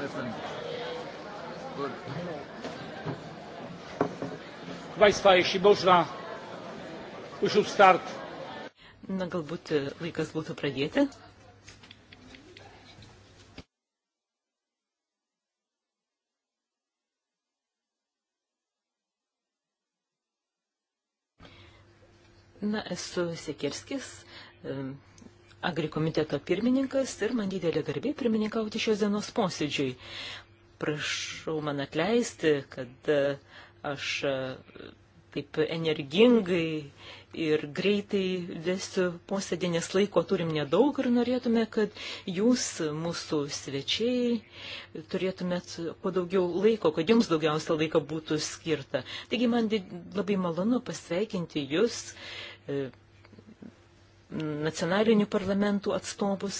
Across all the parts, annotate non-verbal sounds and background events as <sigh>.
my friend. Good. Proszę Państwa, jeśli można, we should start. Na galbūt laikas būtų pradėti. Na, esu Sekirskis, agrikomiteto pirmininkas ir man didelė garbė pirmininkauti šios dienos posėdžiui. Prašau man atleisti, kad e, aš e, taip energingai ir greitai vesiu posėdį, nes laiko turim nedaug ir norėtume, kad jūs, mūsų svečiai, turėtumėt kuo daugiau laiko, kad jums daugiausia laiko būtų skirta. Taigi man labai malonu pasveikinti jūs e, nacionalinių parlamentų atstovus,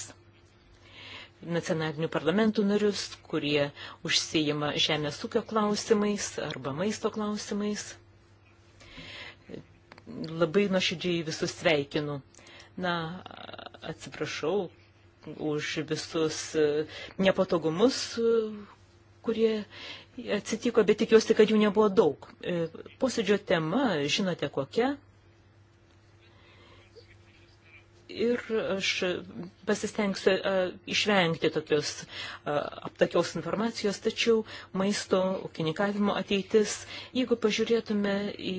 nacionalinių parlamentų narius, kurie užsijima žemės ūkio klausimais arba maisto klausimais. Labai nuoširdžiai visus sveikinu. Na, atsiprašau už visus e, nepatogumus, e, kurie atsitiko, bet tikiuosi, kad jų nebuvo daug. E, posėdžio tema, žinote kokia, ir aš pasistengsiu a, e, išvengti tokios a, e, aptakios informacijos, tačiau maisto ūkininkavimo ateitis, jeigu pažiūrėtume į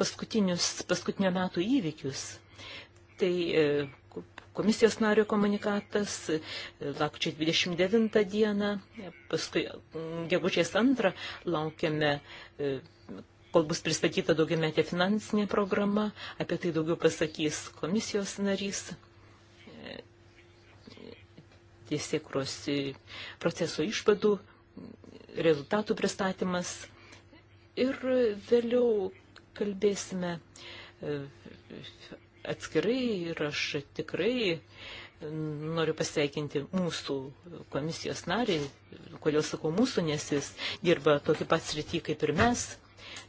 paskutinius, paskutinio metų įvykius, tai a, e, komisijos nario komunikatas, lakčio 29 dieną, paskui gegužės antrą laukiame. A, kol bus pristatyta daugiametė finansinė programa, apie tai daugiau pasakys komisijos narys tiesiekros proceso išvadų, rezultatų pristatymas ir vėliau kalbėsime e, atskirai ir aš tikrai noriu pasveikinti mūsų komisijos narį, kodėl sakau mūsų, nes jis dirba tokį pat sritį kaip ir mes.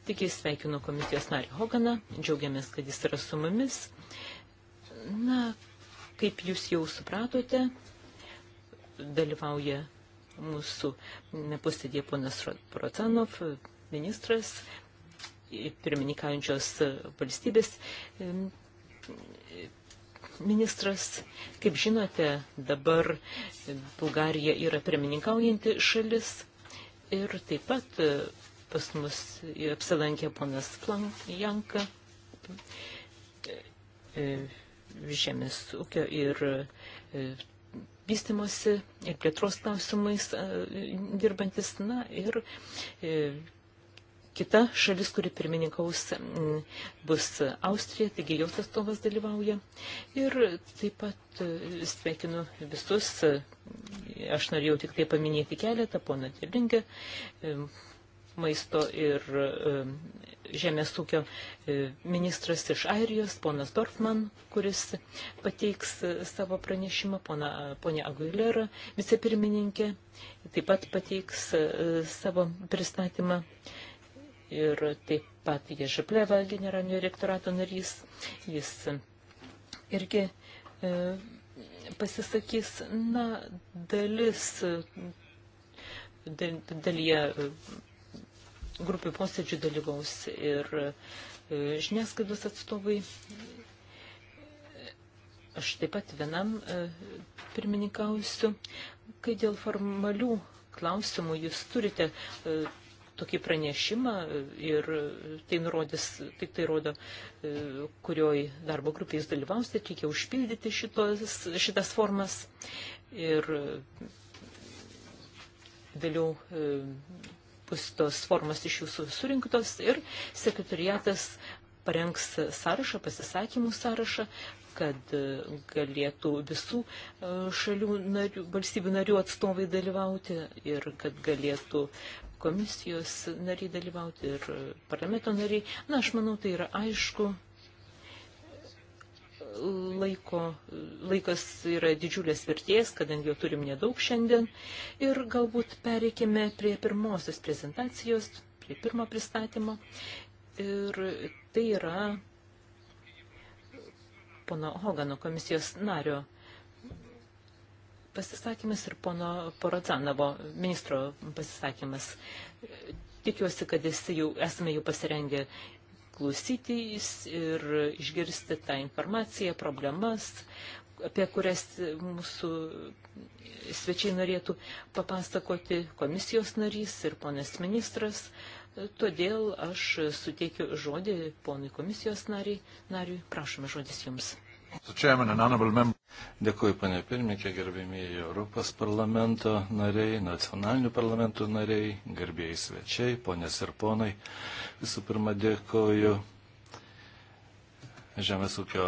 Taigi sveikinu komisijos narį Hoganą, džiaugiamės, kad jis yra su mumis. Na, kaip jūs jau supratote, dalyvauja mūsų posėdėje ponas Procanov, ministras, pirmininkaujančios valstybės ministras. Kaip žinote, dabar Bulgarija yra pirmininkaujanti šalis ir taip pat pas mus apsilankė ponas Janka, e, žemės ūkio ir e, vystimosi ir plėtros klausimais e, dirbantis, na ir kita šalis, kuri pirmininkaus bus Austrija, taigi jos atstovas dalyvauja. Ir taip pat sveikinu visus, aš norėjau tik tai paminėti keletą, poną Telingę, maisto ir e, žemės ūkio e, ministras iš Airijos, ponas Dorfman, kuris pateiks e, savo pranešimą, pona, ponia Aguilera, vicepirmininkė, taip pat pateiks savo pristatymą ir taip pat Ježipleva, generalinio rektorato narys, jis irgi e, pasisakys, na, dalis, dal, dalyje grupių posėdžių dalyvaus ir e, žiniasklaidos atstovai. Aš taip pat vienam e, pirmininkausiu, kai dėl formalių klausimų jūs turite e, tokį pranešimą ir tai nurodys, tik tai rodo, kurioj darbo grupėje jūs dalyvausite, reikia užpildyti šitos, šitas formas ir vėliau bus tos formos iš jūsų surinktos ir sekretariatas parengs sąrašą, pasisakymų sąrašą, kad e, galėtų visų e, šalių narių, valstybių narių atstovai dalyvauti ir kad galėtų komisijos nariai dalyvauti ir e, parlamento nariai. Na, aš manau, tai yra aišku laiko, laikas yra didžiulės vertės, kadangi jo turim nedaug šiandien. Ir galbūt pereikime prie pirmosios prezentacijos, prie pirmo pristatymo. Ir tai yra pono Hogano komisijos nario pasisakymas ir pono Porodzanovo ministro pasisakymas. Tikiuosi, kad jau, esame jau pasirengę klausytis ir išgirsti tą informaciją, problemas, apie kurias mūsų svečiai norėtų papasakoti komisijos narys ir ponas ministras. Todėl aš suteikiu žodį ponui komisijos nariai. Nariui, prašome žodis jums. Dėkuoju, panė pirmininkė, gerbėmėjai Europos parlamento nariai, nacionalinių parlamentų nariai, garbėjai svečiai, ponės ir ponai. Visų pirma, dėkuoju Žemės ūkio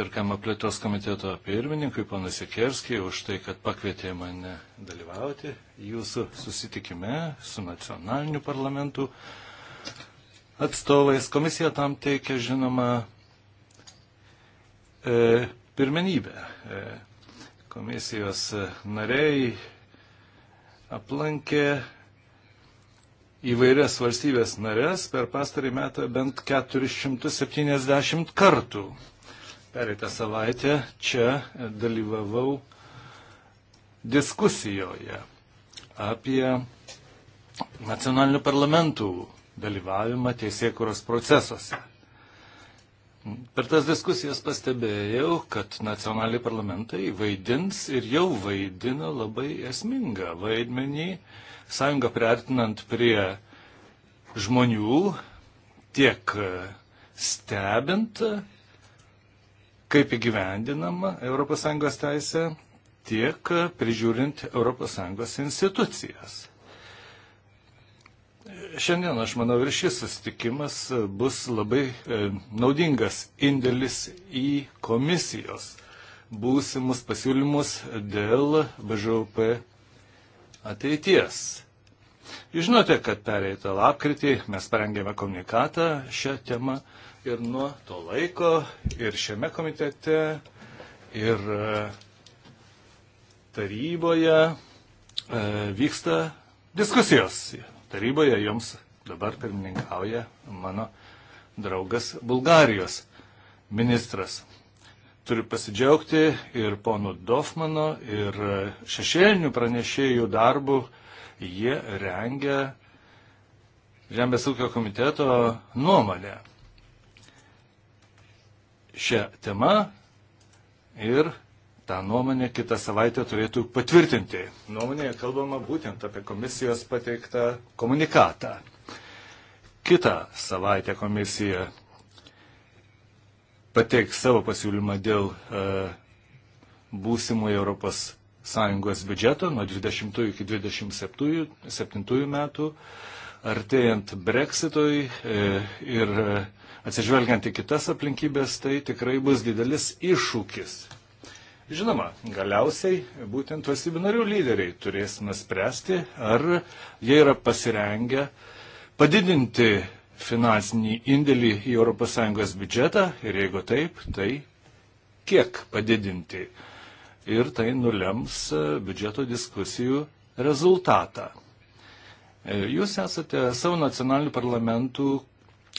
ir Kama plėtos komiteto pirmininkui, ponas Jekerskijai, už tai, kad pakvietė mane dalyvauti jūsų susitikime su nacionaliniu parlamentu atstovais. Komisija tam teikia, žinoma, E, pirmenybę. E, komisijos nariai aplankė įvairias valstybės narės per pastarį metą bent 470 kartų. Pereitą savaitę čia dalyvavau diskusijoje apie nacionalinių parlamentų dalyvavimą teisėkuros procesuose. Per tas diskusijas pastebėjau, kad nacionaliai parlamentai vaidins ir jau vaidina labai esmingą vaidmenį, sąjungą priartinant prie žmonių, tiek e, stebint, kaip įgyvendinama ES teisė, tiek e, prižiūrint ES institucijas. Šiandien, aš manau, ir šis susitikimas e, bus labai e, naudingas indėlis į komisijos būsimus pasiūlymus dėl BŽUP ateities. Jūs žinote, kad pereitą lapkritį mes parengėme komunikatą šią temą ir nuo to laiko ir šiame komitete ir e, taryboje vyksta diskusijos taryboje joms dabar pirmininkauja mano draugas Bulgarijos ministras. Turiu pasidžiaugti ir ponų Dofmano, ir šešėlinių pranešėjų darbų. Jie rengia Žemės ūkio komiteto nuomonę šią temą ir tą nuomonę kitą savaitę turėtų patvirtinti. Nuomonėje kalbama būtent apie komisijos pateiktą komunikatą. Kita savaitė komisija pateiks savo pasiūlymą dėl e, būsimų Europos Sąjungos biudžeto nuo 20 iki 27 metų, artėjant Brexitui e, ir e, atsižvelgiant į kitas aplinkybės, tai tikrai bus didelis iššūkis Žinoma, galiausiai būtent valstybių narių lyderiai turės nuspręsti, ar jie yra pasirengę padidinti finansinį indėlį į ES biudžetą ir jeigu taip, tai kiek padidinti. Ir tai nulems biudžeto diskusijų rezultatą. Jūs esate savo nacionalinių parlamentų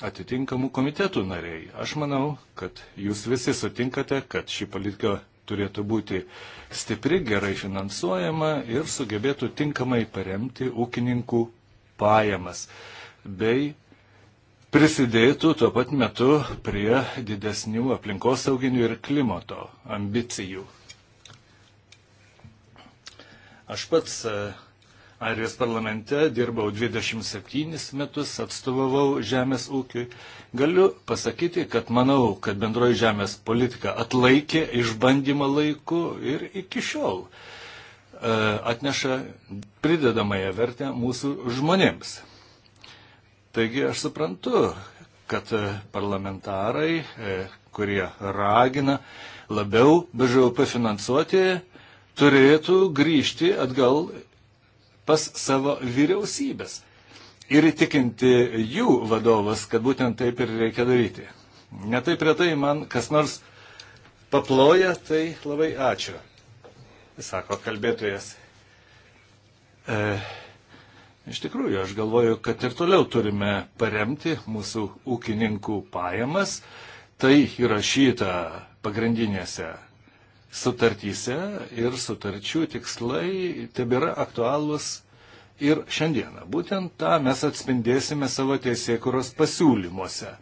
atitinkamų komitetų nariai. Aš manau, kad jūs visi sutinkate, kad ši politika turėtų būti stipri, gerai finansuojama ir sugebėtų tinkamai paremti ūkininkų pajamas bei prisidėtų tuo pat metu prie didesnių aplinkosauginių ir klimato ambicijų. Aš pats e, Airijos parlamente dirbau 27 metus, atstovavau žemės ūkiui. Galiu pasakyti, kad manau, kad bendroji žemės politika atlaikė išbandymą laiku ir iki šiol e, atneša pridedamąją vertę mūsų žmonėms. Taigi aš suprantu, kad e, parlamentarai, e, kurie ragina labiau BŽUP finansuoti, turėtų grįžti atgal pas savo vyriausybės ir įtikinti jų vadovas, kad būtent taip ir reikia daryti. Netaip retai man kas nors paploja, tai labai ačiū, sako kalbėtojas. E, iš tikrųjų, aš galvoju, kad ir toliau turime paremti mūsų ūkininkų pajamas. Tai įrašyta pagrindinėse sutartyse ir sutarčių tikslai tebėra aktualūs ir šiandieną. Būtent tą mes atspindėsime savo teisėkuros pasiūlymuose.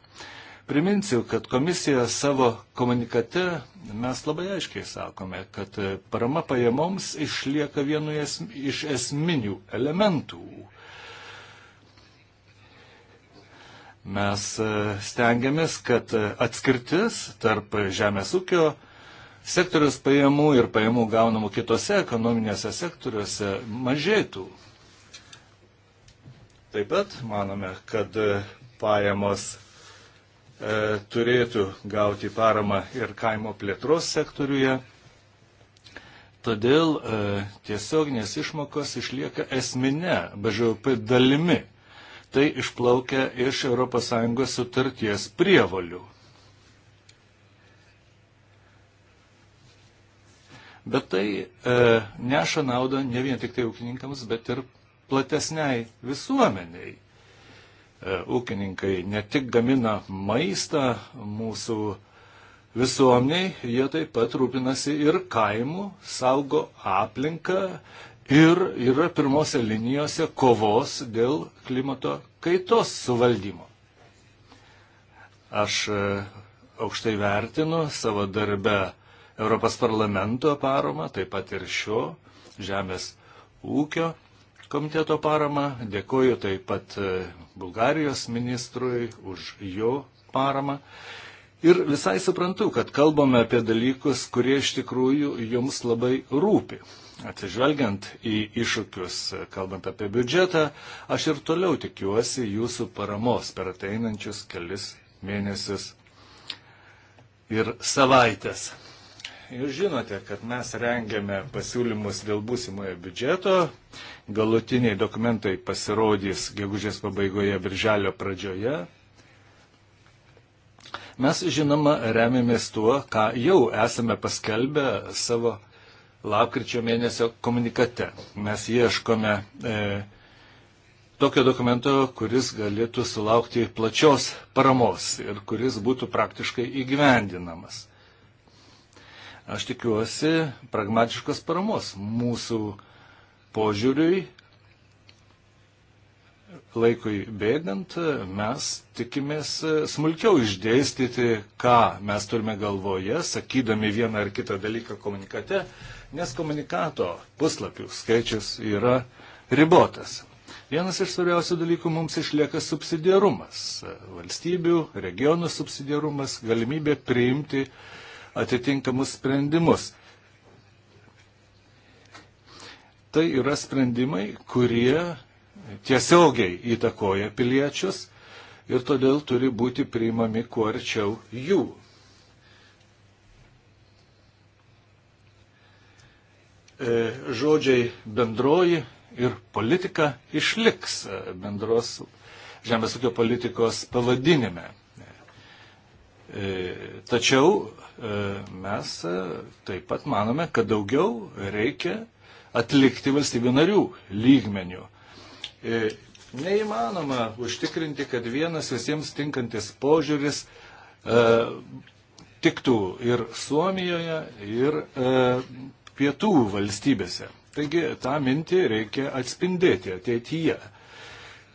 Priminsiu, kad komisija savo komunikate mes labai aiškiai sakome, kad parama pajamoms išlieka vienu iš esminių elementų. Mes e, stengiamės, kad atskirtis tarp žemės ūkio sektoriaus pajamų ir pajamų gaunamų kitose ekonominėse sektoriuose mažėtų. Taip pat manome, kad e, pajamos e, turėtų gauti paramą ir kaimo plėtros sektoriuje. Todėl e, tiesioginės išmokos išlieka esminė BŽP dalimi. Tai išplaukia iš ES sutarties prievolių. Bet tai e, neša naudą ne vien tik tai ūkininkams, bet ir platesniai visuomeniai. E, ūkininkai ne tik gamina maistą mūsų visuomeniai, jie taip pat rūpinasi ir kaimų, saugo aplinką ir yra pirmose linijose kovos dėl klimato kaitos suvaldymo. Aš e, aukštai vertinu savo darbę Europos parlamento paramą, taip pat ir šio žemės ūkio komiteto paramą. Dėkoju taip pat e, Bulgarijos ministrui už jo paramą. Ir visai suprantu, kad kalbame apie dalykus, kurie iš tikrųjų jums labai rūpi. Atsižvelgiant į iššūkius, kalbant apie biudžetą, aš ir toliau tikiuosi jūsų paramos per ateinančius kelis mėnesius ir savaitės. Jūs žinote, kad mes rengiame pasiūlymus dėl būsimojo biudžeto. Galutiniai dokumentai pasirodys gegužės pabaigoje, birželio pradžioje. Mes, žinoma, remiamės tuo, ką jau esame paskelbę savo lapkričio mėnesio komunikate. Mes ieškome e, tokio dokumento, kuris galėtų sulaukti plačios paramos ir kuris būtų praktiškai įgyvendinamas. Aš tikiuosi pragmatiškos paramos mūsų požiūriui. Laikui bėgant mes tikimės smulkiau išdėstyti, ką mes turime galvoje, sakydami vieną ar kitą dalyką komunikate, nes komunikato puslapių skaičius yra ribotas. Vienas iš svarbiausių dalykų mums išlieka subsidiarumas. Valstybių, regionų subsidiarumas, galimybė priimti uh, atitinkamus sprendimus. Tai yra sprendimai, kurie tiesiogiai įtakoja piliečius ir todėl turi būti priimami kuo arčiau jų. E, žodžiai bendroji ir politika išliks e, bendros žemės ūkio politikos pavadinime. E, tačiau e, mes e, taip pat manome, kad daugiau reikia atlikti valstybių narių lygmenių. Neįmanoma užtikrinti, kad vienas visiems tinkantis požiūris tiktų ir Suomijoje, ir pietų valstybėse. Taigi tą mintį reikia atspindėti ateityje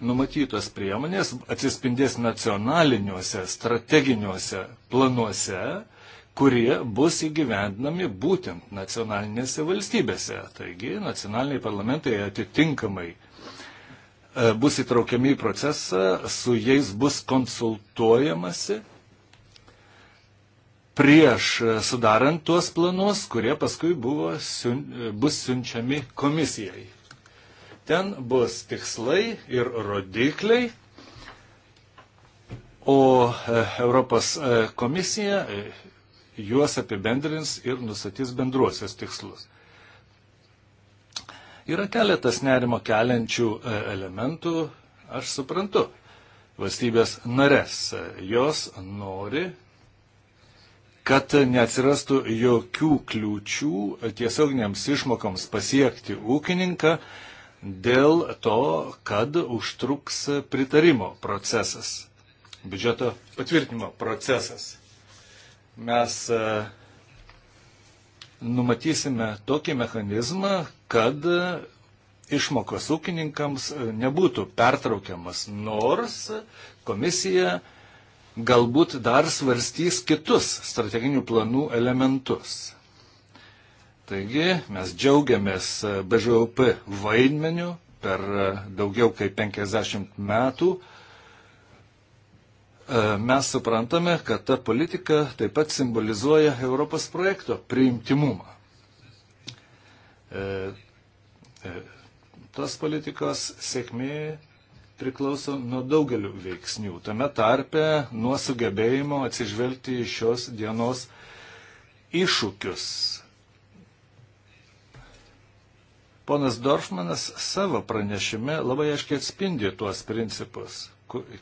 numatytos priemonės atsispindės nacionaliniuose strateginiuose planuose, kurie bus įgyvendinami būtent nacionalinėse valstybėse. Taigi nacionaliniai parlamentai atitinkamai e, bus įtraukiami į procesą, su jais bus konsultuojamasi prieš e, sudarant tuos planus, kurie paskui buvo, siun, e, bus siunčiami komisijai. Ten bus tikslai ir rodikliai, o e, Europos e, komisija e, juos apibendrins ir nustatys bendruosius tikslus. Yra keletas nerimo keliančių elementų, aš suprantu, valstybės nares. Jos nori, kad neatsirastų jokių kliūčių tiesioginiams išmokoms pasiekti ūkininką, dėl to, kad užtruks pritarimo procesas, biudžeto patvirtinimo procesas. Mes e, numatysime tokį mechanizmą, kad išmokos ūkininkams e, nebūtų pertraukiamas, nors komisija galbūt dar svarstys kitus strateginių planų elementus. Taigi mes džiaugiamės e, BŽOP vaidmeniu per e, daugiau kaip 50 metų. E, mes suprantame, kad ta politika taip pat simbolizuoja Europos projekto priimtimumą. Tos politikos sėkmė priklauso nuo daugelių veiksnių, tame tarpe nuo sugebėjimo atsižvelgti į šios dienos iššūkius Ponas Dorfmanas savo pranešime labai aiškiai atspindi tuos principus,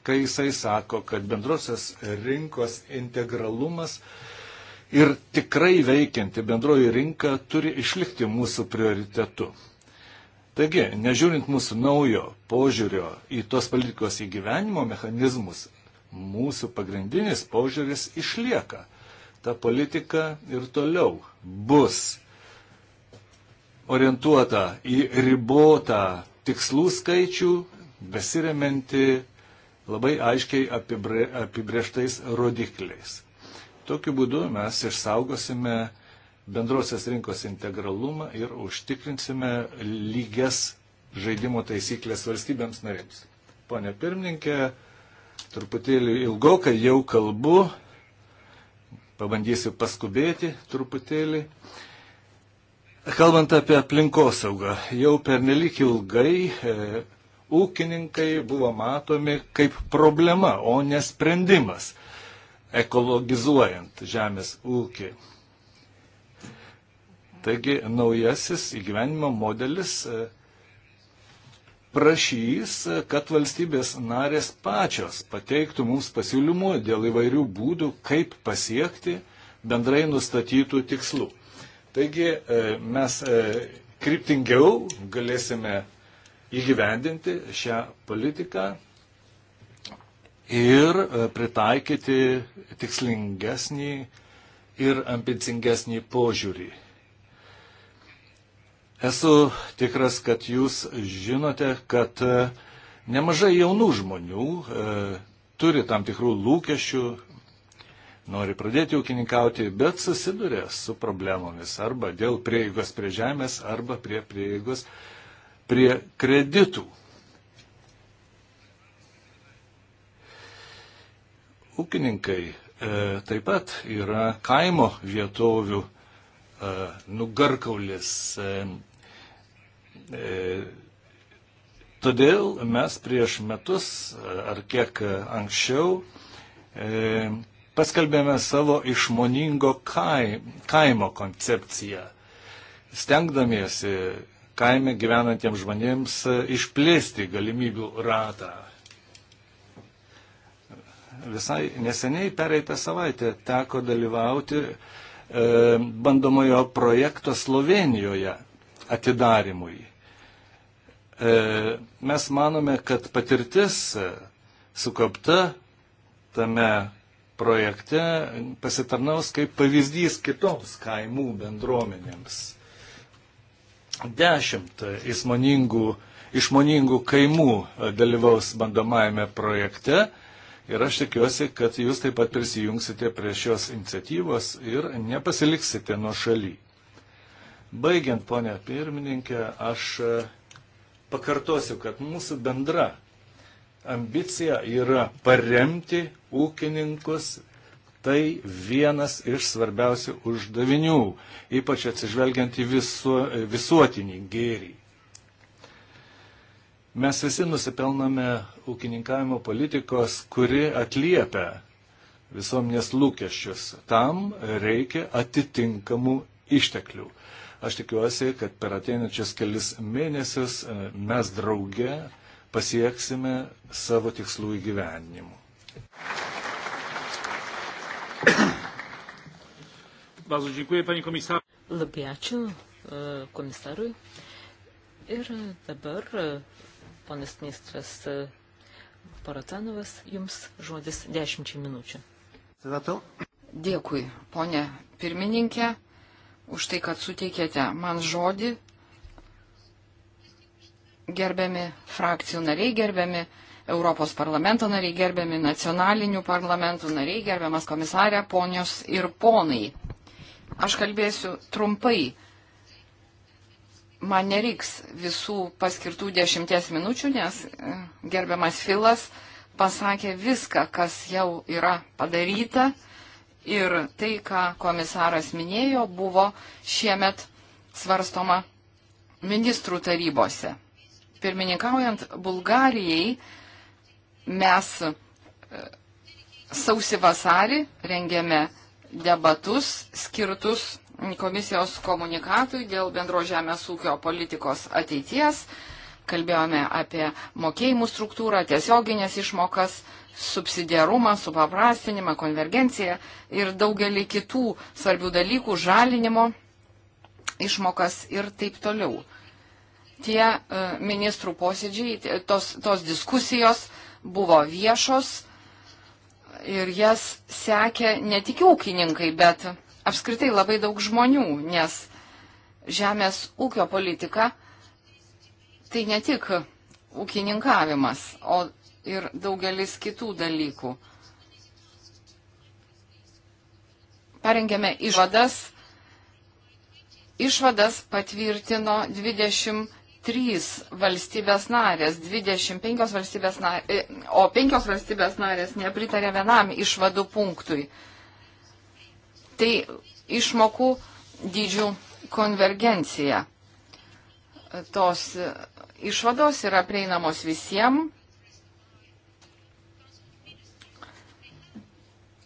kai jisai sako, kad bendrosios rinkos integralumas ir tikrai veikianti bendroji rinka turi išlikti mūsų prioritetu. Taigi, nežiūrint mūsų naujo požiūrio į tos politikos įgyvenimo mechanizmus, mūsų pagrindinis požiūris išlieka. Ta politika ir toliau bus orientuota į ribotą tikslų skaičių, besiremianti labai aiškiai apibre, apibrieštais rodikliais. Tokiu būdu mes išsaugosime bendrosios rinkos integralumą ir užtikrinsime lygias žaidimo taisyklės valstybėms narėms. Pone pirmininkė, truputėlį ilgokai jau kalbu, pabandysiu paskubėti truputėlį. Uh, Kalbant apie aplinkosaugą, jau pernelyg ilgai e, ūkininkai buvo matomi kaip problema, o ne sprendimas, ekologizuojant žemės ūkį. Taigi naujasis įgyvenimo modelis e, prašys, e, kad valstybės narės pačios pateiktų mums pasiūlymų dėl įvairių būdų, kaip pasiekti bendrai nustatytų tikslų. Taigi e, mes e, kryptingiau galėsime įgyvendinti šią politiką ir e, pritaikyti tikslingesnį ir ambicingesnį požiūrį. Esu tikras, kad jūs žinote, kad nemažai jaunų žmonių e, turi tam tikrų lūkesčių, nori pradėti ūkininkauti, bet susiduria su problemomis arba dėl prieigos prie žemės, arba prie prieigos prie kreditų. Ūkininkai e, taip pat yra kaimo vietovių e, nugarkaulis. E, e, todėl mes prieš metus e, ar kiek anksčiau e, paskelbėme savo išmoningo kai, kaimo koncepciją, stengdamiesi kaime gyvenantiems žmonėms e, išplėsti galimybių ratą. Visai neseniai pereitą savaitę teko dalyvauti e, bandomojo projekto Slovenijoje atidarimui. E, mes manome, kad patirtis e, sukopta tame projekte pasitarnaus kaip pavyzdys kitoms kaimų bendruomenėms. Dešimt įsmoningų, išmoningų kaimų dalyvaus bandomajame projekte ir aš tikiuosi, kad jūs taip pat prisijungsite prie šios iniciatyvos ir nepasiliksite nuo šaly. Baigiant, ponia pirmininkė, aš e, pakartosiu, kad mūsų bendra ambicija yra paremti ūkininkus, tai vienas iš svarbiausių uždavinių, ypač atsižvelgiant į visu, visuotinį gėrį. Mes visi nusipelname ūkininkavimo politikos, kuri atliepia visuomenės lūkesčius. Tam reikia atitinkamų išteklių. Aš tikiuosi, kad per ateinančius kelius mėnesius e, mes drauge pasieksime savo tikslų įgyvenimu. <coughs> Bardzo dziękuję, panie komisarzu. Labai ačiū e, komisarui. Ir dabar e, ponas ministras e, Paratanovas, jums žodis dešimčiai minučių. Dėkui, ponė pirmininkė, už tai, kad suteikėte man žodį. Gerbiami frakcijų nariai, gerbiami uh, Europos parlamento nariai, gerbiami nacionalinių parlamentų nariai, gerbiamas komisarė, ponios ir ponai. Aš kalbėsiu trumpai. Man nereiks visų paskirtų dešimties minučių, nes e, gerbiamas Filas pasakė viską, kas jau yra padaryta. Ir tai, ką komisaras minėjo, buvo šiemet svarstoma ministrų tarybose. Pirmininkaujant Bulgarijai, mes e, sausį vasarį rengėme debatus skirtus komisijos komunikatui dėl bendro žemės ūkio politikos ateities. Kalbėjome apie mokėjimų struktūrą, tiesioginės išmokas, subsidiarumą, supaprastinimą, konvergenciją ir daugelį kitų svarbių dalykų, žalinimo išmokas ir taip toliau. Tie e, ministrų posėdžiai, tos, tos diskusijos uh, buvo viešos ir jas sekė ne tik ūkininkai, bet apskritai labai daug žmonių, nes žemės ūkio politika tai ne tik ūkininkavimas, o ir daugelis kitų dalykų. Parengėme išvadas. Išvadas patvirtino 20 trys valstybės narės, 25 valstybės narės, e, o 5 valstybės narės nepritarė vienam išvadų punktui. Tai išmokų dydžių konvergencija. Tos išvados yra prieinamos visiems.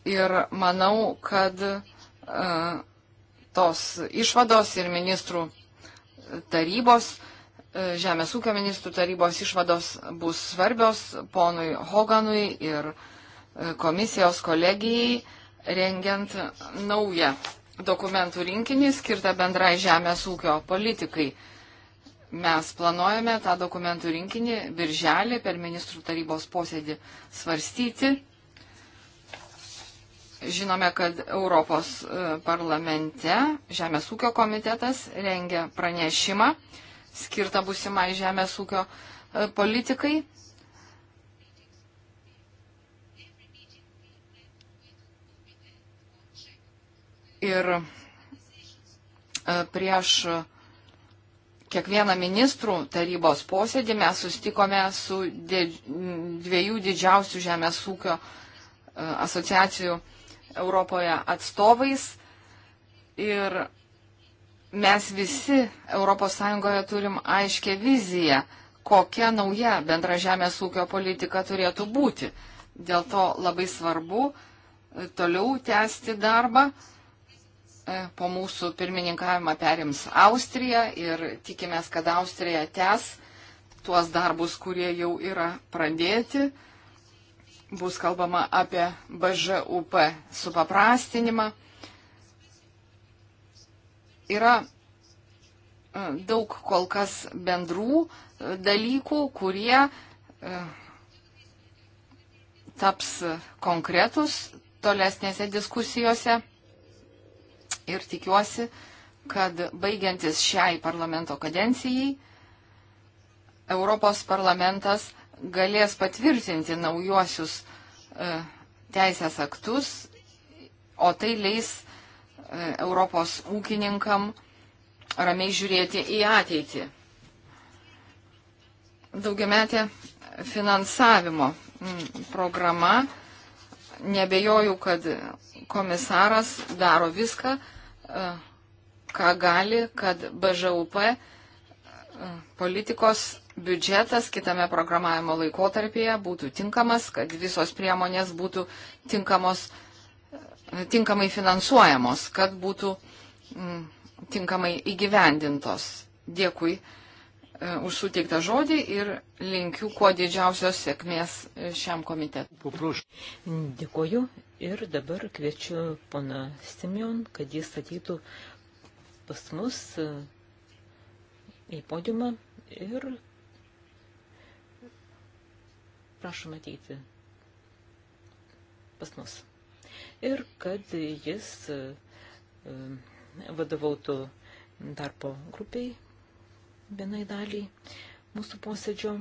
Ir manau, kad uh, tos išvados ir ministrų tarybos uh, E, žemės ūkio ministrų tarybos išvados bus svarbios ponui Hoganui ir e, komisijos kolegijai rengiant naują dokumentų rinkinį skirtą bendrai žemės ūkio politikai. Mes planuojame tą dokumentų rinkinį birželį per ministrų tarybos posėdį svarstyti. Žinome, kad Europos e, parlamente Žemės ūkio komitetas rengia pranešimą skirtą būsimai žemės ūkio e, politikai. Ir e, prieš kiekvieną ministrų tarybos posėdį mes sustikome su dviejų didžiausių žemės ūkio e, asociacijų Europoje atstovais. Ir mes visi ES turim aiškę viziją, kokia nauja bendra žemės ūkio politika turėtų būti. Dėl to labai svarbu e, toliau tęsti darbą. E, po mūsų pirmininkavimą perims Austrija ir tikimės, kad Austrija tęs tuos darbus, kurie jau yra pradėti. Bus kalbama apie BŽUP supaprastinimą. Yra e, daug kol kas bendrų e, dalykų, kurie e, taps konkretus tolesnėse diskusijose. Ir tikiuosi, kad baigiantis šiai parlamento kadencijai, Europos parlamentas galės patvirtinti naujuosius teisės aktus, o tai leis E, Europos ūkininkam ramiai žiūrėti į ateitį. Daugiametė finansavimo mm, programa. Nebejoju, kad komisaras daro viską, e, ką gali, kad BŽUP e, politikos biudžetas kitame programavimo laikotarpyje būtų tinkamas, kad visos priemonės būtų tinkamos tinkamai finansuojamos, kad būtų mm, tinkamai įgyvendintos. Dėkui e, už suteiktą žodį ir linkiu kuo didžiausios sėkmės e, šiam komitetui. Dėkuoju ir dabar kviečiu pana Simion, kad jis ateitų pas mus e, į podiumą ir prašom ateiti pas mus ir kad jis e, vadovautų darbo grupiai vienai daliai mūsų posėdžio.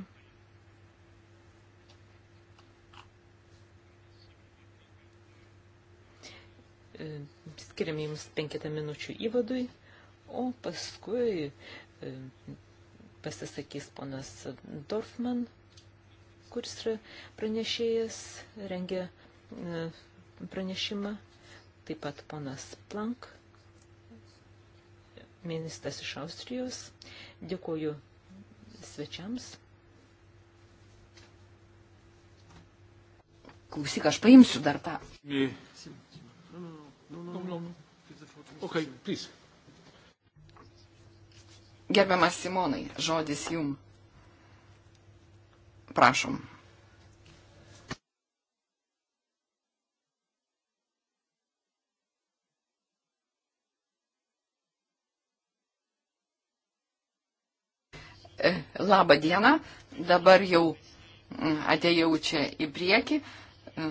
E, skiriam jums penkitą minučių įvadui, o paskui e, pasisakys ponas Dorfman, kuris yra pranešėjas, rengia pranešimą, taip pat ponas Plank, ministras iš Austrijos. Dėkuoju svečiams. Klausyk, aš paimsiu dar tą. Okay, please. Gerbiamas Simonai, žodis jum. Prašom. E, Labą dieną, dabar jau mm, atėjau čia į priekį, e,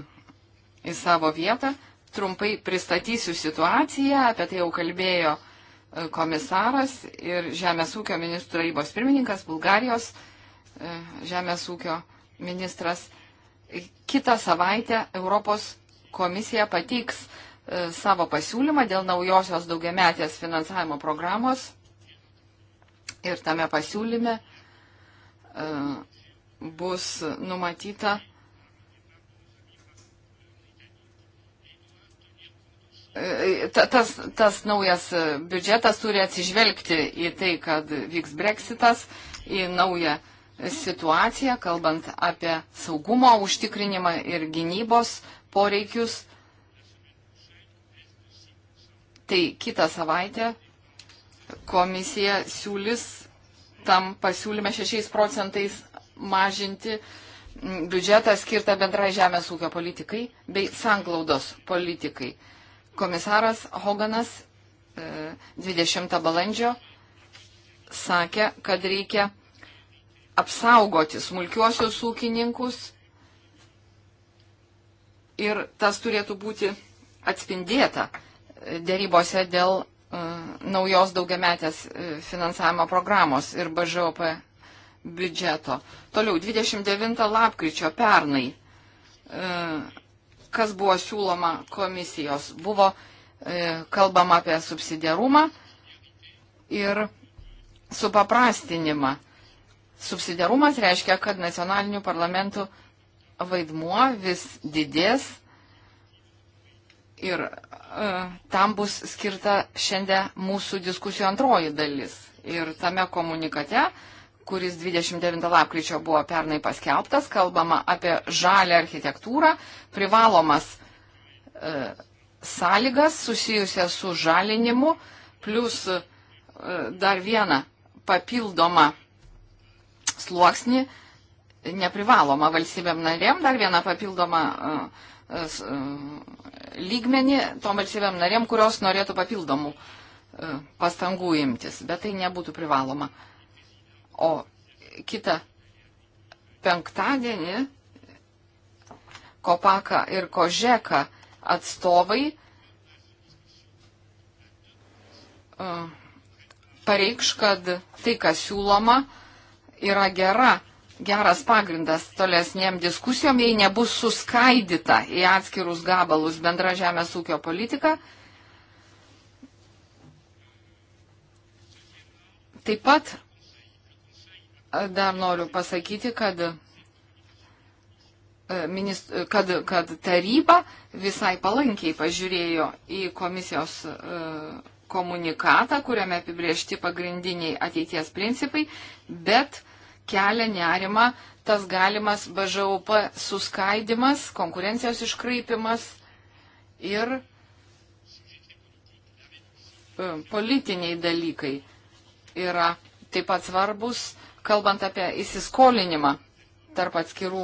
į savo vietą. Trumpai pristatysiu situaciją, apie tai jau kalbėjo e, komisaras ir Žemės ūkio ministro rybos pirmininkas, Bulgarijos Žemės ūkio ministras. Kitą savaitę Europos komisija pateiks savo pasiūlymą dėl naujosios daugiametės finansavimo programos Ir tame pasiūlyme e, bus numatyta e, tas, tas naujas biudžetas turi atsižvelgti į tai, kad vyks breksitas, į naują situaciją, kalbant apie saugumo užtikrinimą ir gynybos poreikius. Tai kitą savaitę komisija siūlis tam pasiūlyme 6 procentais mažinti mm, biudžetą skirtą bendrai žemės ūkio politikai bei sanglaudos politikai. Komisaras Hoganas 20 e, balandžio sakė, kad reikia apsaugoti smulkiuosius ūkininkus ir tas turėtų būti atspindėta e, dėrybose dėl E, naujos daugiametės e, finansavimo programos ir BŽOP biudžeto. Toliau, 29 lapkričio pernai, e, kas buvo siūloma komisijos, buvo kalbama apie subsidiarumą ir supaprastinimą. Subsidiarumas reiškia, kad nacionalinių parlamentų vaidmuo vis didės ir E, tam bus skirta šiandien mūsų diskusijų antroji dalis. Ir tame komunikate, kuris 29 lapkričio buvo pernai paskelbtas, kalbama apie žalę architektūrą, privalomas e, sąlygas susijusias su žalinimu, plus e, dar vieną papildomą sluoksnį, neprivaloma valstybėm narėm, dar vieną papildomą e, e lygmenį tom valstybėm narėm, kurios norėtų papildomų e, pastangų imtis, bet tai nebūtų privaloma. O kitą penktadienį Kopaka ir Kožeka atstovai e, pareikš, kad tai, kas siūloma, yra gera geras pagrindas tolesniem diskusijom, jei nebus suskaidyta į atskirus gabalus bendra žemės ūkio politika. Taip pat dar noriu pasakyti, kad, e, kad, kad taryba visai palankiai pažiūrėjo į komisijos e, komunikatą, kuriame apibriežti pagrindiniai ateities principai, bet uh, kelia nerima tas galimas BŽOP suskaidimas, konkurencijos iškraipimas ir e, politiniai dalykai yra taip pat svarbus, kalbant apie įsiskolinimą tarp atskirų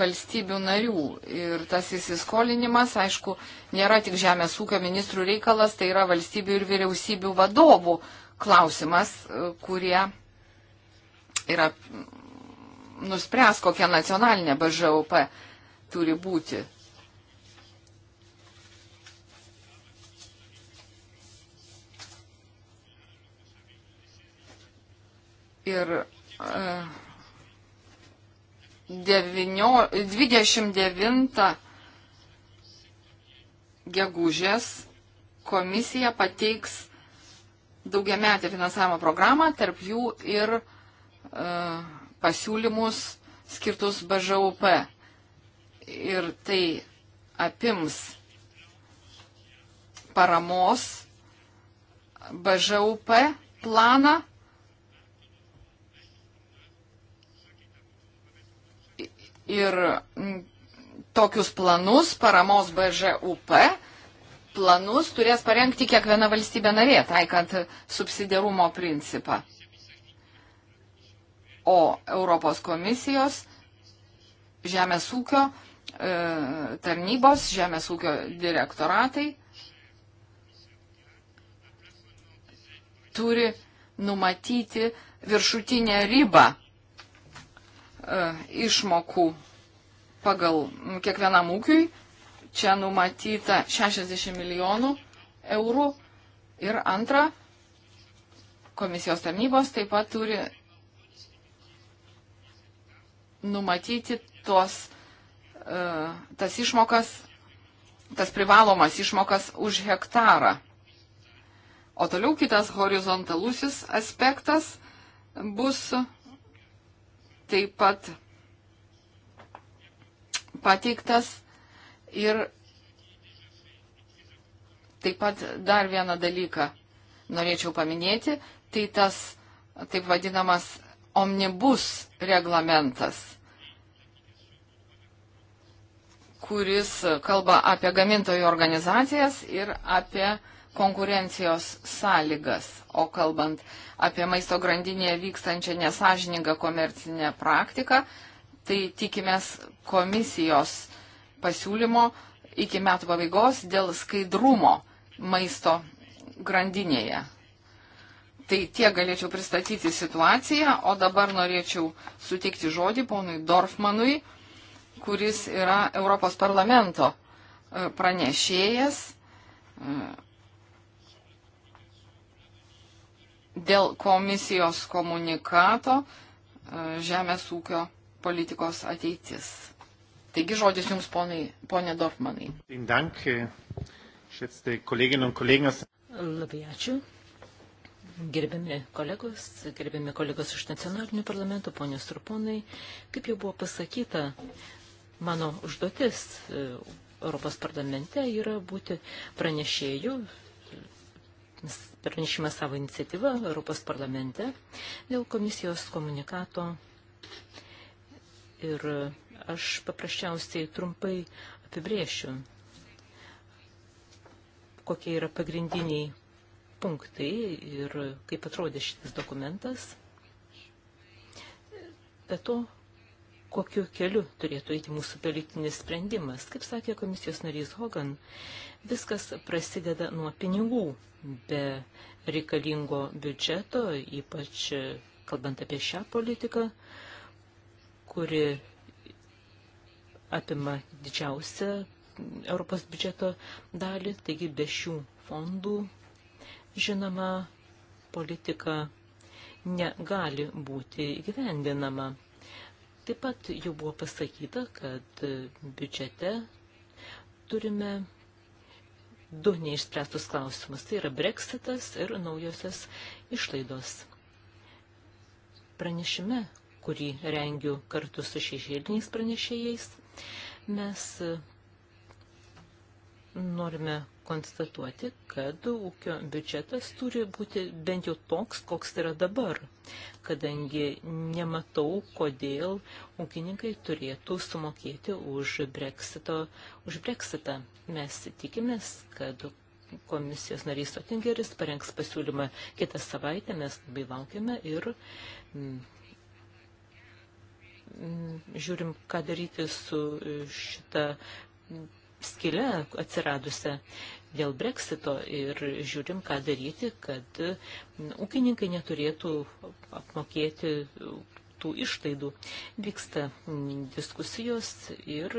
valstybių narių. Ir tas įsiskolinimas, aišku, nėra tik žemės ūkio ministrų reikalas, tai yra valstybių ir vyriausybių vadovų klausimas, kurie yra nuspręs, kokia nacionalinė BŽUP turi būti. Ir uh, e, 29 gegužės komisija pateiks daugiametę finansavimo programą, tarp jų ir e, pasiūlymus skirtus BŽUP. Ir tai apims paramos BŽUP planą ir tokius planus paramos BŽUP planus turės parengti kiekviena valstybė narė, taikant subsidiarumo principą. O Europos komisijos žemės ūkio e, tarnybos, žemės ūkio direktoratai turi numatyti viršutinę ribą e, išmokų pagal kiekvienam ūkiui Čia numatyta 60 milijonų eurų. Ir antra, komisijos tarnybos taip pat turi numatyti tos, e, tas išmokas, tas privalomas išmokas už hektarą. O toliau kitas horizontalusis aspektas bus taip pat pateiktas Ir taip pat dar vieną dalyką norėčiau paminėti, tai tas taip vadinamas omnibus reglamentas, kuris kalba apie gamintojų organizacijas ir apie konkurencijos sąlygas. O kalbant apie maisto grandinėje vykstančią nesažiningą komercinę praktiką, tai tikimės komisijos pasiūlymo iki metų pabaigos dėl skaidrumo maisto grandinėje. Tai tiek galėčiau pristatyti situaciją, o dabar norėčiau suteikti žodį ponui Dorfmanui, kuris yra Europos parlamento e, pranešėjas e, dėl komisijos komunikato e, žemės ūkio politikos ateitis. Taigi žodis Jums, ponai, ponė Dorfmanai. Äh, Labai ačiū. Gerbiami kolegos, gerbiami kolegos iš nacionalinių parlamentų, ponios Turponai, kaip jau buvo pasakyta, mano užduotis e, Europos parlamente yra būti pranešėjų, pranešimą savo iniciatyvą Europos parlamente dėl komisijos komunikato ir Aš paprasčiausiai trumpai apibrėšiu, kokie yra pagrindiniai punktai ir kaip atrodė šitas dokumentas. Be to, kokiu keliu turėtų eiti mūsų politinis sprendimas. Kaip sakė komisijos narys Hogan, viskas prasideda nuo pinigų, be reikalingo biudžeto, ypač kalbant apie šią politiką, kuri apima didžiausią Europos biudžeto dalį, taigi be šių fondų, žinoma, politika negali būti įgyvendinama. Taip pat jau buvo pasakyta, kad biudžete turime du neišspręstus klausimus. Tai yra breksitas ir naujosios išlaidos. Pranešime, kurį rengiu kartu su šešėliniais pranešėjais, Mes e, norime konstatuoti, kad ūkio biudžetas turi būti bent jau toks, koks yra dabar, kadangi nematau, kodėl ūkininkai turėtų sumokėti už, Brexito, už Brexitą. Mes tikimės, kad komisijos narys Otingeris parengs pasiūlymą kitą savaitę, mes labai laukiame ir. Mm, Mm, žiūrim, ką daryti su e, šita skile atsiradusią dėl breksito ir žiūrim, ką daryti, kad mm, ūkininkai neturėtų apmokėti tų išlaidų. Vyksta mm, diskusijos ir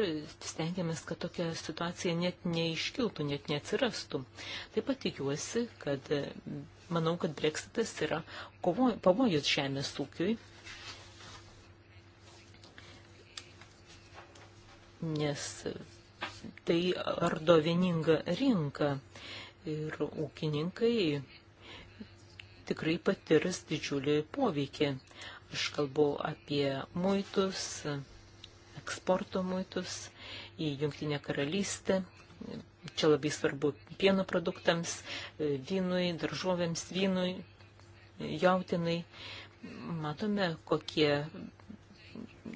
stengiamės, kad tokia situacija net neiškiltų, net neatsirastų. Taip pat tikiuosi, kad manau, kad breksitas yra pavojus žemės ūkiui nes tai ardo vieningą rinką ir ūkininkai tikrai patirs didžiulį poveikį. Aš kalbu apie muitus, eksporto muitus į Junktinę karalystę. Čia labai svarbu pieno produktams, vynui, daržovėms, vynui, jautinai. Matome, kokie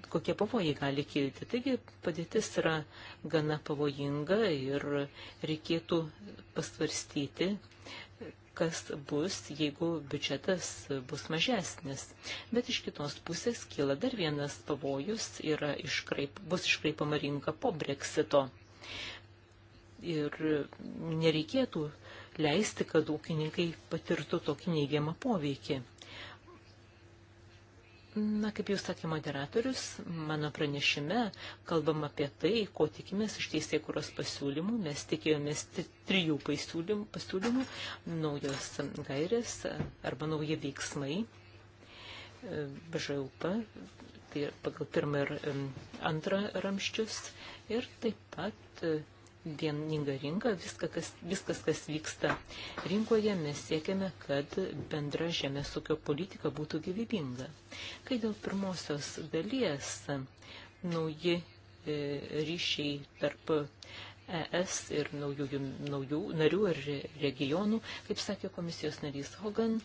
kokie pavojai gali kilti. Taigi padėtis yra gana pavojinga ir reikėtų pasvarstyti, kas bus, jeigu biudžetas bus mažesnis. Bet iš kitos pusės kyla dar vienas pavojus, iškraip, bus iškraipama rinka po breksito. Ir nereikėtų leisti, kad ūkininkai patirtų tokį neigiamą poveikį. Na, kaip jūs sakė moderatorius, mano pranešime kalbam apie tai, ko tikimės iš teisėjų kuros pasiūlymų. Mes tikėjomės trijų pasiūlymų, pasiūlymų - naujos gairės e, arba nauji veiksmai. E, BŽUP, tai pagal pirmą ir antrą ramščius. Ir taip pat e, vieninga rinka, viską, kas, viskas, kas vyksta rinkoje, mes siekiame, kad bendra žemės ūkio politika būtų gyvybinga. Kai dėl pirmosios dalies nauji e, ryšiai tarp ES ir naujų, naujų narių ir regionų, kaip sakė komisijos narys Hogan,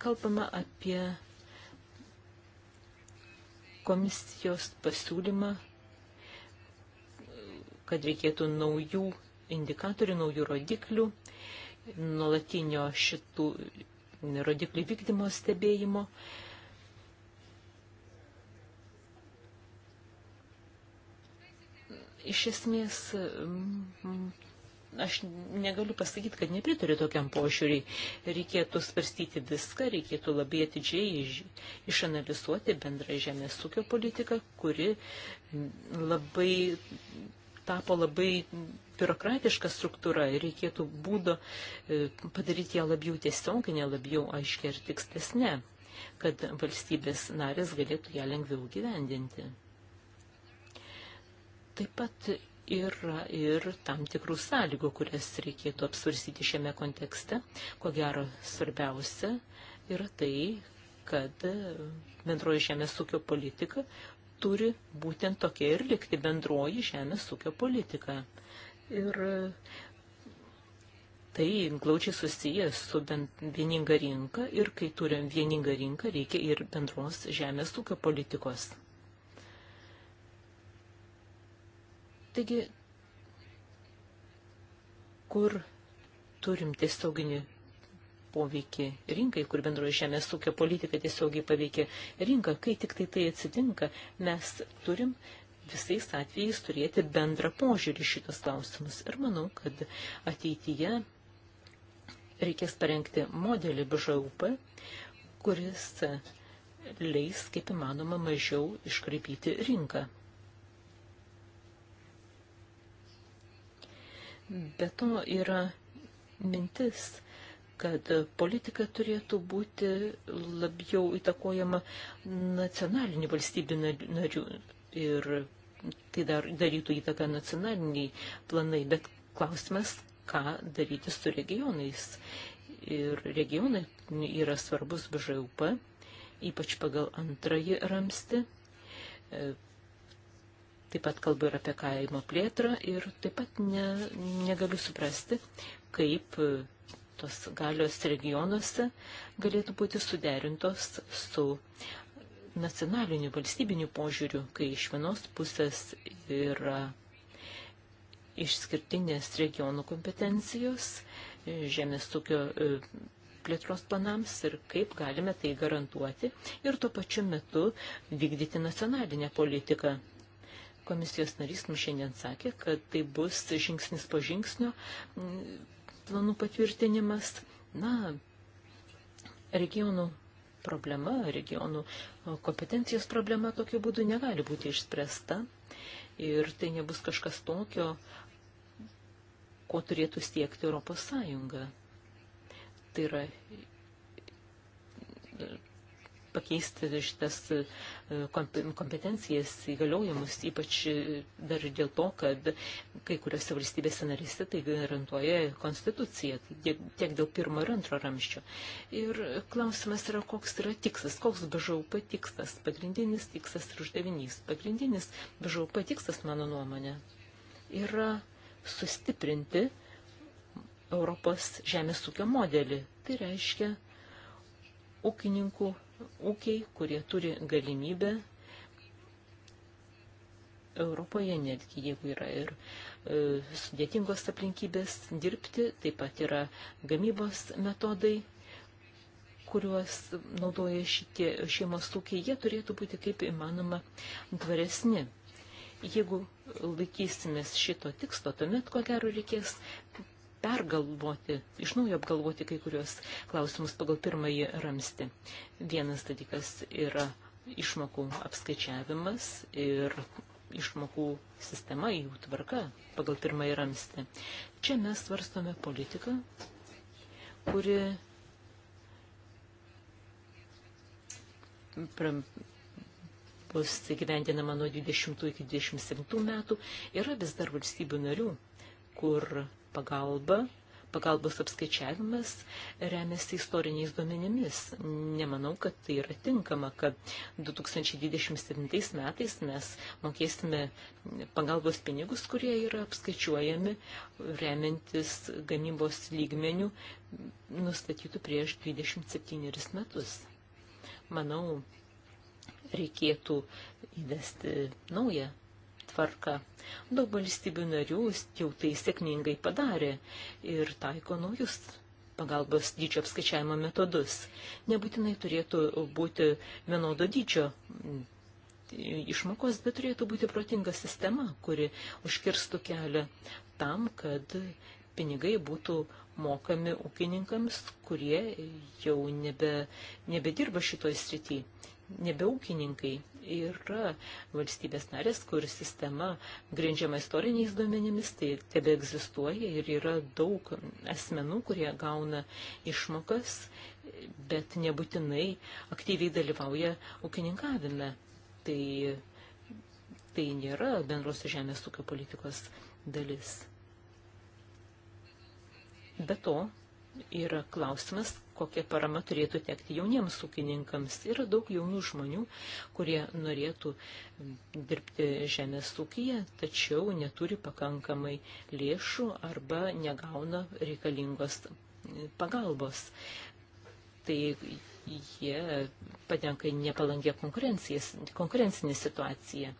kalbama apie komisijos pasiūlymą kad reikėtų naujų indikatorių, naujų rodiklių, nuolatinio šitų rodiklių vykdymo stebėjimo. Iš esmės, aš negaliu pasakyti, kad nepritariu tokiam požiūriui. Reikėtų svarstyti viską, reikėtų labai atidžiai iš, išanalizuoti bendrą žemės ūkio politiką, kuri labai tapo labai biurokratiška struktūra ir reikėtų būdo e, padaryti ją labiau tiesioginę, labiau aiškia ir tikstesnė, kad valstybės narės galėtų ją lengviau gyvendinti. Taip pat yra ir tam tikrų sąlygų, kurias reikėtų apsvarsyti šiame kontekste. Ko gero svarbiausia yra tai, kad bendroji žemės ūkio politika turi būtent tokia ir likti bendroji žemės ūkio politika. Ir tai glaučiai susiję su vieninga rinka ir kai turim vieningą rinką, reikia ir bendros žemės ūkio politikos. Taigi, kur turim tiesioginį poveikį rinkai, kur bendroji žemės ūkio politika tiesiogiai paveikia rinką. Kai tik tai tai atsitinka, mes turim visais atvejais turėti bendrą požiūrį šitos klausimus. Ir manau, kad ateityje reikės parengti modelį BŽUP, kuris leis kaip įmanoma mažiau iškraipyti rinką. Be to yra mintis kad politika turėtų būti labiau įtakojama nacionalinių valstybių narių ir tai dar, darytų įtaką nacionaliniai planai, bet klausimas, ką daryti su regionais. Ir regionai yra svarbus BŽUP, ypač pagal antrąjį ramstį. E, taip pat kalbu ir apie kaimo plėtrą ir taip pat ne, negaliu suprasti, kaip tos galios regionuose galėtų būti suderintos su nacionaliniu valstybiniu požiūriu, kai iš vienos pusės yra išskirtinės regionų kompetencijos, žemės tokio e, plėtros planams ir kaip galime tai garantuoti ir tuo pačiu metu vykdyti nacionalinę politiką komisijos narys mums šiandien sakė, kad tai bus žingsnis po žingsnio planų patvirtinimas. Na, regionų problema, regionų kompetencijos problema tokiu būdu negali būti išspręsta ir tai nebus kažkas tokio, ko turėtų siekti Europos Sąjunga. Tai yra pakeisti šitas e, kompetencijas įgaliojimus, ypač e, dar dėl to, kad kai kuriuose valstybėse narėse tai garantuoja konstitucija, tai tiek dėl pirmo ir antro ramščio. Ir klausimas yra, koks yra tikslas, koks BŽUP tikslas, pagrindinis tikslas ir uždavinys. Pagrindinis BŽUP tikslas, mano nuomonė, yra sustiprinti Europos žemės ūkio modelį. Tai reiškia ūkininkų ūkiai, kurie turi galimybę Europoje, netgi jeigu yra ir e, sudėtingos aplinkybės dirbti, taip pat yra gamybos metodai, kuriuos naudoja šitie šeimos ūkiai, jie turėtų būti kaip įmanoma tvaresni. Jeigu laikysimės šito tikslo, tuomet ko gero reikės pergalvoti, iš naujo apgalvoti kai kurios klausimus pagal pirmąjį ramstį. Vienas dalykas yra išmokų apskaičiavimas ir išmokų sistema, jų tvarka pagal pirmąjį ramstį. Čia mes svarstome politiką, kuri bus įgyvendinama nuo 20 iki 27 metų, yra vis dar valstybių narių, kur pagalba, pagalbos apskaičiavimas remiasi istoriniais duomenimis. Nemanau, kad tai yra tinkama, kad 2027 metais mes mokėsime pagalbos pinigus, kurie yra apskaičiuojami remiantis gamybos lygmenių nustatytų prieš 27 metus. Manau, reikėtų įvesti naują tvarka. Daug valstybių narių jau tai sėkmingai padarė ir taiko naujus pagalbos dydžio apskaičiavimo metodus. Nebūtinai turėtų būti vienodo dydžio išmokos, bet turėtų būti protinga sistema, kuri užkirstų kelią tam, kad pinigai būtų mokami ūkininkams, kurie jau nebe, nebedirba šitoj srity nebeūkininkai. Yra valstybės narės, kur sistema grindžiama istoriniais duomenimis, tai tebe egzistuoja ir yra daug asmenų, kurie gauna išmokas, bet nebūtinai aktyviai dalyvauja ūkininkavime. Tai, tai nėra bendros žemės ūkio politikos dalis. Be to, yra klausimas, kokia parama turėtų tekti jauniems ūkininkams. Yra daug jaunų žmonių, kurie norėtų dirbti žemės ūkyje, tačiau neturi pakankamai lėšų arba negauna reikalingos pagalbos. Tai jie patenka į nepalankę konkurencinę situaciją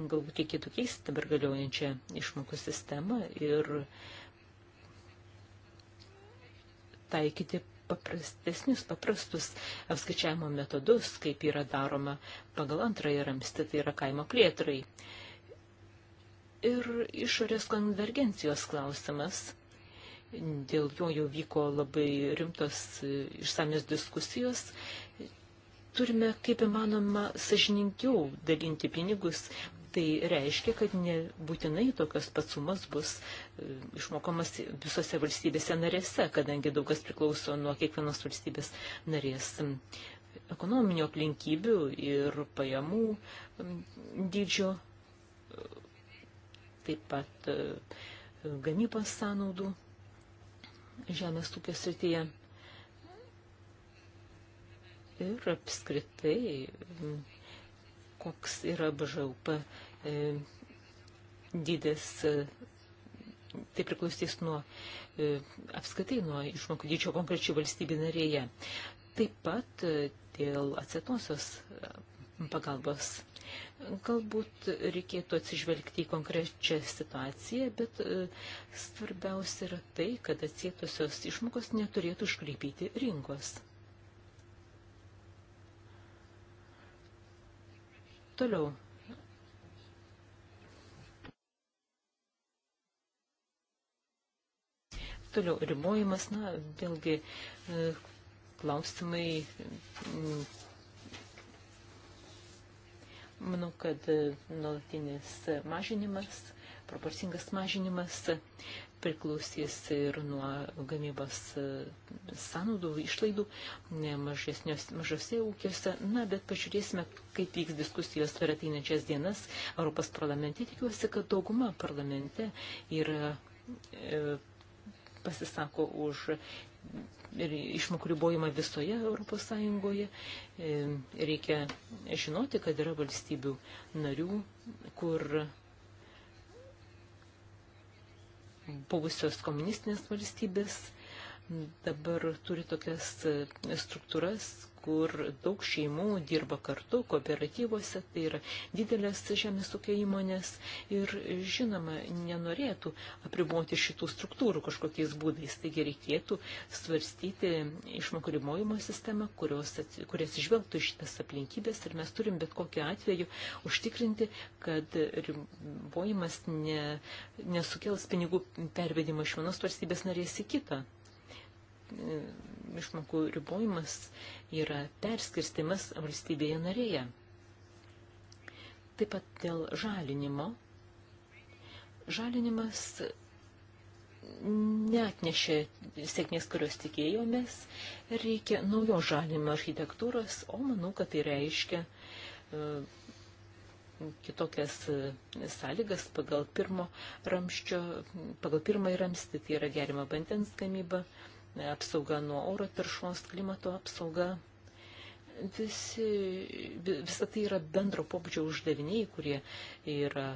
galbūt reikėtų keisti dabar galiojančią išmokų sistemą ir taikyti paprastesnius, paprastus apskaičiavimo metodus, kaip yra daroma pagal antrąjį ramstį, tai yra kaimo plėtrai. Ir išorės konvergencijos klausimas. Dėl jo jau vyko labai rimtos e, išsamios diskusijos. Turime kaip įmanoma sažininkiau dalinti pinigus tai reiškia, kad nebūtinai tokios pats sumas bus e, išmokomas visose valstybėse narėse, kadangi daug kas priklauso nuo kiekvienos valstybės narės ekonominių aplinkybių ir pajamų dydžio, e, taip pat e, gamybos sąnaudų žemės ūkio srityje. Ir apskritai koks yra BŽUP e, dydis. E, tai priklausys nuo e, apskaitai nuo išmokų dydžio konkrečių valstybių narėje. Taip pat e, dėl atsetosios e, pagalbos. Galbūt reikėtų atsižvelgti į konkrečią situaciją, bet svarbiausia yra tai, kad atsietosios išmokos neturėtų iškreipyti rinkos. toliau. Toliau ribojimas, na, vėlgi e, klausimai. Manau, kad e, nuolatinis mažinimas, proporcingas mažinimas priklausys ir nuo gamybos e, sąnaudų, išlaidų mažose ūkiuose. Na, bet pažiūrėsime, kaip vyks diskusijos per ateinančias dienas Europos parlamente. Tikiuosi, kad dauguma parlamente yra e, pasisako už ir išmokų ribojimą visoje Europos Sąjungoje. E, reikia žinoti, kad yra valstybių narių, kur buvusios komunistinės valstybės dabar turi tokias struktūras, kur daug šeimų dirba kartu, kooperatyvose, tai yra didelės žemės ūkio įmonės ir, žinoma, nenorėtų apriboti šitų struktūrų kažkokiais būdais. Taigi reikėtų svarstyti išmokų ribojimo sistemą, kurios, kurias išvelgtų šitas aplinkybės ir mes turim bet kokiu atveju užtikrinti, kad ribojimas ne, nesukels pinigų pervedimo iš vienos valstybės narės į kitą. E, išmokų ribojimas yra perskirstimas valstybėje narėje. Taip pat dėl žalinimo. Žalinimas neatnešė sėkmės, kurios tikėjomės, reikia naujo žalinimo architektūros, o manau, kad tai reiškia e, kitokias e, sąlygas pagal pirmo ramščio, pagal pirmąjį ramstį, tai yra gerima vandens gamyba, apsauga nuo oro taršos, klimato apsauga. Visi, visa tai yra bendro pobūdžio uždaviniai, kurie, yra,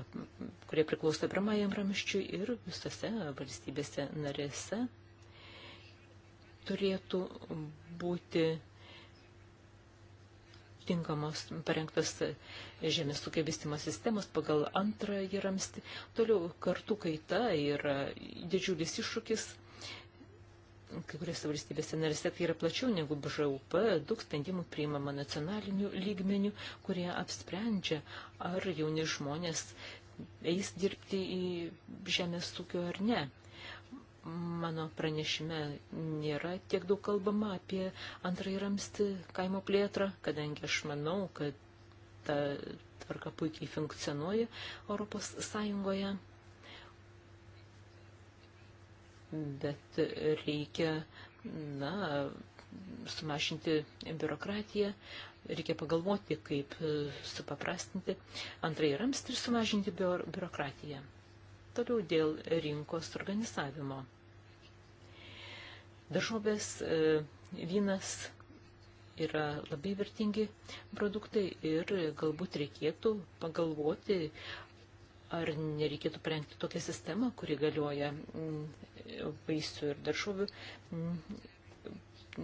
kurie priklauso pirmajam ramščiui ir visose valstybėse narėse turėtų būti tinkamos parengtas žemės ūkio vystimo sistemos pagal antrąjį ramstį. Toliau kartų kaita yra didžiulis iššūkis kai kuriuose valstybėse narėse tai yra plačiau negu BŽUP, daug sprendimų priimama nacionaliniu lygmeniu, kurie apsprendžia, ar jauni žmonės eis dirbti į žemės ūkio ar ne. Mano pranešime nėra tiek daug kalbama apie antrąjį ramstį kaimo plėtrą, kadangi aš manau, kad ta tvarka puikiai funkcionuoja Europos Sąjungoje bet reikia, na, sumažinti biurokratiją, reikia pagalvoti, kaip supaprastinti antrąjį ramstį ir sumažinti biurokratiją. Toliau dėl rinkos organizavimo. Daržovės, e, vynas yra labai vertingi produktai ir galbūt reikėtų pagalvoti, ar nereikėtų prengti tokią sistemą, kuri galioja vaisių ir daržovių mm,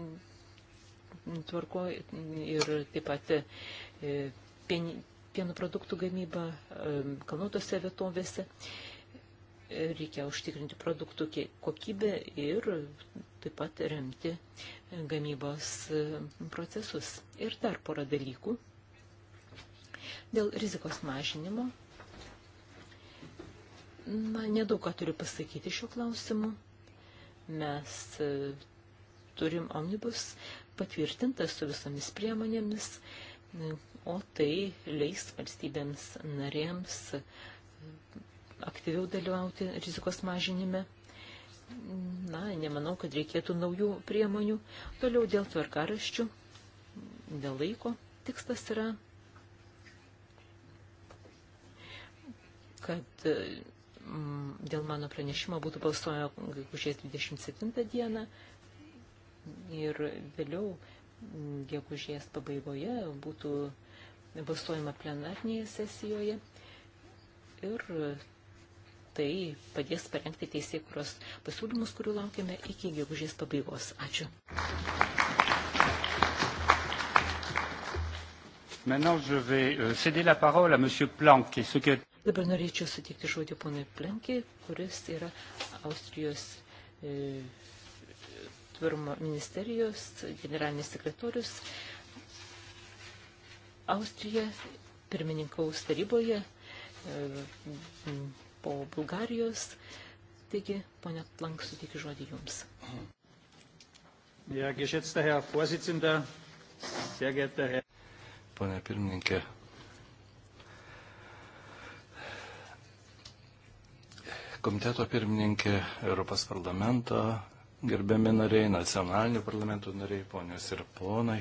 mm, tvarko ir taip pat e, pieno produktų gamyba e, kalnuotose vietovėse. Reikia užtikrinti produktų kokybę ir taip pat remti gamybos e, procesus. Ir dar porą dalykų. Dėl rizikos mažinimo Na, nedaug ką turiu pasakyti šiuo klausimu. Mes e, turim omnibus patvirtintą su visomis priemonėmis, e, o tai leis valstybėms narėms e, aktyviau dalyvauti rizikos mažinime. Na, nemanau, kad reikėtų naujų priemonių. Toliau dėl tvarkaraščių, dėl laiko tikslas yra, kad Mm, dėl mano pranešimo būtų balsuojama gegužės 27 dieną ir vėliau mm, gegužės pabaigoje būtų balsuojama plenarnėje sesijoje ir tai padės parengti teisėkuros pasiūlymus, kurių laukiame iki gegužės pabaigos. Ačiū. Maintenant, je vais euh, céder la parole à M. Planck, qui est secrétaire. Dabar norėčiau sutikti žodį ponui Plenkį, kuris yra Austrijos e, tvarumo ministerijos generalinis sekretorius. Austrija pirmininkaus taryboje e, po Bulgarijos. Taigi, ponia Plank, sutikiu žodį Jums. Ja, geschätzter Herr Vorsitzender, sehr geehrter Herr. Pone pirmininkė, komiteto pirmininkė, Europos parlamento, gerbiami nariai, nacionalinių parlamentų nariai, ponios ir ponai.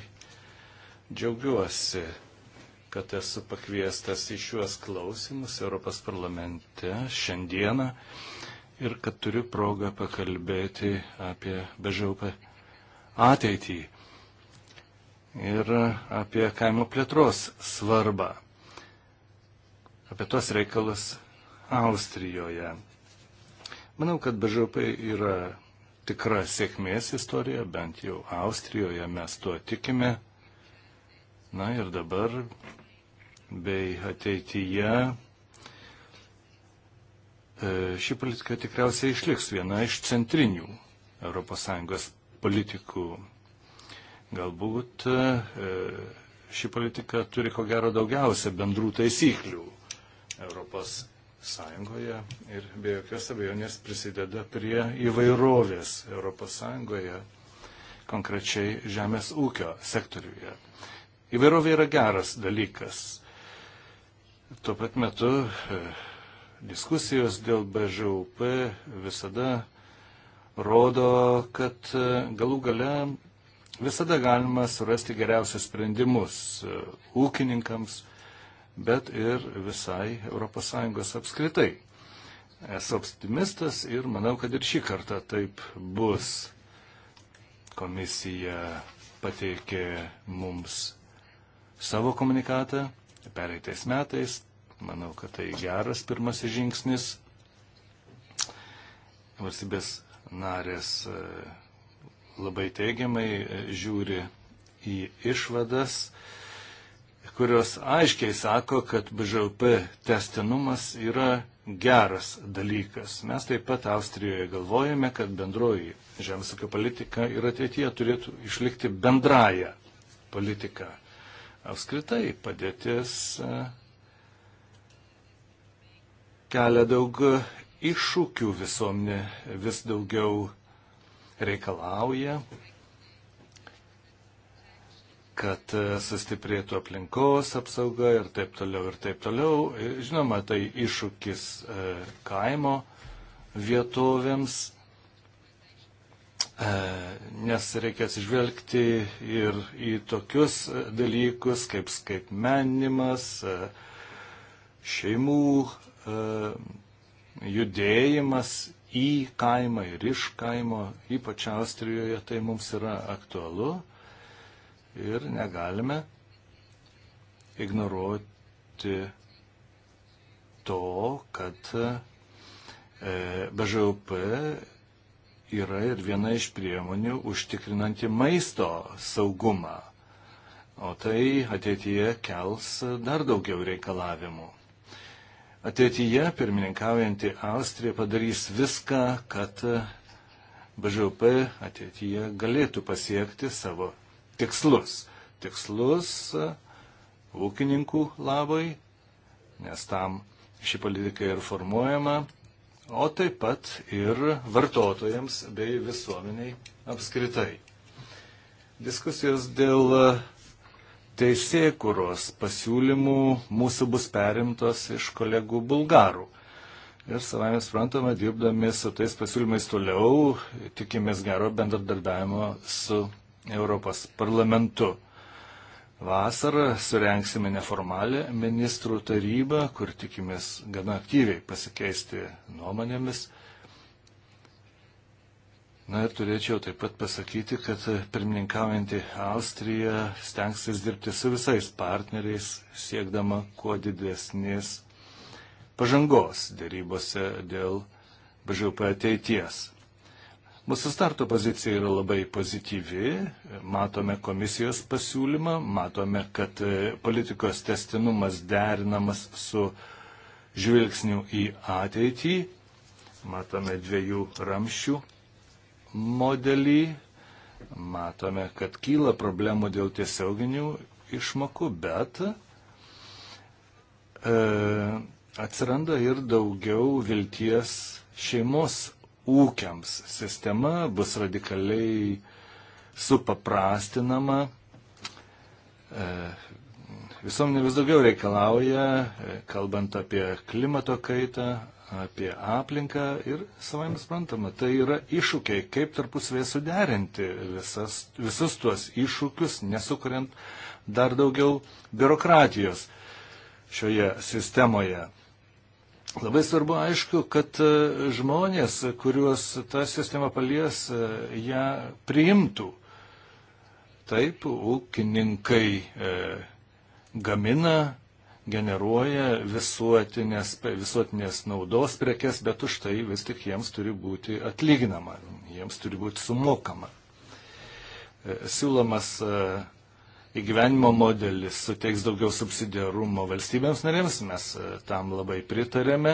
Džiaugiuosi, kad esu pakviestas į šiuos klausimus Europos parlamente šiandieną ir kad turiu progą pakalbėti apie bežaupę ateitį ir apie kaimo plėtros svarbą, apie tos reikalus Austrijoje. Manau, kad BŽP yra tikra sėkmės istorija, bent jau Austrijoje mes tuo tikime. Na ir dabar bei ateityje e, ši politika tikriausiai išliks viena iš centrinių ES politikų. Galbūt e, ši politika turi ko gero daugiausia bendrų taisyklių Europos Sąjungoje ir be jokios abejonės prisideda prie įvairovės Europos Sąjungoje, konkrečiai žemės ūkio sektoriuje. Įvairovė yra geras dalykas. Tuo pat metu e, diskusijos dėl BŽUP visada rodo, kad e, galų gale visada galima surasti geriausius sprendimus e, ūkininkams, bet ir visai ES apskritai. Esu optimistas ir manau, kad ir šį kartą taip bus. Komisija pateikė mums savo komunikatą pereitais metais. Manau, kad tai geras pirmasis žingsnis. Valstybės narės e, labai teigiamai e, žiūri į išvadas. E, kurios aiškiai sako, kad BŽP testinumas yra geras dalykas. Mes taip pat Austrijoje galvojame, kad bendroji žemės ūkio politika ir ateityje turėtų išlikti bendrają politiką. Apskritai padėtis e, kelia daug iššūkių visuomenė vis daugiau reikalauja kad e, sustiprėtų aplinkos apsauga ir taip toliau ir taip toliau. E, žinoma, tai iššūkis e, kaimo vietovėms, nes reikia atsižvelgti ir į tokius dalykus kaip skaitmenimas, šeimų judėjimas į kaimą ir iš kaimo, ypač Austrijoje, tai mums yra aktualu ir negalime ignoruoti to, kad e, BŽUP yra ir viena iš priemonių užtikrinanti maisto saugumą, o tai ateityje kels dar daugiau reikalavimų. Ateityje pirmininkaujanti Austrija padarys viską, kad e, BŽP ateityje galėtų pasiekti savo tikslus. Tikslus e, ūkininkų labai, nes tam ši politika ir formuojama, o taip pat ir vartotojams bei visuomeniai apskritai. Diskusijos dėl e, teisėkuros pasiūlymų mūsų bus perimtos iš kolegų bulgarų. Ir savame suprantama, dirbdami su tais pasiūlymais toliau, tikimės gero bendradarbiavimo su Europos parlamentu. Vasarą surenksime neformalę ministrų tarybą, kur tikimės gana aktyviai pasikeisti nuomonėmis. Na ir turėčiau taip pat pasakyti, kad pirmininkaujantį Austriją stengsis dirbti su visais partneriais, siekdama kuo didesnės pažangos dėrybose dėl BŽP ateities. Mūsų starto pozicija yra labai pozityvi, matome komisijos pasiūlymą, matome, kad e, politikos testinumas derinamas su žvilgsniu į ateitį, matome dviejų ramščių modelį, matome, kad kyla problemų dėl tiesioginių išmokų, bet e, atsiranda ir daugiau vilties šeimos ūkiams. Sistema bus radikaliai supaprastinama. E, visuomenė vis daugiau reikalauja, e, kalbant apie klimato kaitą, apie aplinką ir savai suprantama, tai yra iššūkiai, kaip tarpusvėje suderinti visas, visus tuos iššūkius, nesukuriant dar daugiau biurokratijos šioje sistemoje. Labai svarbu, aišku, kad e, žmonės, kuriuos ta sistema palies, e, ją priimtų. Taip, ūkininkai e, gamina, generuoja visuotinės, visuotinės naudos prekes, bet už tai vis tik jiems turi būti atlyginama, jiems turi būti sumokama. E, siūlomas e, įgyvenimo modelis suteiks daugiau subsidiarumo valstybėms narėms, mes e, tam labai pritarėme,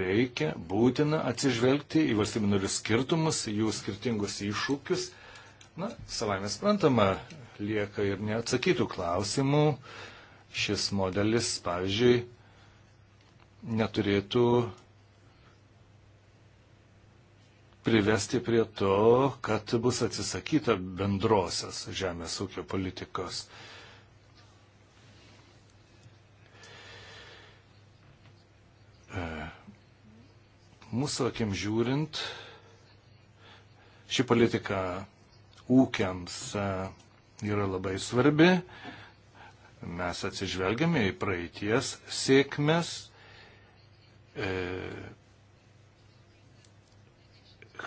reikia būtina atsižvelgti į valstybių narių skirtumus, jų skirtingus iššūkius. Na, savai mes sprantama, lieka ir neatsakytų klausimų. Šis modelis, pavyzdžiui, neturėtų privesti prie to, kad bus atsisakyta bendrosios žemės ūkio politikos. E, mūsų akim žiūrint, ši politika ūkiams e, yra labai svarbi. Mes atsižvelgiame į praeities sėkmes, e,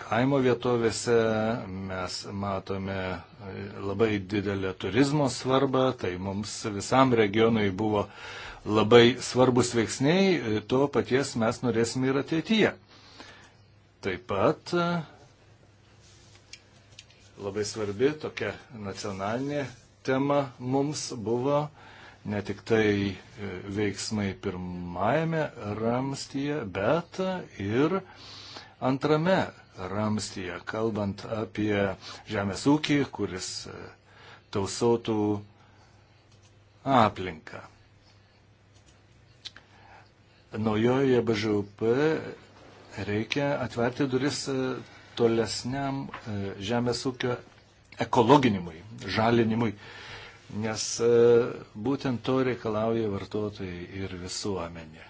kaimo vietovėse mes matome labai didelę turizmo svarbą, tai mums visam regionui buvo labai svarbus veiksniai, to paties mes norėsime ir ateityje. Taip pat labai svarbi tokia nacionalinė tema mums buvo ne tik tai e, veiksmai pirmajame ramstyje, bet ir antrame ramstyje, kalbant apie žemės ūkį, kuris e, tausotų aplinką. Naujoje BŽUP reikia atverti duris e, tolesniam e, žemės ūkio ekologinimui, žalinimui, nes būtent to reikalauja vartotojai ir visuomenė.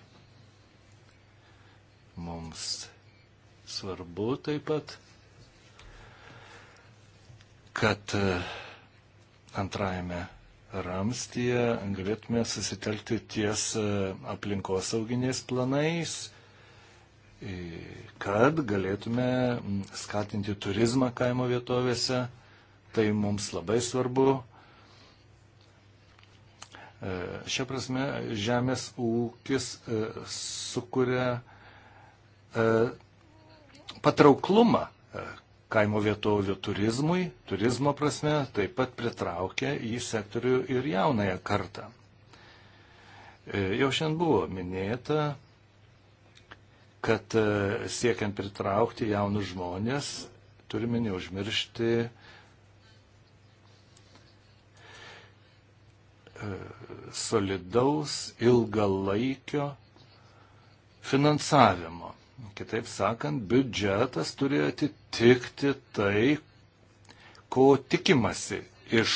Mums Svarbu taip pat, kad e, antrajame ramstyje galėtume susitelkti ties e, aplinkosauginės planais e, kad galėtume skatinti turizmą kaimo vietovėse. Tai mums labai svarbu. Šia prasme, žemės ūkis sukuria patrauklumą e, kaimo vietovių turizmui, turizmo prasme, taip pat pritraukia į sektorių ir jaunąją kartą. E, jau šiandien buvo minėta, kad e, siekiant pritraukti jaunus žmonės, turime neužmiršti solidaus ilgalaikio finansavimo. Kitaip sakant, biudžetas turi atitikti tai, ko tikimasi iš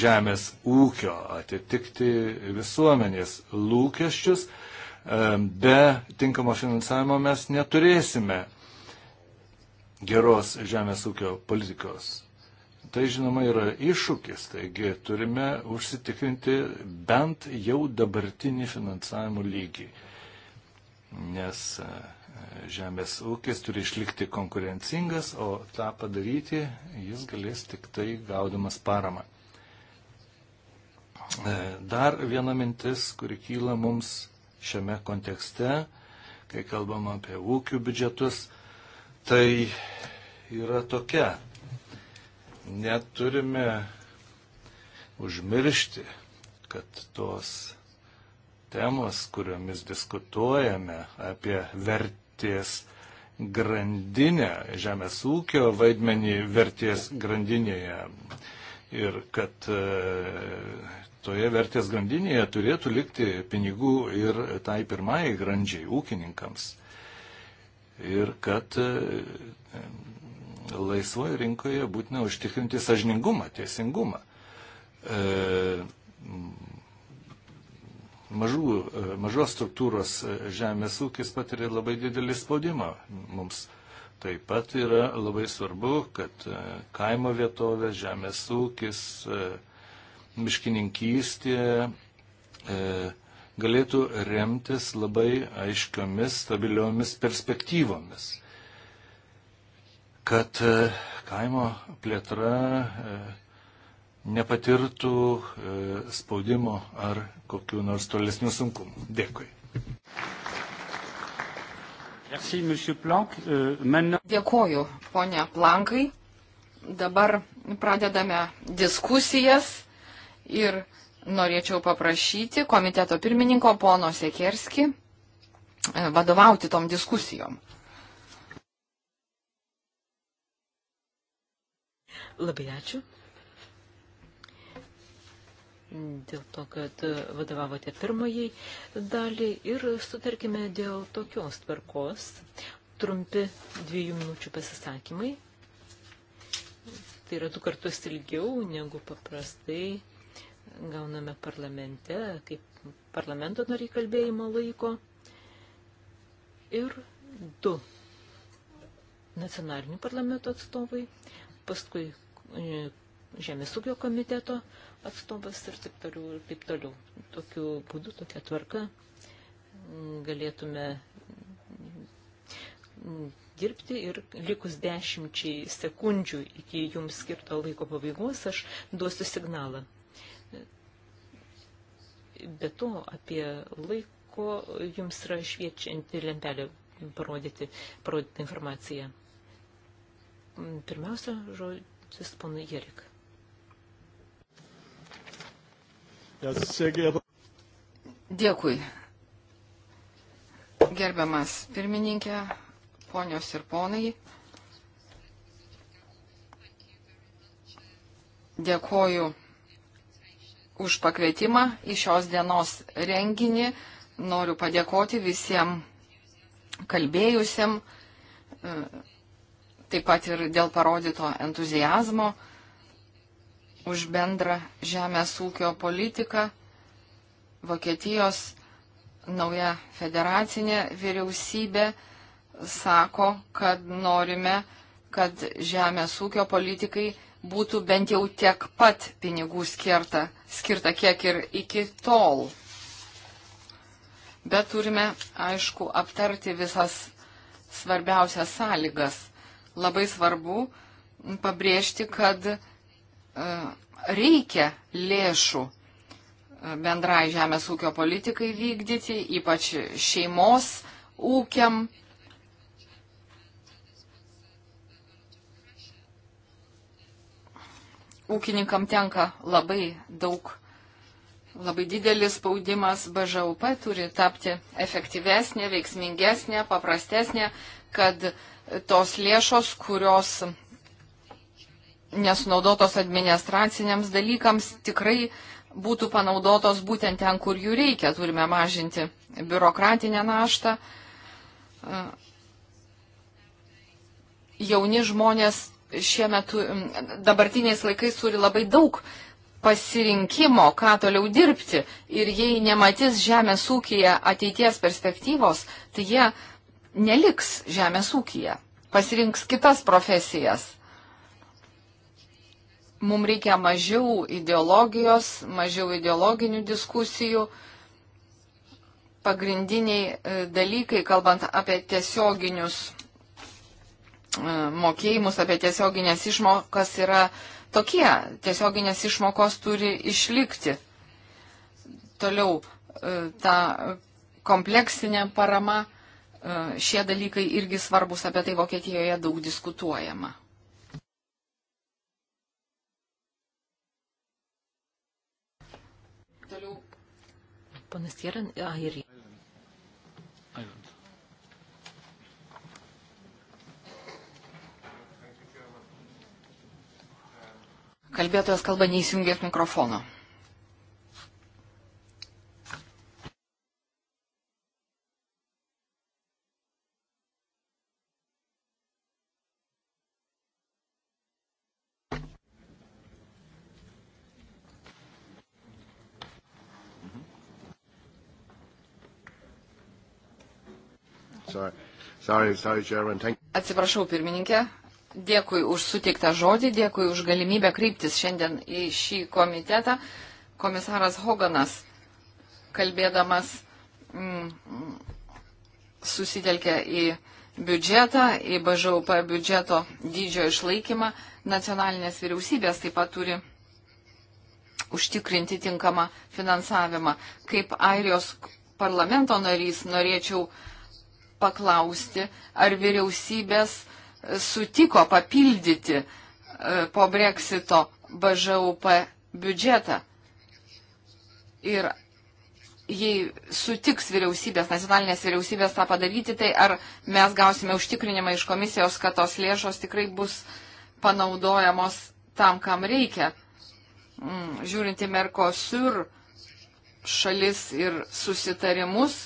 žemės ūkio, atitikti visuomenės lūkesčius. E, be tinkamo finansavimo mes neturėsime geros žemės ūkio politikos. Tai žinoma yra iššūkis, taigi turime užsitikrinti bent jau dabartinį finansavimo lygį. Nes e, Žemės ūkis turi išlikti konkurencingas, o tą padaryti jis galės tik tai gaudamas paramą. E, dar viena mintis, kuri kyla mums šiame kontekste, kai kalbam apie ūkių biudžetus, tai yra tokia. Neturime užmiršti, kad tos temos, kuriomis diskutuojame apie vertę, vertės grandinę, žemės ūkio vaidmenį vertės grandinėje. Ir kad e, toje vertės grandinėje turėtų likti pinigų ir tai pirmai grandžiai ūkininkams. Ir kad e, laisvoje rinkoje būtina užtikrinti sažningumą, teisingumą. E, mažų, e, mažos struktūros e, žemės ūkis patiria labai didelį spaudimą. Mums taip pat yra labai svarbu, kad e, kaimo vietovės, žemės ūkis, miškininkystė galėtų remtis labai aiškiomis, stabiliomis perspektyvomis kad kaimo plėtra nepatirtų e, spaudimo ar kokiu nors tolesnių sunkumų. Dėkui. Euh, Dėkoju, ponia Plankai. Dabar pradedame diskusijas ir norėčiau paprašyti komiteto pirmininko pono Sekerski e, vadovauti tom diskusijom. Labai ačiū dėl to, kad vadovavote pirmąjį dalį ir sutarkime dėl tokios tvarkos. Trumpi dviejų minučių pasisakymai. Tai yra du kartus ilgiau negu paprastai gauname parlamente, kaip parlamento nariai kalbėjimo laiko. Ir du nacionalinių parlamento atstovai, paskui e, Žemės ūkio komiteto atstovas ir taip toliau, ir taip toliau. Tokiu būdu, tokia tvarka mm, galėtume mm, dirbti ir likus dešimčiai sekundžių iki jums skirto laiko pabaigos aš duosiu signalą. Be to, apie laiko jums yra šviečianti lempelė parodyti, parodyti informaciją. Mm, pirmiausia, žodis ponui Jerik. Dėkui. Gerbiamas pirmininkė, ponios ir ponai, dėkoju už pakvietimą į šios dienos renginį. Noriu padėkoti visiems kalbėjusiem, e, taip pat ir dėl parodyto entuzijazmo už bendrą žemės ūkio politiką. Vokietijos nauja federacinė vyriausybė sako, kad norime, kad žemės ūkio politikai būtų bent jau tiek pat pinigų skirta, skirta kiek ir iki tol. Bet turime, aišku, aptarti visas svarbiausias sąlygas. Labai svarbu pabrėžti, kad reikia lėšų bendrai žemės ūkio politikai vykdyti, ypač šeimos ūkiam. Ūkininkam tenka labai daug, labai didelis spaudimas, BŽUP turi tapti efektyvesnė, veiksmingesnė, paprastesnė, kad tos lėšos, kurios nesunaudotos administraciniams dalykams tikrai būtų panaudotos būtent ten, kur jų reikia. Turime mažinti biurokratinę naštą. Jauni žmonės šiuo metu dabartiniais laikais turi labai daug pasirinkimo, ką toliau dirbti. Ir jei nematys žemės ūkija ateities perspektyvos, tai jie neliks žemės ūkija, pasirinks kitas profesijas mums reikia mažiau ideologijos, mažiau ideologinių diskusijų. Pagrindiniai e, dalykai, kalbant apie tiesioginius e, mokėjimus, apie tiesioginės išmokas, yra tokie. Tiesioginės išmokos turi išlikti. Toliau e, ta kompleksinė parama, šie dalykai irgi svarbus, apie tai Vokietijoje daug diskutuojama. Panas Jeran, Airija. Kalbėtojas kalba neįsijungęs mikrofono. Sorry, sorry, sorry, Chairman. Thank... Atsiprašau, pirmininkė. Dėkui už suteiktą žodį, dėkui už galimybę kreiptis šiandien į šį komitetą. Komisaras Hoganas, kalbėdamas, mm, susitelkė į biudžetą, į BŽUP biudžeto dydžio išlaikymą. Nacionalinės vyriausybės taip pat turi užtikrinti tinkamą finansavimą. Kaip Airijos parlamento narys norėčiau paklausti, ar vyriausybės sutiko papildyti e, po breksito BŽUP biudžetą. Ir jei sutiks vyriausybės, nacionalinės vyriausybės tą padaryti, tai ar mes gausime užtikrinimą iš komisijos, kad tos lėšos tikrai bus panaudojamos tam, kam reikia. Mm, žiūrint į Merkosur šalis ir susitarimus,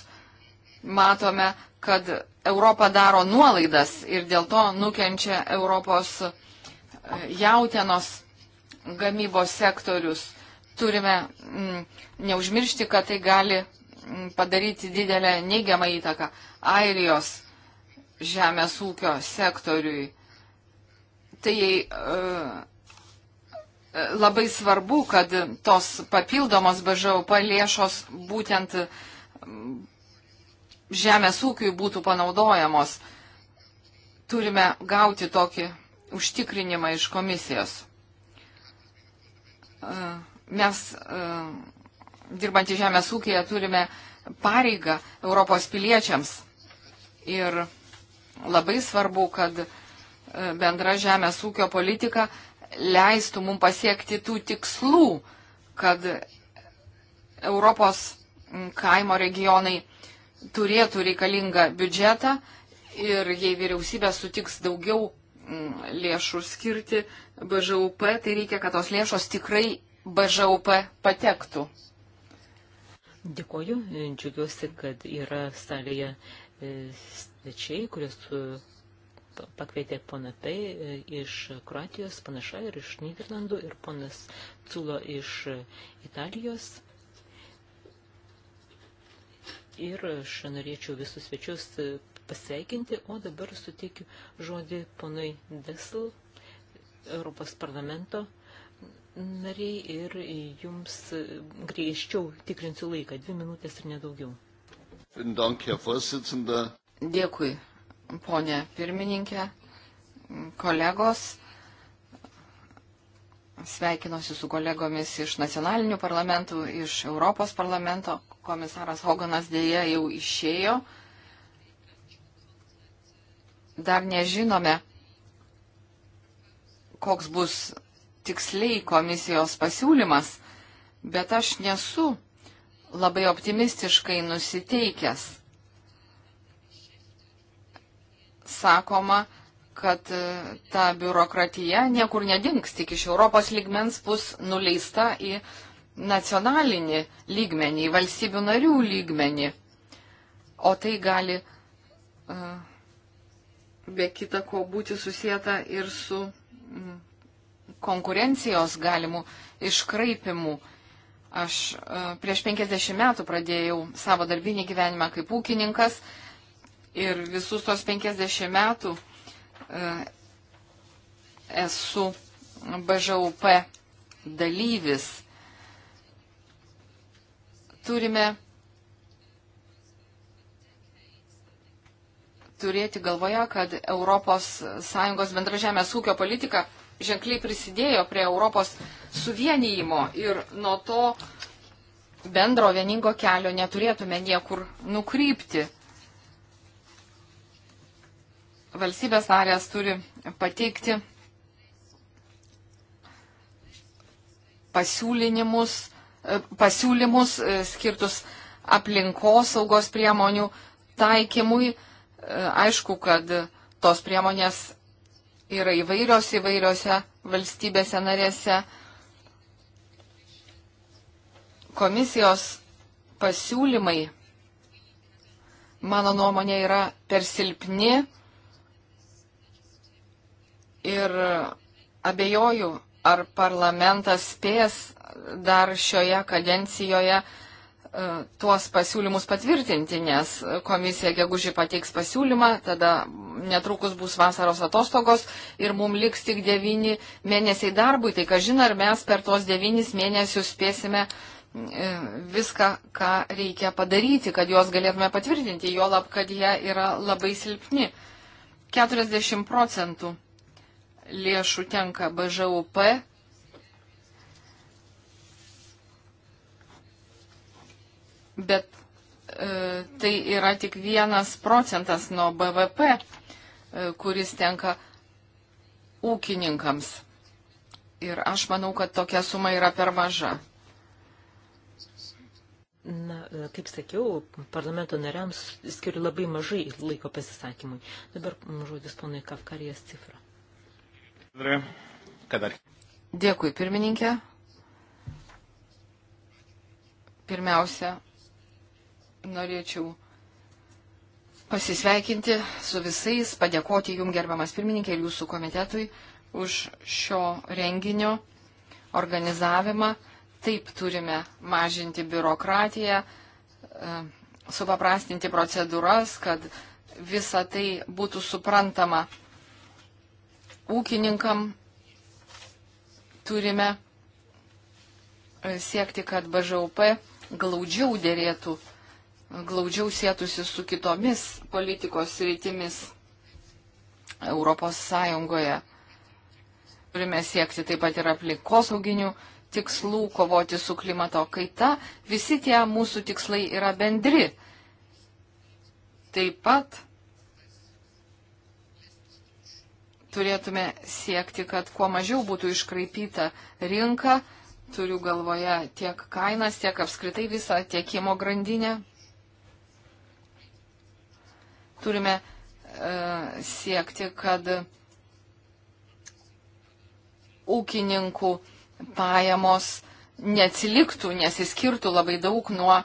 matome, kad Europa daro nuolaidas ir dėl to nukenčia Europos e, jautienos gamybos sektorius. Turime m, mm, neužmiršti, kad tai gali m, mm, padaryti didelę neigiamą įtaką Airijos žemės ūkio sektoriui. Tai e, e labai svarbu, kad tos papildomos BŽUP lėšos būtent mm, žemės ūkiui būtų panaudojamos. Turime gauti tokį užtikrinimą iš komisijos. E, mes, e, dirbantį žemės ūkiją, turime pareigą Europos piliečiams. Ir labai svarbu, kad e, bendra žemės ūkio politika leistų mums pasiekti tų tikslų, kad Europos kaimo regionai turėtų reikalingą biudžetą ir jei vyriausybė sutiks daugiau mm, lėšų skirti BŽUP, tai reikia, kad tos lėšos tikrai BŽUP patektų. Dėkoju, džiugiuosi, kad yra salėje e, svečiai, kuriuos e, pakvietė pana Pei iš Kroatijos, panaša ir iš Niderlandų, ir ponas Culo iš Italijos ir aš norėčiau visus svečius e, pasveikinti, o dabar suteikiu žodį ponui Desl, Europos parlamento nariai ir jums e, griežčiau tikrinsiu laiką, dvi minutės ir nedaugiau. Dėkui, ponė pirmininkė, kolegos. Sveikinuosi su kolegomis iš nacionalinių parlamentų, iš Europos parlamento komisaras Hoganas dėja jau išėjo. Dar nežinome, koks bus tiksliai komisijos pasiūlymas, bet aš nesu labai optimistiškai nusiteikęs. Sakoma, kad e, ta biurokratija niekur nedings, tik iš Europos lygmens bus nuleista į nacionalinį lygmenį, į valstybių narių lygmenį. O tai gali be kita ko būti susijęta ir su konkurencijos galimų iškraipimų. Aš prieš 50 metų pradėjau savo darbinį gyvenimą kaip ūkininkas ir visus tos 50 metų esu BŽUP dalyvis turime turėti galvoje, kad ES bendra žemės ūkio politika ženkliai prisidėjo prie Europos suvienijimo ir nuo to bendro vieningo kelio neturėtume niekur nukrypti. Valstybės narės turi pateikti pasiūlinimus, pasiūlymus e, skirtus aplinkos saugos priemonių taikymui. E, aišku, kad tos priemonės yra įvairios įvairiose valstybėse narėse. Komisijos pasiūlymai, mano nuomonė, yra per silpni ir abejoju, ar parlamentas spės dar šioje kadencijoje e, tuos pasiūlymus patvirtinti, nes komisija gegužį pateiks pasiūlymą, tada netrukus bus vasaros atostogos ir mums liks tik devyni mėnesiai darbui. Tai kažin ar mes per tuos devynis mėnesius spėsime e, viską, ką reikia padaryti, kad juos galėtume patvirtinti, juolab, kad jie yra labai silpni. 40 procentų lėšų tenka BŽUP. Bet e, tai yra tik vienas procentas nuo BVP, e, kuris tenka ūkininkams. Ir aš manau, kad tokia suma yra per maža. Na, e, kaip sakiau, parlamento nariams skiriu labai mažai laiko pasisakymui. Dabar žodis ponui Kafkarijas cifra. Dėkui, pirmininkė. Pirmiausia, norėčiau pasisveikinti su visais, padėkoti Jums, gerbiamas pirmininkė, ir Jūsų komitetui už šio renginio organizavimą. Taip turime mažinti biurokratiją, e, supaprastinti procedūras, kad visa tai būtų suprantama ūkininkam turime e, siekti, kad BŽUP glaudžiau dėrėtų, glaudžiau sėtųsi su kitomis politikos rytimis Europos Sąjungoje. Turime siekti taip pat ir aplinkosauginių tikslų, kovoti su klimato kaita. Visi tie mūsų tikslai yra bendri. Taip pat turėtume siekti, kad kuo mažiau būtų iškraipyta rinka, turiu galvoje tiek kainas, tiek apskritai visą tiekimo grandinę. Turime e, siekti, kad ūkininkų pajamos neatsiliktų, nesiskirtų labai daug nuo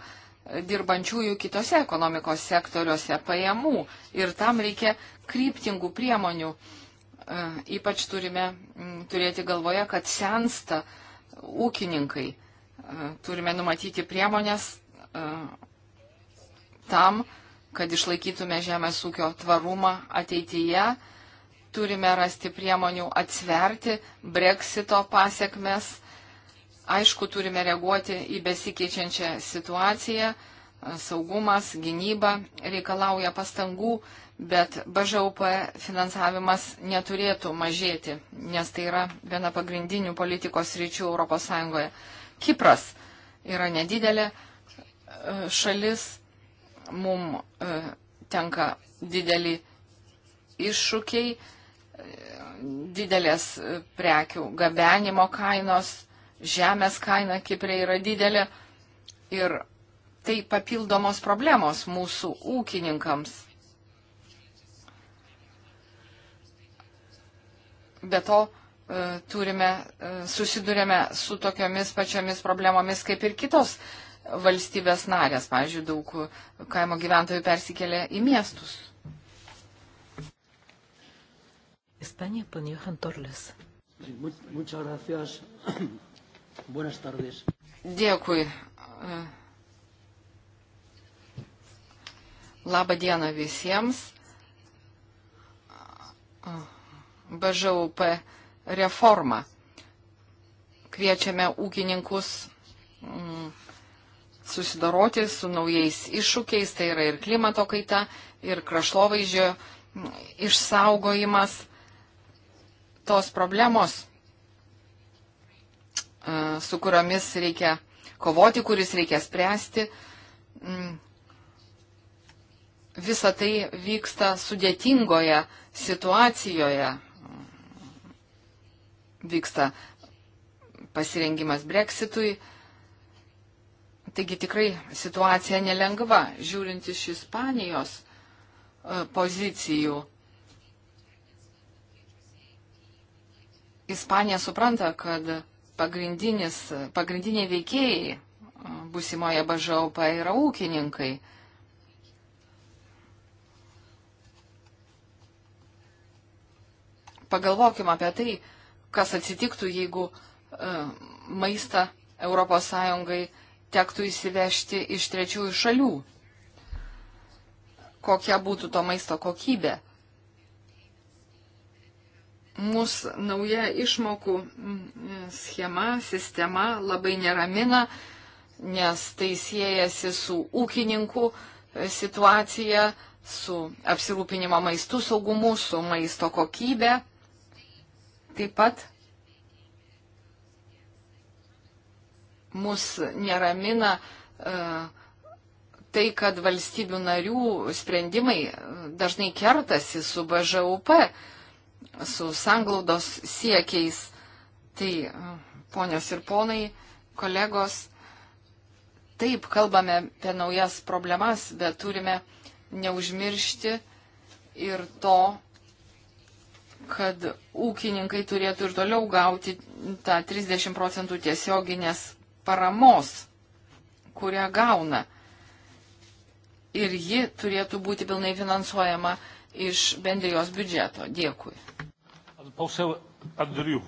dirbančiųjų kitose ekonomikos sektoriuose pajamų. Ir tam reikia kryptingų priemonių. E, E, ypač turime turėti galvoje, kad sensta ūkininkai. E, turime numatyti priemonės e, tam, kad išlaikytume žemės ūkio tvarumą ateityje. Turime rasti priemonių atsverti breksito pasiekmes. Aišku, turime reaguoti į besikeičiančią situaciją saugumas, gynyba reikalauja pastangų, bet BŽUP finansavimas neturėtų mažėti, nes tai yra viena pagrindinių politikos ryčių ES. Kipras yra nedidelė e, šalis, mums e, tenka dideli iššūkiai, e, didelės prekių gabenimo kainos, žemės kaina Kiprė yra didelė ir tai papildomos problemos mūsų ūkininkams. Be to, e, turime, e, susidurėme su tokiomis pačiomis problemomis kaip ir kitos valstybės narės. Pavyzdžiui, daug kaimo gyventojų persikėlė į miestus. España, pon Johan Torles. Muchas gracias. <clears throat> Buenas tardes. Dėkui. Labą dieną visiems. BŽUP reforma. Kviečiame ūkininkus mm, susidoroti su naujais iššūkiais, tai yra ir klimato kaita, ir krašlovaizdžio mm, išsaugojimas. Tos problemos, e, su kuriomis reikia kovoti, kuris reikia spręsti, mm, visa tai vyksta sudėtingoje situacijoje. Vyksta pasirengimas breksitui. Taigi tikrai situacija nelengva, žiūrint iš Ispanijos e, pozicijų. Ispanija supranta, kad pagrindiniai veikėjai e, busimoje BŽOP yra ūkininkai. pagalvokime apie tai, kas atsitiktų, jeigu e, maistą ES tektų įsivežti iš trečiųjų šalių. Kokia būtų to maisto kokybė? Mūsų nauja išmokų schema, sistema labai neramina, nes tai siejasi su ūkininkų e, situacija, su apsirūpinimo maistų saugumu, su maisto kokybė. Taip pat mus neramina e, tai, kad valstybių narių sprendimai e, dažnai kertasi su BŽUP, su sanglaudos siekiais. Tai, e, ponios ir ponai, kolegos, taip kalbame apie naujas problemas, bet turime neužmiršti ir to, kad ūkininkai turėtų ir toliau gauti tą 30 procentų tiesioginės paramos, kurią gauna. Ir ji turėtų būti pilnai finansuojama iš bendrijos biudžeto. Dėkui. Pausiau Andriu.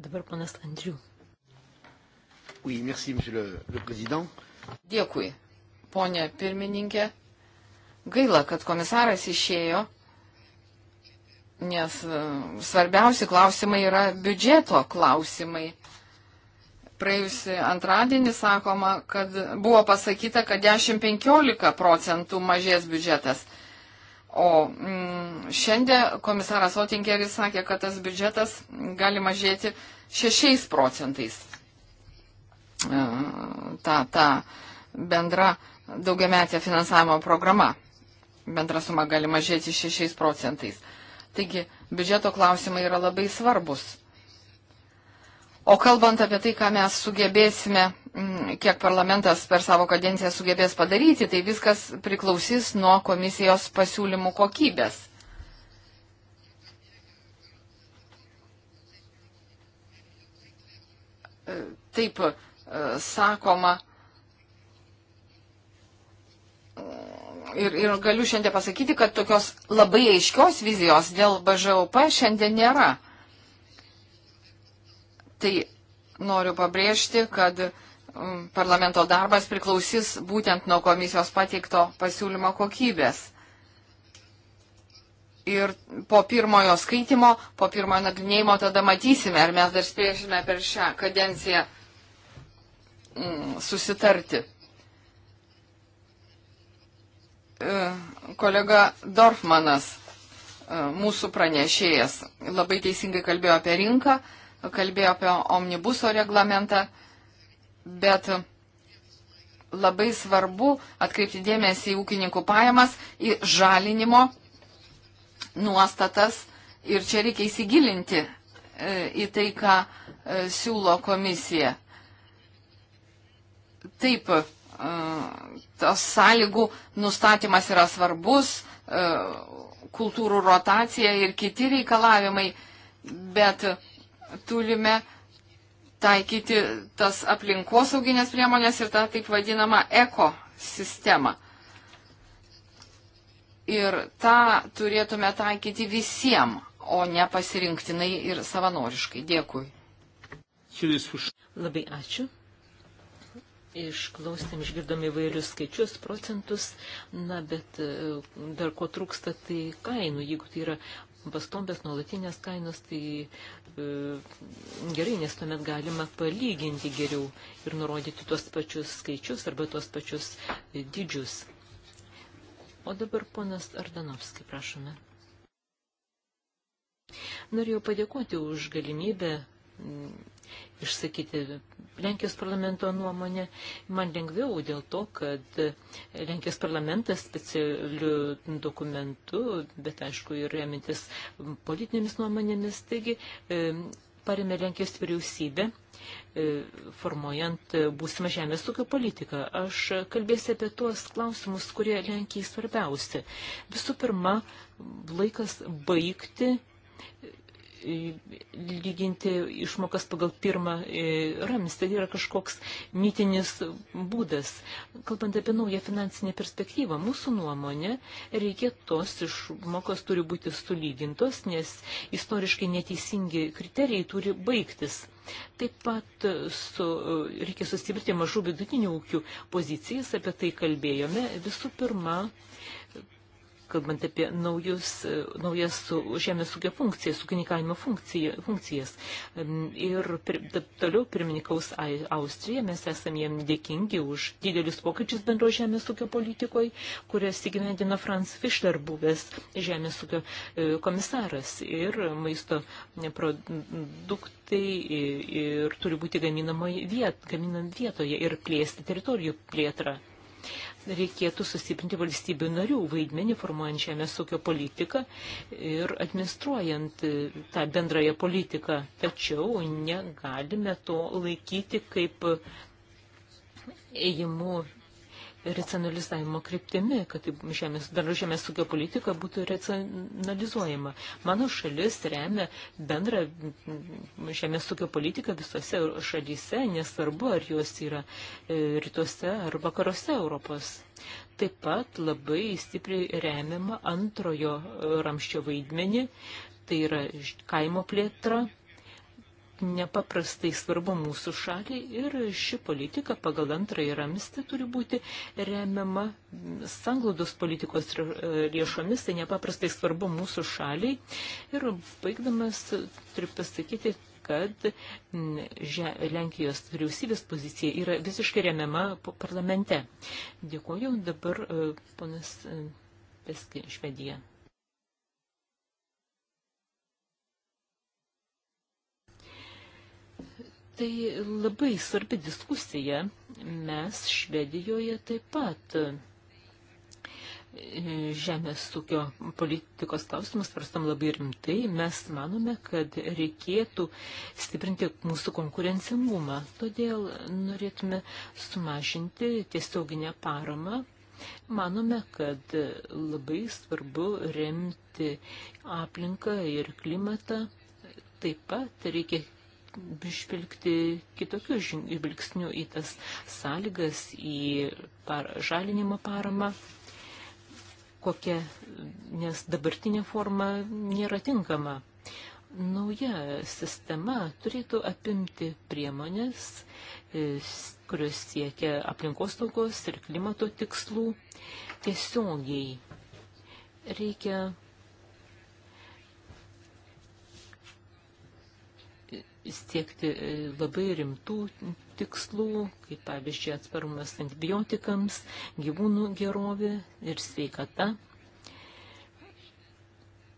Dabar panas Andriu. Oui, merci, le, le président. Dėkui, ponė pirmininkė. Gaila, kad komisaras išėjo nes e, svarbiausi klausimai yra biudžeto klausimai. Praėjusį antradienį sakoma, kad buvo pasakyta, kad 10-15 procentų mažės biudžetas. O mm, šiandien komisaras Otingeris sakė, kad tas biudžetas gali mažėti 6 procentais. E, ta, ta bendra daugiametė finansavimo programa. Bendra suma gali mažėti 6 procentais. Taigi, biudžeto klausimai yra labai svarbus. O kalbant apie tai, ką mes sugebėsime, mm, kiek parlamentas per savo kadenciją sugebės padaryti, tai viskas priklausys nuo komisijos pasiūlymų kokybės. E, taip e, sakoma, ir, ir galiu šiandien pasakyti, kad tokios labai aiškios vizijos dėl BŽOP šiandien nėra. Tai noriu pabrėžti, kad mm, parlamento darbas priklausys būtent nuo komisijos pateikto pasiūlymo kokybės. Ir po pirmojo skaitimo, po pirmojo nagrinėjimo tada matysime, ar mes dar spėsime per šią kadenciją mm, susitarti. E, kolega Dorfmanas, e, mūsų pranešėjas, labai teisingai kalbėjo apie rinką, kalbėjo apie omnibuso reglamentą, bet labai svarbu atkreipti dėmesį į ūkininkų pajamas, į žalinimo nuostatas ir čia reikia įsigilinti e, į tai, ką siūlo komisija. Taip, tas sąlygų nustatymas yra svarbus, e, kultūrų rotacija ir kiti reikalavimai, bet turime taikyti tas aplinkosauginės priemonės ir tą taip vadinamą ekosistemą. Ir tą turėtume taikyti visiems, o ne pasirinktinai ir savanoriškai. Dėkui. Labai ačiū. Išklausėm, išgirdom įvairius skaičius, procentus, na, bet e, dar ko trūksta, tai kainų. Jeigu tai yra pastombės nuolatinės kainos, tai e, gerai, nes tuomet galima palyginti geriau ir nurodyti tuos pačius skaičius arba tuos pačius e, dydžius. O dabar ponas Ardanovskai, prašome. Norėjau padėkoti už galimybę išsakyti Lenkijos parlamento nuomonę. Man lengviau dėl to, kad Lenkijos parlamentas specialių dokumentų, bet aišku ir remintis politinėmis nuomonėmis, taigi e, paremė Lenkijos vyriausybę e, formuojant būsimą žemės ūkio politiką. Aš kalbėsiu apie tuos klausimus, kurie Lenkijai svarbiausi. Visų pirma, laikas baigti lyginti išmokas pagal pirmą e, ramis. Tai yra kažkoks mytinis būdas. Kalbant apie naują finansinę perspektyvą, mūsų nuomonė, reikia tos išmokos turi būti sulygintos, nes istoriškai neteisingi kriterijai turi baigtis. Taip pat su, reikia sustiprinti mažų vidutinių ūkių pozicijas, apie tai kalbėjome. Visų pirma, kalbant apie naujus, e, naujas žemės ūkio funkcijas, ūkininkavimo funkcijas. Ir per, toliau pirmininkaus Austrija, mes esame jiem dėkingi už didelius pokyčius bendro žemės ūkio politikoje, kurias įgyvendino Franz Fischler, buvęs žemės ūkio e, komisaras ir maisto produktai ir, ir turi būti gaminama viet, gaminam vietoje ir plėsti teritorijų plėtrą. Reikėtų sustiprinti valstybių narių vaidmenį formuojant žemės ūkio politiką ir administruojant tą bendrąją politiką. Tačiau negalime to laikyti kaip ėjimu racionalizavimo kryptimi, kad žemės, bendra žemės ūkio politika būtų racionalizuojama. Mano šalis remia bendrą žemės ūkio politiką visose šalyse, nesvarbu, ar jos yra e, rytuose ar vakaruose Europos. Taip pat labai stipriai remiama antrojo ramščio vaidmenį, tai yra kaimo plėtra nepaprastai svarbu mūsų šaliai ir ši politika pagal antrąjį ramstį turi būti remiama sanglaudos politikos e, lėšomis, tai nepaprastai svarbu mūsų šaliai. Ir baigdamas turiu pasakyti, kad že, Lenkijos vyriausybės pozicija yra visiškai remiama parlamente. Dėkuoju, dabar e, ponas e, Peski, Švedija. tai labai svarbi diskusija. Mes Švedijoje taip pat e, žemės ūkio politikos klausimus svarstam labai rimtai. Mes manome, kad reikėtų stiprinti mūsų konkurencingumą. Todėl norėtume sumažinti tiesioginę paramą. Manome, kad labai svarbu remti aplinką ir klimatą. Taip pat reikia žvilgti kitokių žvilgsnių į tas sąlygas, į par, žalinimo paramą, kokia, nes dabartinė forma nėra tinkama. Nauja sistema turėtų apimti priemonės, e, kurios siekia aplinkosaugos ir klimato tikslų tiesiogiai. Reikia siekti e, labai rimtų tikslų, kaip pavyzdžiui atsparumas antibiotikams, gyvūnų gerovė ir sveikata.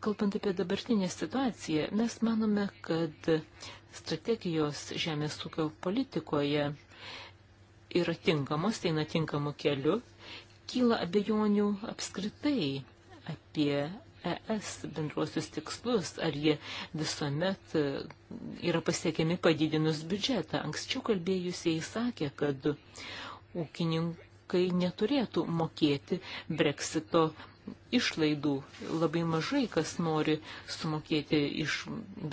Kalbant apie dabartinę situaciją, mes manome, kad strategijos žemės ūkio politikoje yra tinkamos, tai eina tinkamu keliu, kyla abejonių apskritai apie ES bendruosius tikslus, ar jie visuomet e, yra pasiekiami padidinus biudžetą. Anksčiau kalbėjusiai sakė, kad ūkininkai neturėtų mokėti breksito išlaidų. Labai mažai kas nori sumokėti iš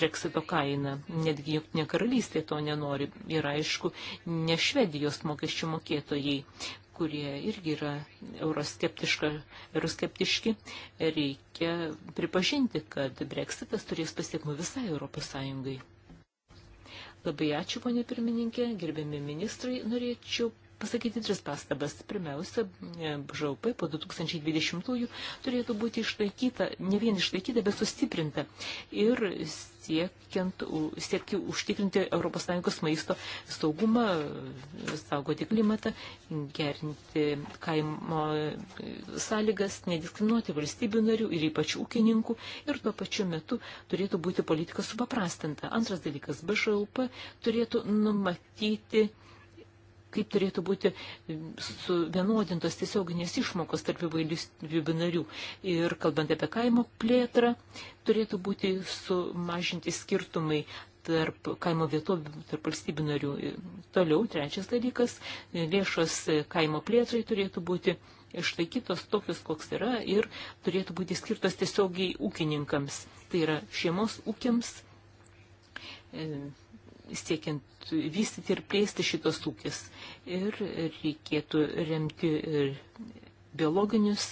breksito kainą, netgi jungtinė karalystė to nenori ir aišku, ne Švedijos mokesčių mokėtojai kurie irgi yra euroskeptiški, reikia pripažinti, kad breksitas turės pasiekmų visai Europos Sąjungai. Labai ačiū, ponė pirmininkė, gerbiami ministrai, norėčiau pasakyti tris pastabas. Pirmiausia, BŽP po 2020-ųjų turėtų būti išlaikyta, ne vien išlaikyta, bet sustiprinta. Ir siekiant, siekiant užtikrinti ES maisto saugumą, saugoti klimatą, gerinti kaimo e, sąlygas, nediskriminuoti valstybių narių ir ypač ūkininkų ir tuo pačiu metu turėtų būti politika supaprastinta. Antras dalykas, BŽLP turėtų numatyti kaip turėtų būti suvienodintos tiesioginės išmokos tarp įvairių narių. Ir kalbant apie kaimo plėtrą, turėtų būti sumažinti skirtumai tarp kaimo vietovių, tarp valstybių narių. E, toliau, trečias dalykas, e, lėšos e, kaimo plėtrai turėtų būti išlaikytos tokius, koks yra, ir turėtų būti skirtos tiesiogiai ūkininkams. Tai yra šeimos ūkiams, siekiant vystyti ir plėsti šitos ūkis. Ir reikėtų remti ir biologinius,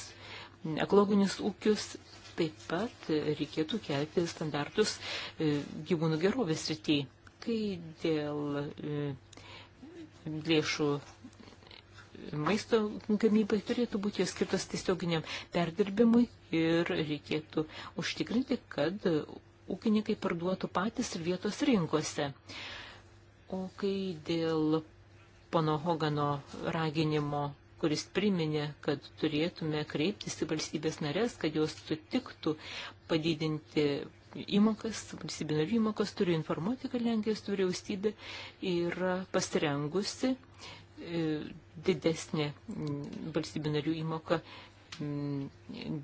ekologinius ūkius, taip pat reikėtų kelti standartus e, gyvūnų gerovės rytyje. Kai dėl e, lėšų maisto gamybai turėtų būti skirtas tiesioginiam perdirbimui ir reikėtų užtikrinti, kad ūkininkai parduotų patys vietos rinkose. O kai dėl pono Hogano raginimo, kuris priminė, kad turėtume kreiptis į valstybės narės, kad jos sutiktų padidinti įmokas, valstybinio įmokas, turiu informuoti, kad Lenkijos vyriausybė yra pasirengusi e, didesnė valstybių narių įmoka Mm,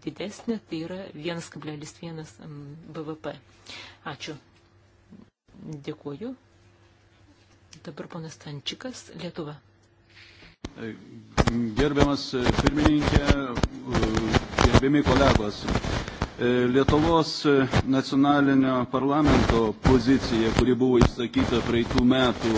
didesnė, tai yra 1,1 mm, BVP. Ačiū. Dėkuoju. Dabar ponas Tančikas, Lietuva. Gerbiamas e, pirmininkė, e, gerbiami kolegos. E, Lietuvos nacionalinio parlamento pozicija, kuri buvo išsakyta praeitų metų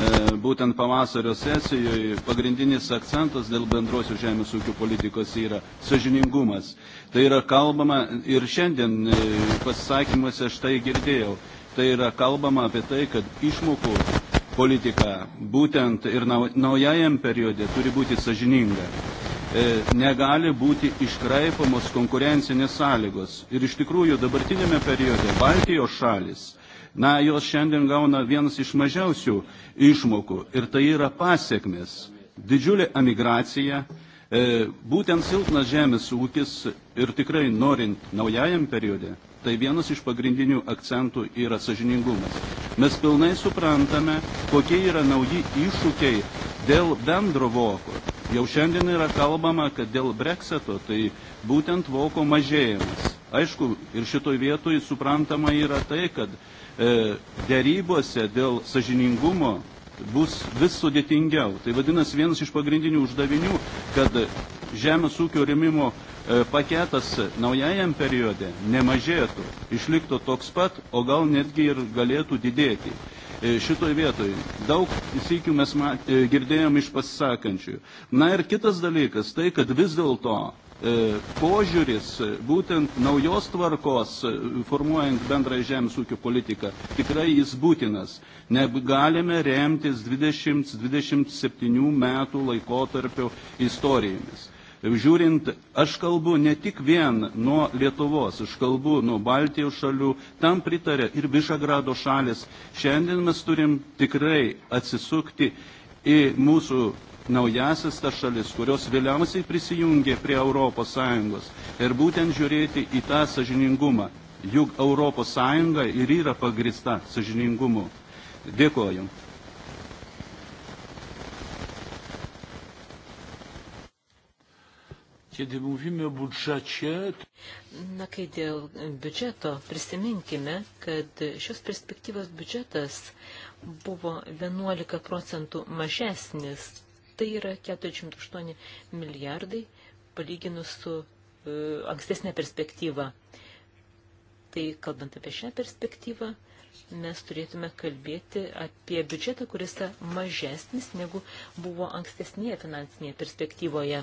E, būtent pavasario sesijoje pagrindinis akcentas dėl bendrosios žemės ūkio politikos yra sažiningumas. Tai yra kalbama ir šiandien e, pasisakymuose štai girdėjau. Tai yra kalbama apie tai, kad išmokų politika būtent ir naujajam periode turi būti sažininga. E, negali būti iškraipamos konkurencinės sąlygos. Ir iš tikrųjų dabartinėme periode Baltijos šalis na, jos šiandien gauna vienas iš mažiausių išmokų ir tai yra pasiekmes. Didžiulė emigracija, e, būtent silpnas žemės ūkis ir tikrai norint naujajam periode, tai vienas iš pagrindinių akcentų yra sažiningumas. Mes pilnai suprantame, kokie yra nauji iššūkiai dėl bendro voko. Jau šiandien yra kalbama, kad dėl breksito tai būtent voko mažėjimas. Aišku, ir šitoj vietoj suprantama yra tai, kad E, dėrybose dėl sažiningumo bus vis sudėtingiau. Tai vadinasi vienas iš pagrindinių uždavinių, kad žemės ūkio remimo e, paketas naujajam periode nemažėtų, išliktų toks pat, o gal netgi ir galėtų didėti. E, šitoj vietoj daug įsikių mes girdėjom iš pasisakančių. Na ir kitas dalykas, tai kad vis dėlto E, požiūris e, būtent naujos tvarkos e, formuojant bendrąją žemės ūkio politiką tikrai jis būtinas. Negalime remtis 20-27 metų laikotarpio istorijomis. Žiūrint, aš kalbu ne tik vien nuo Lietuvos, aš kalbu nuo Baltijos šalių, tam pritarė ir Višagrado šalis. Šiandien mes turim tikrai atsisukti į mūsų naujasis tas šalis, kurios vėliausiai prisijungė prie ES ir būtent žiūrėti į tą sažiningumą. Juk ES ir yra pagrista sažiningumu. Dėkoju. Kiedy mówimy o budżecie... Na kai dėl biudžeto prisiminkime, kad šios perspektyvos biudžetas buvo 11 procentų mažesnis Tai yra 48 milijardai palyginus su e, ankstesnė perspektyva. Tai kalbant apie šią perspektyvą, mes turėtume kalbėti apie biudžetą, kuris yra mažesnis negu buvo ankstesnėje finansinėje perspektyvoje.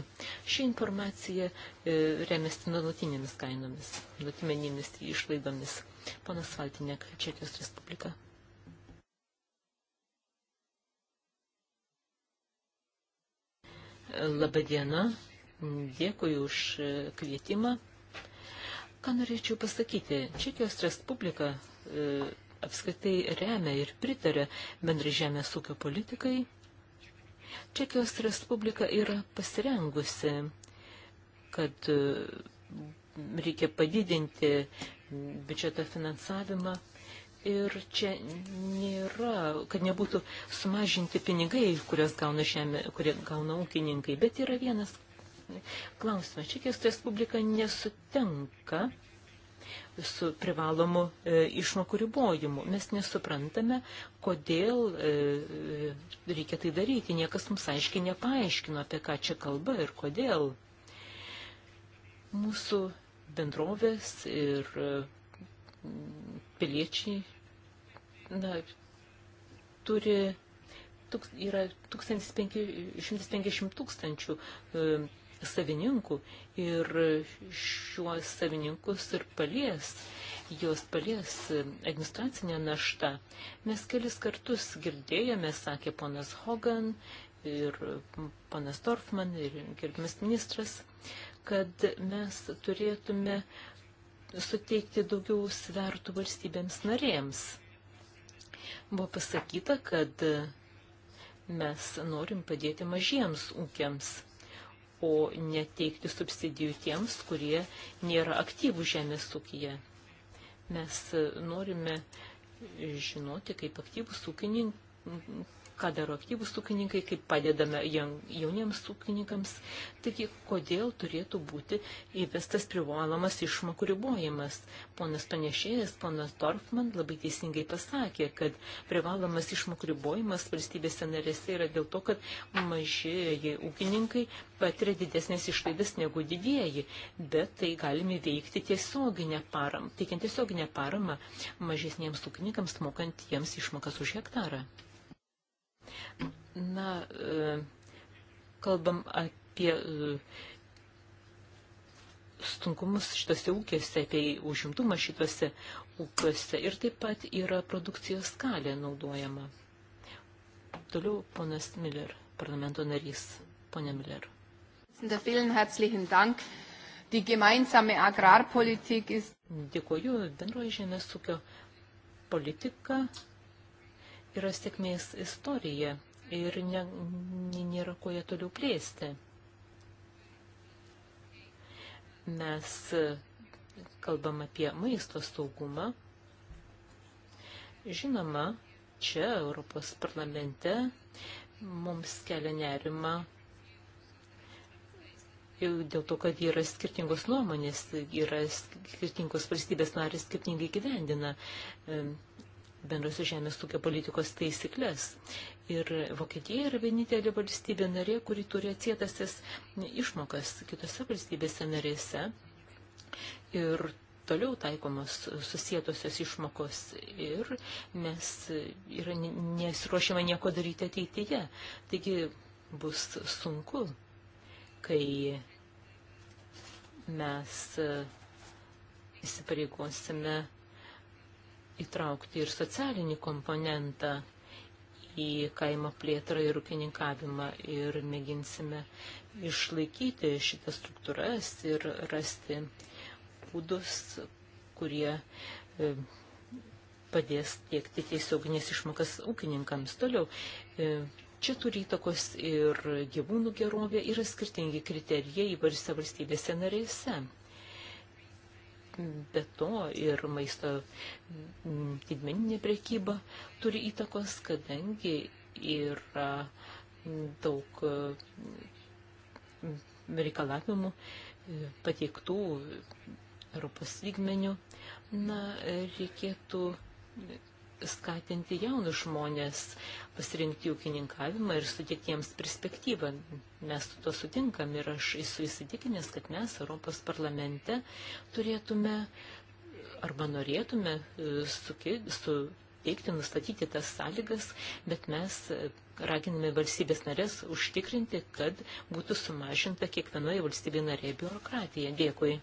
Ši informacija e, remiasi nuolatinėmis kainomis, nuolatinėmis išlaidomis. Panas Valtinė, Čekijos Respublika. Labadiena, dėkui už kvietimą. Ką norėčiau pasakyti, Čekijos Respublika e, apskritai remia ir pritarė bendrai žemės ūkio politikai. Čekijos Respublika yra pasirengusi, kad e, reikia padidinti biudžeto finansavimą ir čia nėra, kad nebūtų sumažinti pinigai, gauna žemė, kurie gauna ūkininkai, bet yra vienas klausimas. Čekijos Respublika nesutenka su privalomu e, išmokų ribojimu. Mes nesuprantame, kodėl e, e, reikia tai daryti. Niekas mums aiškiai nepaaiškino, apie ką čia kalba ir kodėl. Mūsų bendrovės ir e, piliečiai na, turi tuks, yra 1550 tūkstančių e, savininkų ir šiuos savininkus ir palies, jos palies administracinė našta. Mes kelis kartus girdėjome, sakė ponas Hogan ir ponas Dorfman ir gerbimas ministras, kad mes turėtume suteikti daugiau svertų valstybėms narėms Buvo pasakyta, kad mes norim padėti mažiems ūkiams, o neteikti subsidijų tiems, kurie nėra aktyvų žemės ūkija. Mes norime žinoti, kaip aktyvus ūkininkai ką daro aktyvus ūkininkai, kaip padedame jauniems ūkininkams. Taigi, kodėl turėtų būti įvestas privalomas išmokų ribojimas? Ponas panešėjas, ponas Dorfman labai teisingai pasakė, kad privalomas išmokų ribojimas valstybėse narėse yra dėl to, kad mažieji ūkininkai patiria didesnės išlaidas negu didieji, bet tai galime veikti tiesioginę paramą, teikiant tiesioginę paramą mažesniems ūkininkams, mokant jiems išmokas už hektarą. Na, e, kalbam apie e, sunkumus šitose ūkiuose, apie užimtumą šitose ūkiuose ir taip pat yra produkcijos skalė naudojama. Toliau ponas Miller, parlamento narys. Pone Miller. Vielen herzlichen Dank. Die gemeinsame Agrarpolitik ist. Dėkuoju, bendroji žemės ūkio politika yra sėkmės istorija ir ne, nėra ko ją toliau plėsti. Mes kalbam apie maisto saugumą. Žinoma, čia Europos parlamente mums kelia nerima dėl to, kad yra skirtingos nuomonės, yra skirtingos valstybės narės skirtingai gyvendina bendrosios žemės ūkio politikos taisyklės. Ir Vokietija yra vienintelė valstybė narė, kuri turi atsietasis išmokas kitose valstybėse narėse. Ir toliau taikomos susietosios išmokos ir mes yra nesiruošiama nieko daryti ateityje. Taigi bus sunku, kai mes įsipareigosime įtraukti ir socialinį komponentą į kaimo plėtrą ir ūkininkavimą ir mėginsime išlaikyti šitas struktūras ir rasti būdus, kurie e, padės tiekti tiesioginės išmokas ūkininkams. Toliau, e, čia turi įtakos ir gyvūnų gerovė, yra skirtingi kriterijai įvairiose valstybėse narėse. Be to ir maisto didmeninė prekyba turi įtakos, kadangi yra daug reikalavimų e, pateiktų Europos lygmenių. Na, reikėtų skatinti jaunus žmonės pasirinkti ūkininkavimą ir suteikti jiems perspektyvą. Mes su to sutinkam ir aš esu įsitikinęs, kad mes Europos parlamente turėtume arba norėtume e, suteikti, nustatyti tas sąlygas, bet mes e, raginame valstybės narės užtikrinti, kad būtų sumažinta kiekvienoje valstybėje narėje biurokratija. Dėkui.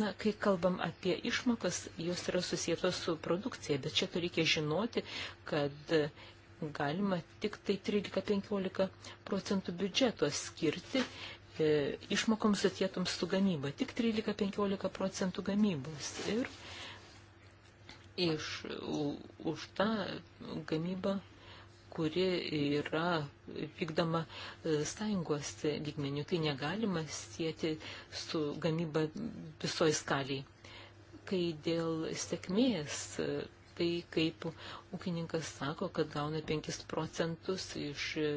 Na, kai kalbam apie išmokas, jos yra susijėtos su produkcija, bet čia reikia žinoti, kad galima tik tai 13-15 procentų biudžeto skirti e, išmokoms atėtoms su gamyba, tik 13-15 procentų gamybos. Ir iš, u, už tą gamybą kuri yra vykdoma e, sąjungos lygmenių. Tai negalima sieti su gamyba visoji skaliai. Kai dėl sėkmės, e, tai kaip ūkininkas sako, kad gauna 5 procentus iš e,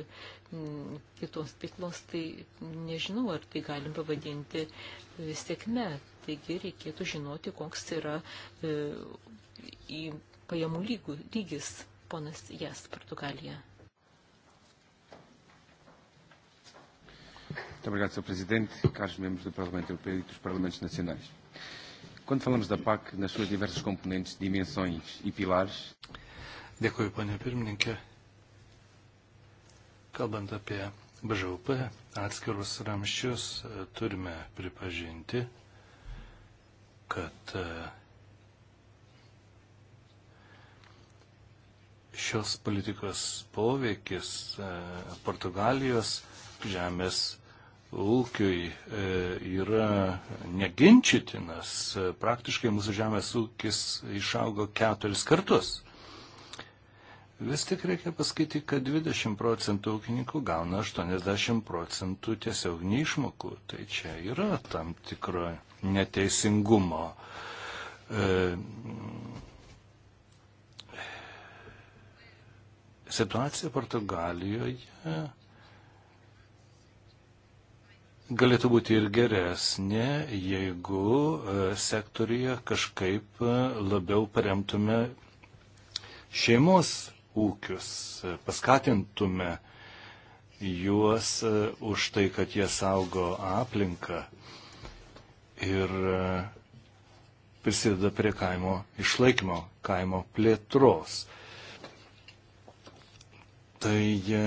kitos piklos, tai nežinau, ar tai galim pavadinti sėkme. Taigi reikėtų žinoti, koks yra į pajamų lygų, lygis ponas Jas, Portugalija. Muito obrigado, Sr. Presidente, caros membros do Parlamento Europeu e dos Parlamentos Nacionais. Quando falamos da PAC, nas suas diversas componentes, dimensões e pilares... Dėkuoju, ponia pirmininkė. Kalbant apie BŽUP, atskirus ramščius e, turime pripažinti, kad e, šios politikos poveikis e, Portugalijos žemės ūkiui e, yra neginčytinas. Praktiškai mūsų žemės ūkis išaugo keturis kartus. Vis tik reikia pasakyti, kad 20 procentų ūkininkų gauna 80 procentų tiesiog neišmokų. Tai čia yra tam tikro neteisingumo. E, Situacija Portugalijoje galėtų būti ir geresnė, jeigu e, sektorija kažkaip e, labiau paremtume šeimos ūkius, e, paskatintume juos už tai, kad jie saugo aplinką ir prisideda prie kaimo išlaikymo, kaimo plėtros tai e,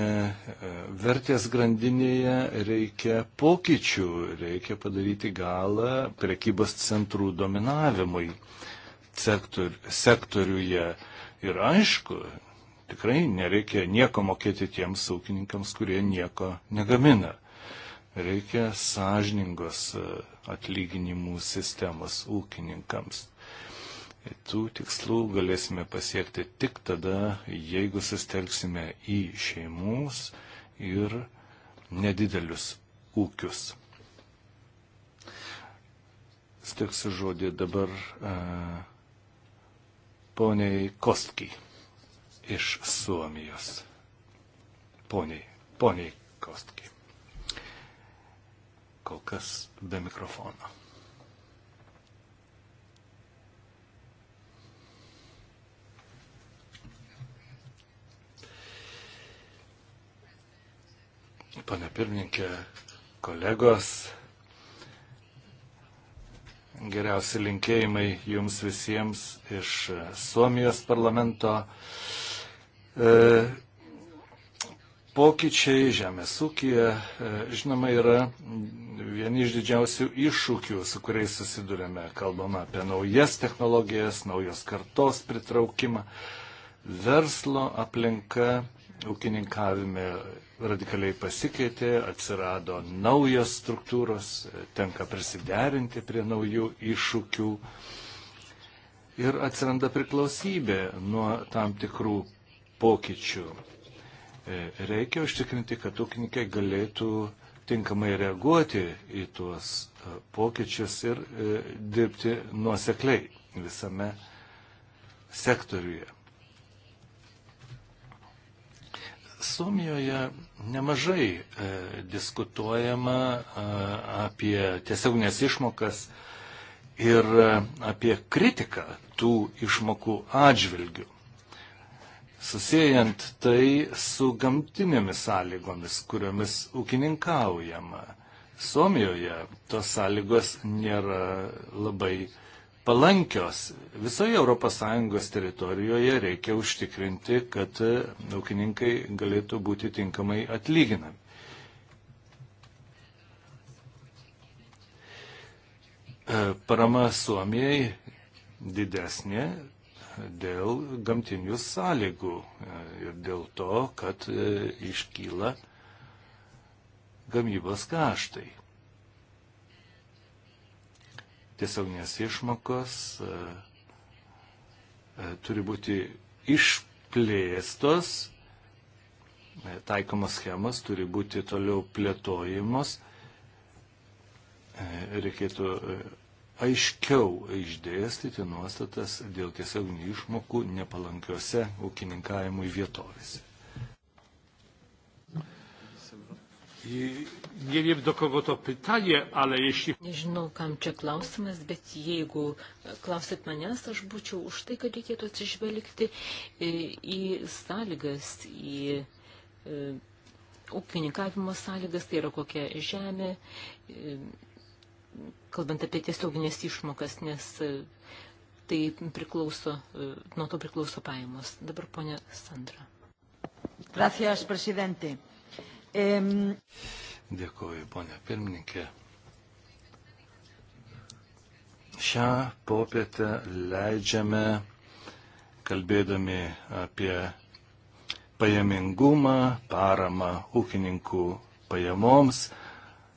vertės grandinėje reikia pokyčių, reikia padaryti galą prekybos centrų dominavimui sektor, sektoriuje. Ir aišku, tikrai nereikia nieko mokėti tiems ūkininkams, kurie nieko negamina. Reikia sąžiningos e, atlyginimų sistemos ūkininkams. Tų tikslų galėsime pasiekti tik tada, jeigu sustelksime į šeimus ir nedidelius ūkius. Steksiu žodį dabar a, e, poniai Kostkiai iš Suomijos. Poniai, poniai Kostkiai. Kol kas be mikrofono. Pane pirmininkė, kolegos, geriausi linkėjimai jums visiems iš Suomijos parlamento. E, pokyčiai žemės ūkija, e, žinoma, yra vieni iš didžiausių iššūkių, su kuriais susidurėme. Kalbama apie naujas technologijas, naujos kartos pritraukimą. Verslo aplinka ūkininkavime radikaliai pasikeitė, atsirado naujos struktūros, tenka prisiderinti prie naujų iššūkių ir atsiranda priklausybė nuo tam tikrų pokyčių. E, reikia užtikrinti, kad ūkininkai galėtų tinkamai reaguoti į tuos e, pokyčius ir e, dirbti nuosekliai visame sektoriuje. Suomijoje nemažai e, diskutuojama e, apie tiesioginės išmokas ir e, apie kritiką tų išmokų atžvilgių. Susijęjant tai su gamtinėmis sąlygomis, kuriomis ūkininkaujama. Suomijoje tos sąlygos nėra labai uh, palankios. Visoje ES teritorijoje reikia užtikrinti, kad ūkininkai galėtų būti tinkamai atlyginami. E, parama Suomijai didesnė dėl gamtinių sąlygų e, ir dėl to, kad e, iškyla gamybos kaštai tiesioginės išmokos e, e, turi būti išplėstos, e, taikomos schemas turi būti toliau plėtojimos, reikėtų aiškiau išdėstyti nuostatas dėl tiesioginių išmokų nepalankiose ūkininkavimui vietovėse. Nie wiem, do kogo to pytanie, ale jeśli... Nežinau, kam čia klausimas, bet jeigu klausit manęs, aš būčiau už tai, kad reikėtų atsižvelgti į sąlygas, į e, ūkininkavimo sąlygas, tai yra kokia žemė, e, kalbant apie tiesioginės išmokas, nes e, tai priklauso, nuo to priklauso pajamos. Dabar ponia Sandra. Gracias, presidente. Um... Dėkuoju, ponia pirmininkė. Šią popietę leidžiame, kalbėdami apie pajamingumą, paramą ūkininkų pajamoms,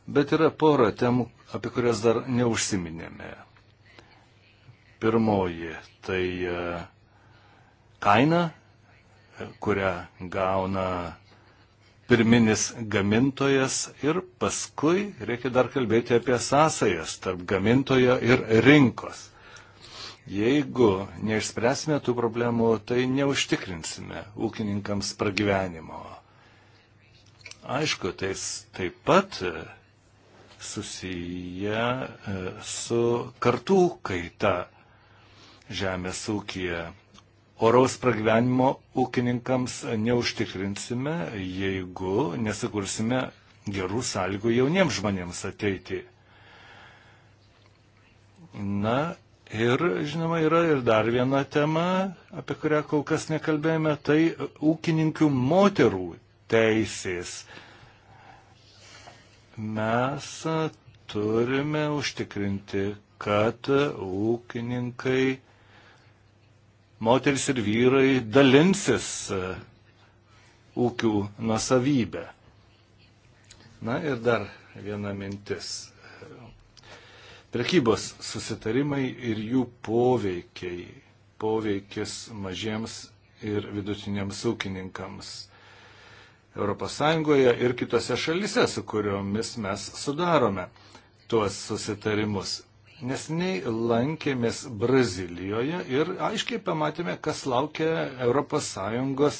bet yra pora temų, apie kurias dar neužsiminėme. Pirmoji - tai e, kaina, kurią gauna pirminis gamintojas ir paskui reikia dar kalbėti apie sąsajas tarp gamintojo ir rinkos. Jeigu neišspręsime tų problemų, tai neužtikrinsime ūkininkams pragyvenimo. Aišku, tai taip pat e, susiję e, su kartų kaita žemės ūkija oraus pragyvenimo ūkininkams neužtikrinsime, jeigu nesukursime gerų sąlygų jauniems žmonėms ateiti. Na ir, žinoma, yra ir dar viena tema, apie kurią kol kas nekalbėjome, tai ūkininkų moterų teisės. Mes turime užtikrinti, kad ūkininkai moteris ir vyrai dalinsis e, ūkių nusavybę. Na ir dar viena mintis. Prekybos susitarimai ir jų poveikiai. Poveikis mažiems ir vidutiniams ūkininkams. ES ir kitose šalise, su kuriomis mes sudarome tuos susitarimus. Nesiniai lankėmės Brazilijoje ir aiškiai pamatėme, kas laukia ES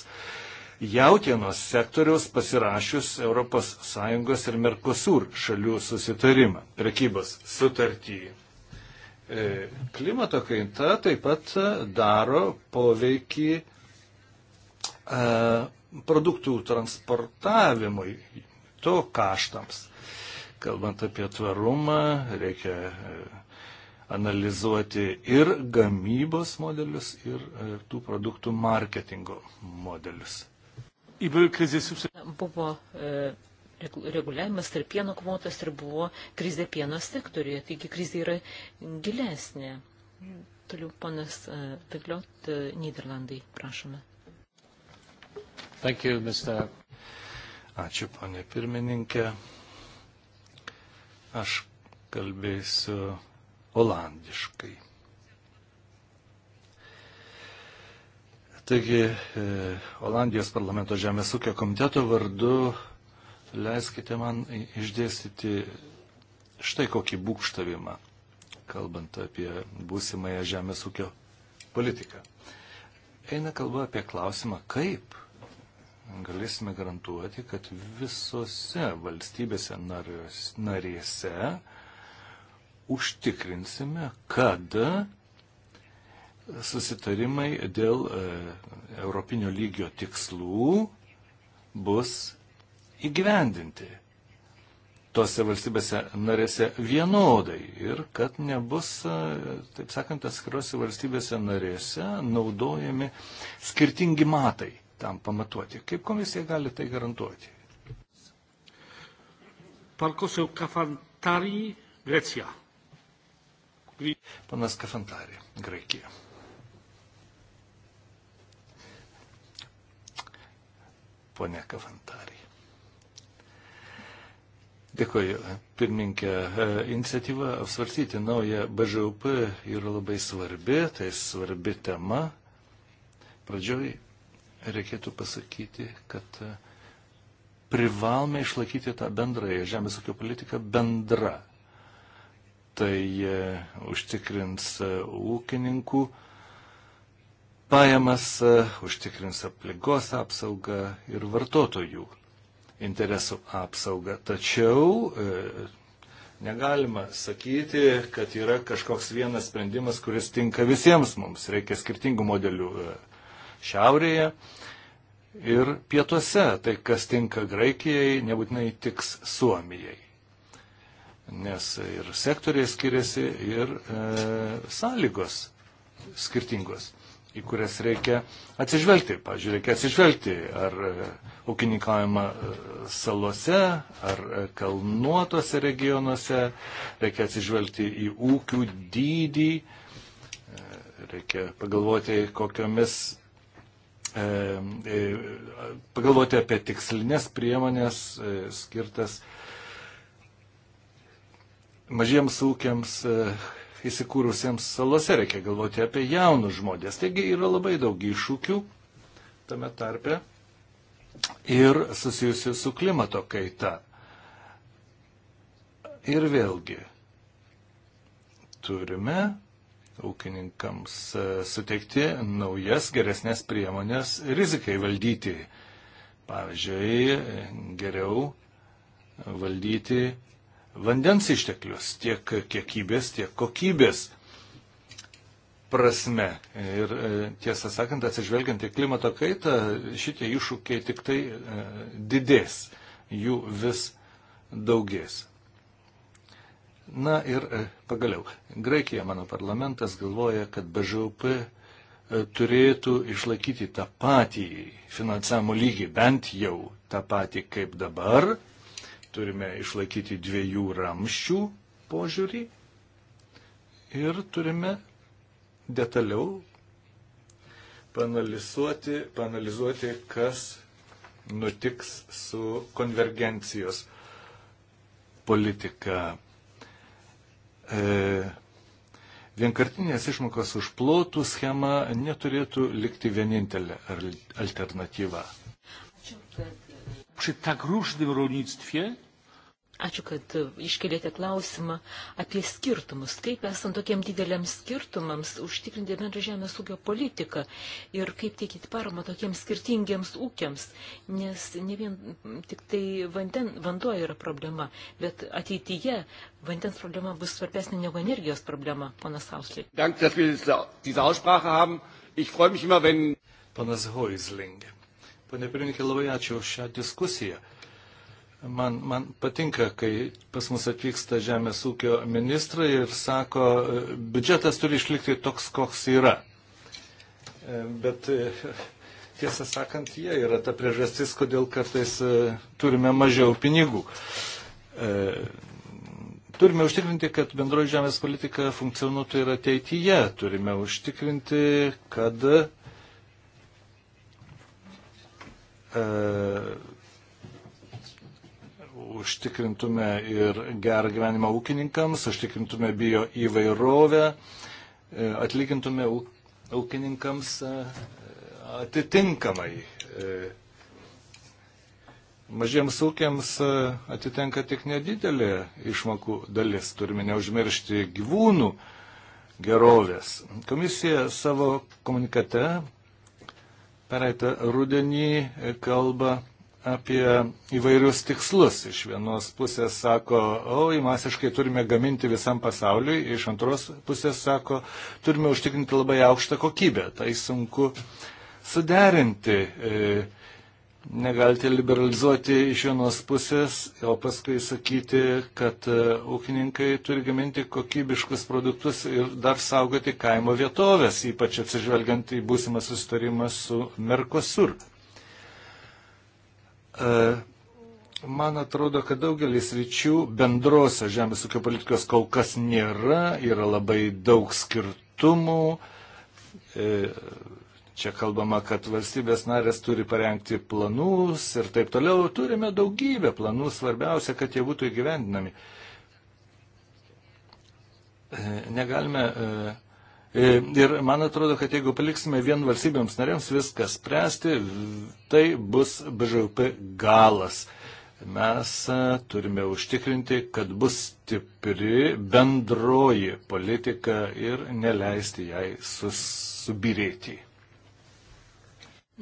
jautienos sektoriaus pasirašius ES ir Mercosur šalių susitarimą, prekybos sutartį. E, klimato kaita taip pat daro poveikį e, produktų transportavimui, to kaštams. Kalbant apie tvarumą, reikia e, analizuoti ir gamybos modelius, ir tų produktų marketingo modelius. Buvo e, reguliavimas tarp pieno kvotas ir buvo krizė pieno sektoriuje, taigi krizė yra gilesnė. Toliau ponas e, Vigliot, e, Niderlandai, prašome. Thank you, Mr. Ačiū, ponė pirmininkė. Aš kalbėsiu olandiškai. Taigi, e, Olandijos parlamento žemės ūkio komiteto vardu leiskite man išdėstyti štai kokį būkštavimą, kalbant apie būsimąją žemės ūkio politiką. Eina kalba apie klausimą, kaip galėsime garantuoti, kad visose valstybėse narėse užtikrinsime, kad susitarimai dėl e, europinio lygio tikslų bus įgyvendinti tose valstybėse narėse vienodai ir kad nebus, e, taip sakant, atskirose valstybėse narėse naudojami skirtingi matai tam pamatuoti. Kaip komisija gali tai garantuoti? Parkosiu Kafantari, Grecija. Panas Kafantarė, Graikija. Pone Kafantarė. Dėkoju. Pirminkė, e, iniciatyva apsvarstyti naują BŽUP yra labai svarbi, tai svarbi tema. Pradžioj reikėtų pasakyti, kad e, privalome išlaikyti tą bendrąją žemės ūkio politiką bendra tai užtikrins e, ūkininkų pajamas, e, užtikrins aplinkos apsaugą ir vartotojų interesų apsaugą. Tačiau e, negalima sakyti, kad yra kažkoks vienas sprendimas, kuris tinka visiems mums. Reikia skirtingų modelių šiaurėje ir pietuose. Tai, kas tinka Graikijai, nebūtinai tiks Suomijai nes ir sektoriai skiriasi, ir e, sąlygos skirtingos, į kurias reikia atsižvelgti. Pavyzdžiui, reikia atsižvelgti, ar e, ūkininkavimą e, salose, ar e, kalnuotose regionuose, reikia atsižvelgti į ūkių dydį, reikia pagalvoti, kokiomis pagalvoti apie tikslinės priemonės skirtas mažiems ūkiams e, įsikūrusiems salose, reikia galvoti apie jaunus žmonės. Taigi yra labai daug iššūkių tame tarpe ir susijusių su klimato kaita. Ir vėlgi turime ūkininkams e, suteikti naujas geresnės priemonės rizikai valdyti. Pavyzdžiui, geriau valdyti vandens išteklius tiek kiekybės, tiek kokybės prasme. Ir e, tiesą sakant, atsižvelgiant į klimato kaitą, šitie iššūkiai tik tai e, didės, jų vis daugės. Na ir e, pagaliau, Graikija, mano parlamentas, galvoja, kad BŽUP turėtų išlaikyti tą patį finansavimo lygį, bent jau tą patį kaip dabar, turime išlaikyti dviejų ramščių požiūrį ir turime detaliau panalizuoti, panalizuoti kas nutiks su konvergencijos politika. E, vienkartinės išmokos už plotų schema neturėtų likti vienintelė alternatyva przy tak różnym rolnictwie. Ačiū, kad e, iškelėte klausimą apie skirtumus. Kaip esant tokiam dideliam skirtumams užtikrinti bendrą žemės ūkio politiką ir kaip teikyti paramą tokiems skirtingiems ūkiams, nes ne vien tik tai vanden, vanduo yra problema, bet ateityje vandens problema bus svarbesnė negu energijos problema, ponas Auslė. Dank, dass wir diese Aussprache haben. Ich freue mich immer, wenn... Ponas Hoisling. Pane Pirinkė, labai ačiū už šią diskusiją. Man, man patinka, kai pas mus atvyksta žemės ūkio ministrai ir sako, biudžetas turi išlikti toks, koks yra. E, bet e, tiesą sakant, jie yra ta priežastis, kodėl kartais e, turime mažiau pinigų. Turime užtikrinti, kad bendroji žemės politika funkcionuotų ir ateityje. Turime užtikrinti, kad E, užtikrintume ir gerą gyvenimą ūkininkams, užtikrintume bio įvairovę, e, atlygintume ūkininkams e, atitinkamai. Mažiems ūkiams atitenka tik nedidelė išmokų dalis. Turime neužmiršti gyvūnų gerovės. Komisija savo komunikate pereitą rudenį kalba apie įvairius tikslus. Iš vienos pusės sako, oi, masiškai turime gaminti visam pasauliui, iš antros pusės sako, turime užtikrinti labai aukštą kokybę. Tai sunku suderinti. E, Negalite liberalizuoti iš vienos pusės, o paskui sakyti, kad e, ūkininkai turi gaminti kokybiškus produktus ir dar saugoti kaimo vietovės, ypač atsižvelgiant į būsimą susitarimą su Merkosur. E, man atrodo, kad daugelis ryčių bendrosios žemės ūkio politikos kol kas nėra, yra labai daug skirtumų. E, Čia kalbama, kad valstybės narės turi parengti planus ir taip toliau. Turime daugybę planų, svarbiausia, kad jie būtų įgyvendinami. E, negalime. E, e, ir man atrodo, kad jeigu paliksime vien valstybėms narėms viską spręsti, tai bus BŽP galas. Mes turime užtikrinti, kad bus stipri bendroji politika ir neleisti jai susubirėti.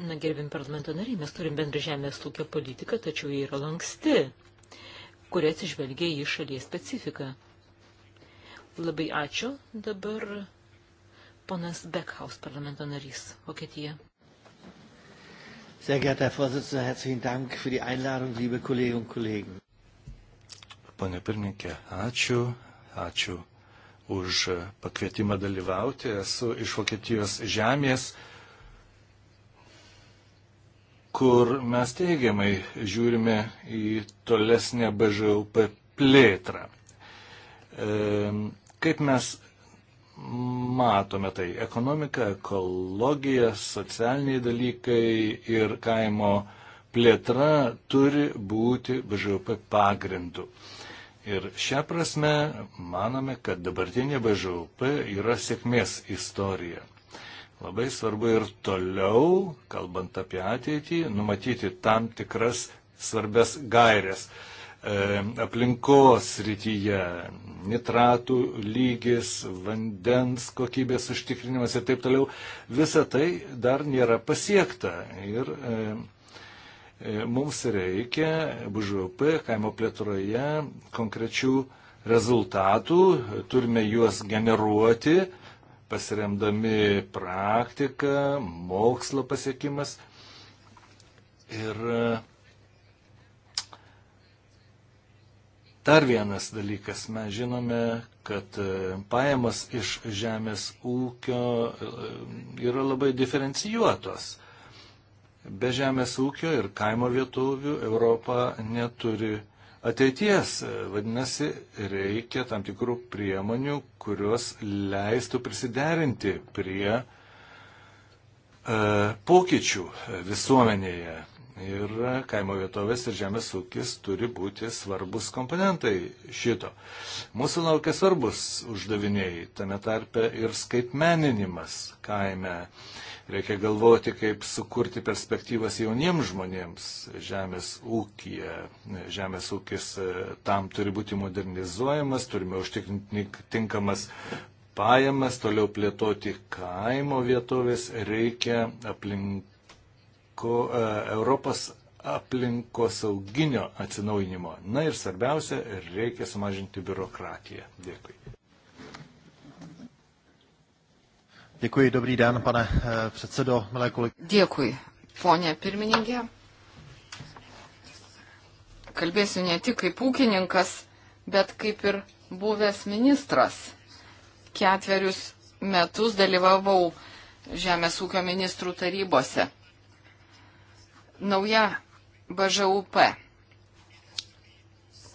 Na, gerbim parlamento nariai, mes turim bendrą žemės ūkio politiką, tačiau jie yra lanksti, kurie atsižvelgia į šalies specifiką. Labai ačiū. Dabar ponas Beckhaus, parlamento narys, Vokietija. Sehr geehrter Herr Vorsitzender, herzlichen Dank für die Einladung, liebe Kolleginnen und Kollegen. Pane pirmininkė, ačiū, ačiū už pakvietimą dalyvauti. Esu iš Vokietijos žemės kur mes teigiamai žiūrime į tolesnę BŽUP plėtrą. Kaip mes matome tai ekonomika, ekologija, socialiniai dalykai ir kaimo plėtra turi būti BŽUP pagrindu. Ir šią prasme manome, kad dabartinė BŽUP yra sėkmės istorija. Labai svarbu ir toliau, kalbant apie ateitį, numatyti tam tikras svarbes gairias. E, aplinkos rytyje nitratų lygis, vandens kokybės užtikrinimas ir taip toliau. Visa tai dar nėra pasiekta. Ir e, e mums reikia BŽP kaimo plėtroje konkrečių rezultatų, turime juos generuoti pasiremdami praktiką, mokslo pasiekimas. Ir e, dar vienas dalykas, mes žinome, kad e, pajamos iš žemės ūkio e, yra labai diferencijuotos. Be žemės ūkio ir kaimo vietovių Europa neturi ateities. E, vadinasi, reikia tam tikrų priemonių, kurios leistų prisiderinti prie e, pokyčių e, visuomenėje. Ir kaimo vietovės ir žemės ūkis turi būti svarbus komponentai šito. Mūsų laukia svarbus uždaviniai, tame tarpe ir skaitmeninimas kaime. E, Reikia galvoti, kaip sukurti perspektyvas jauniems žmonėms žemės ūkija. Žemės ūkis e, tam turi būti modernizuojamas, turime užtikrinti tinkamas pajamas, toliau plėtoti kaimo vietovės, reikia aplinko, e, Europos aplinkosauginio atsinaujinimo. Na ir svarbiausia, reikia sumažinti biurokratiją. Dėkui. Děkuji, dobrý den, pane eh, předsedo, milé kolegy. Dėkui, ponė pirmininkė. Kalbėsiu ne tik kaip ūkininkas, bet kaip ir buvęs ministras. Ketverius metus dalyvavau Žemės ūkio ministrų tarybose. Nauja BŽUP.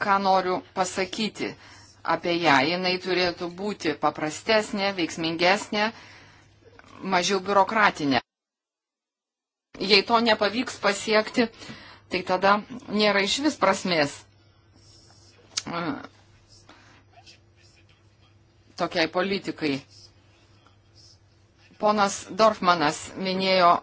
Ką noriu pasakyti apie ją? Jinai turėtų būti paprastesnė, veiksmingesnė mažiau biurokratinė. Jei to nepavyks pasiekti, tai tada nėra iš vis prasmės e, tokiai politikai. Ponas Dorfmanas minėjo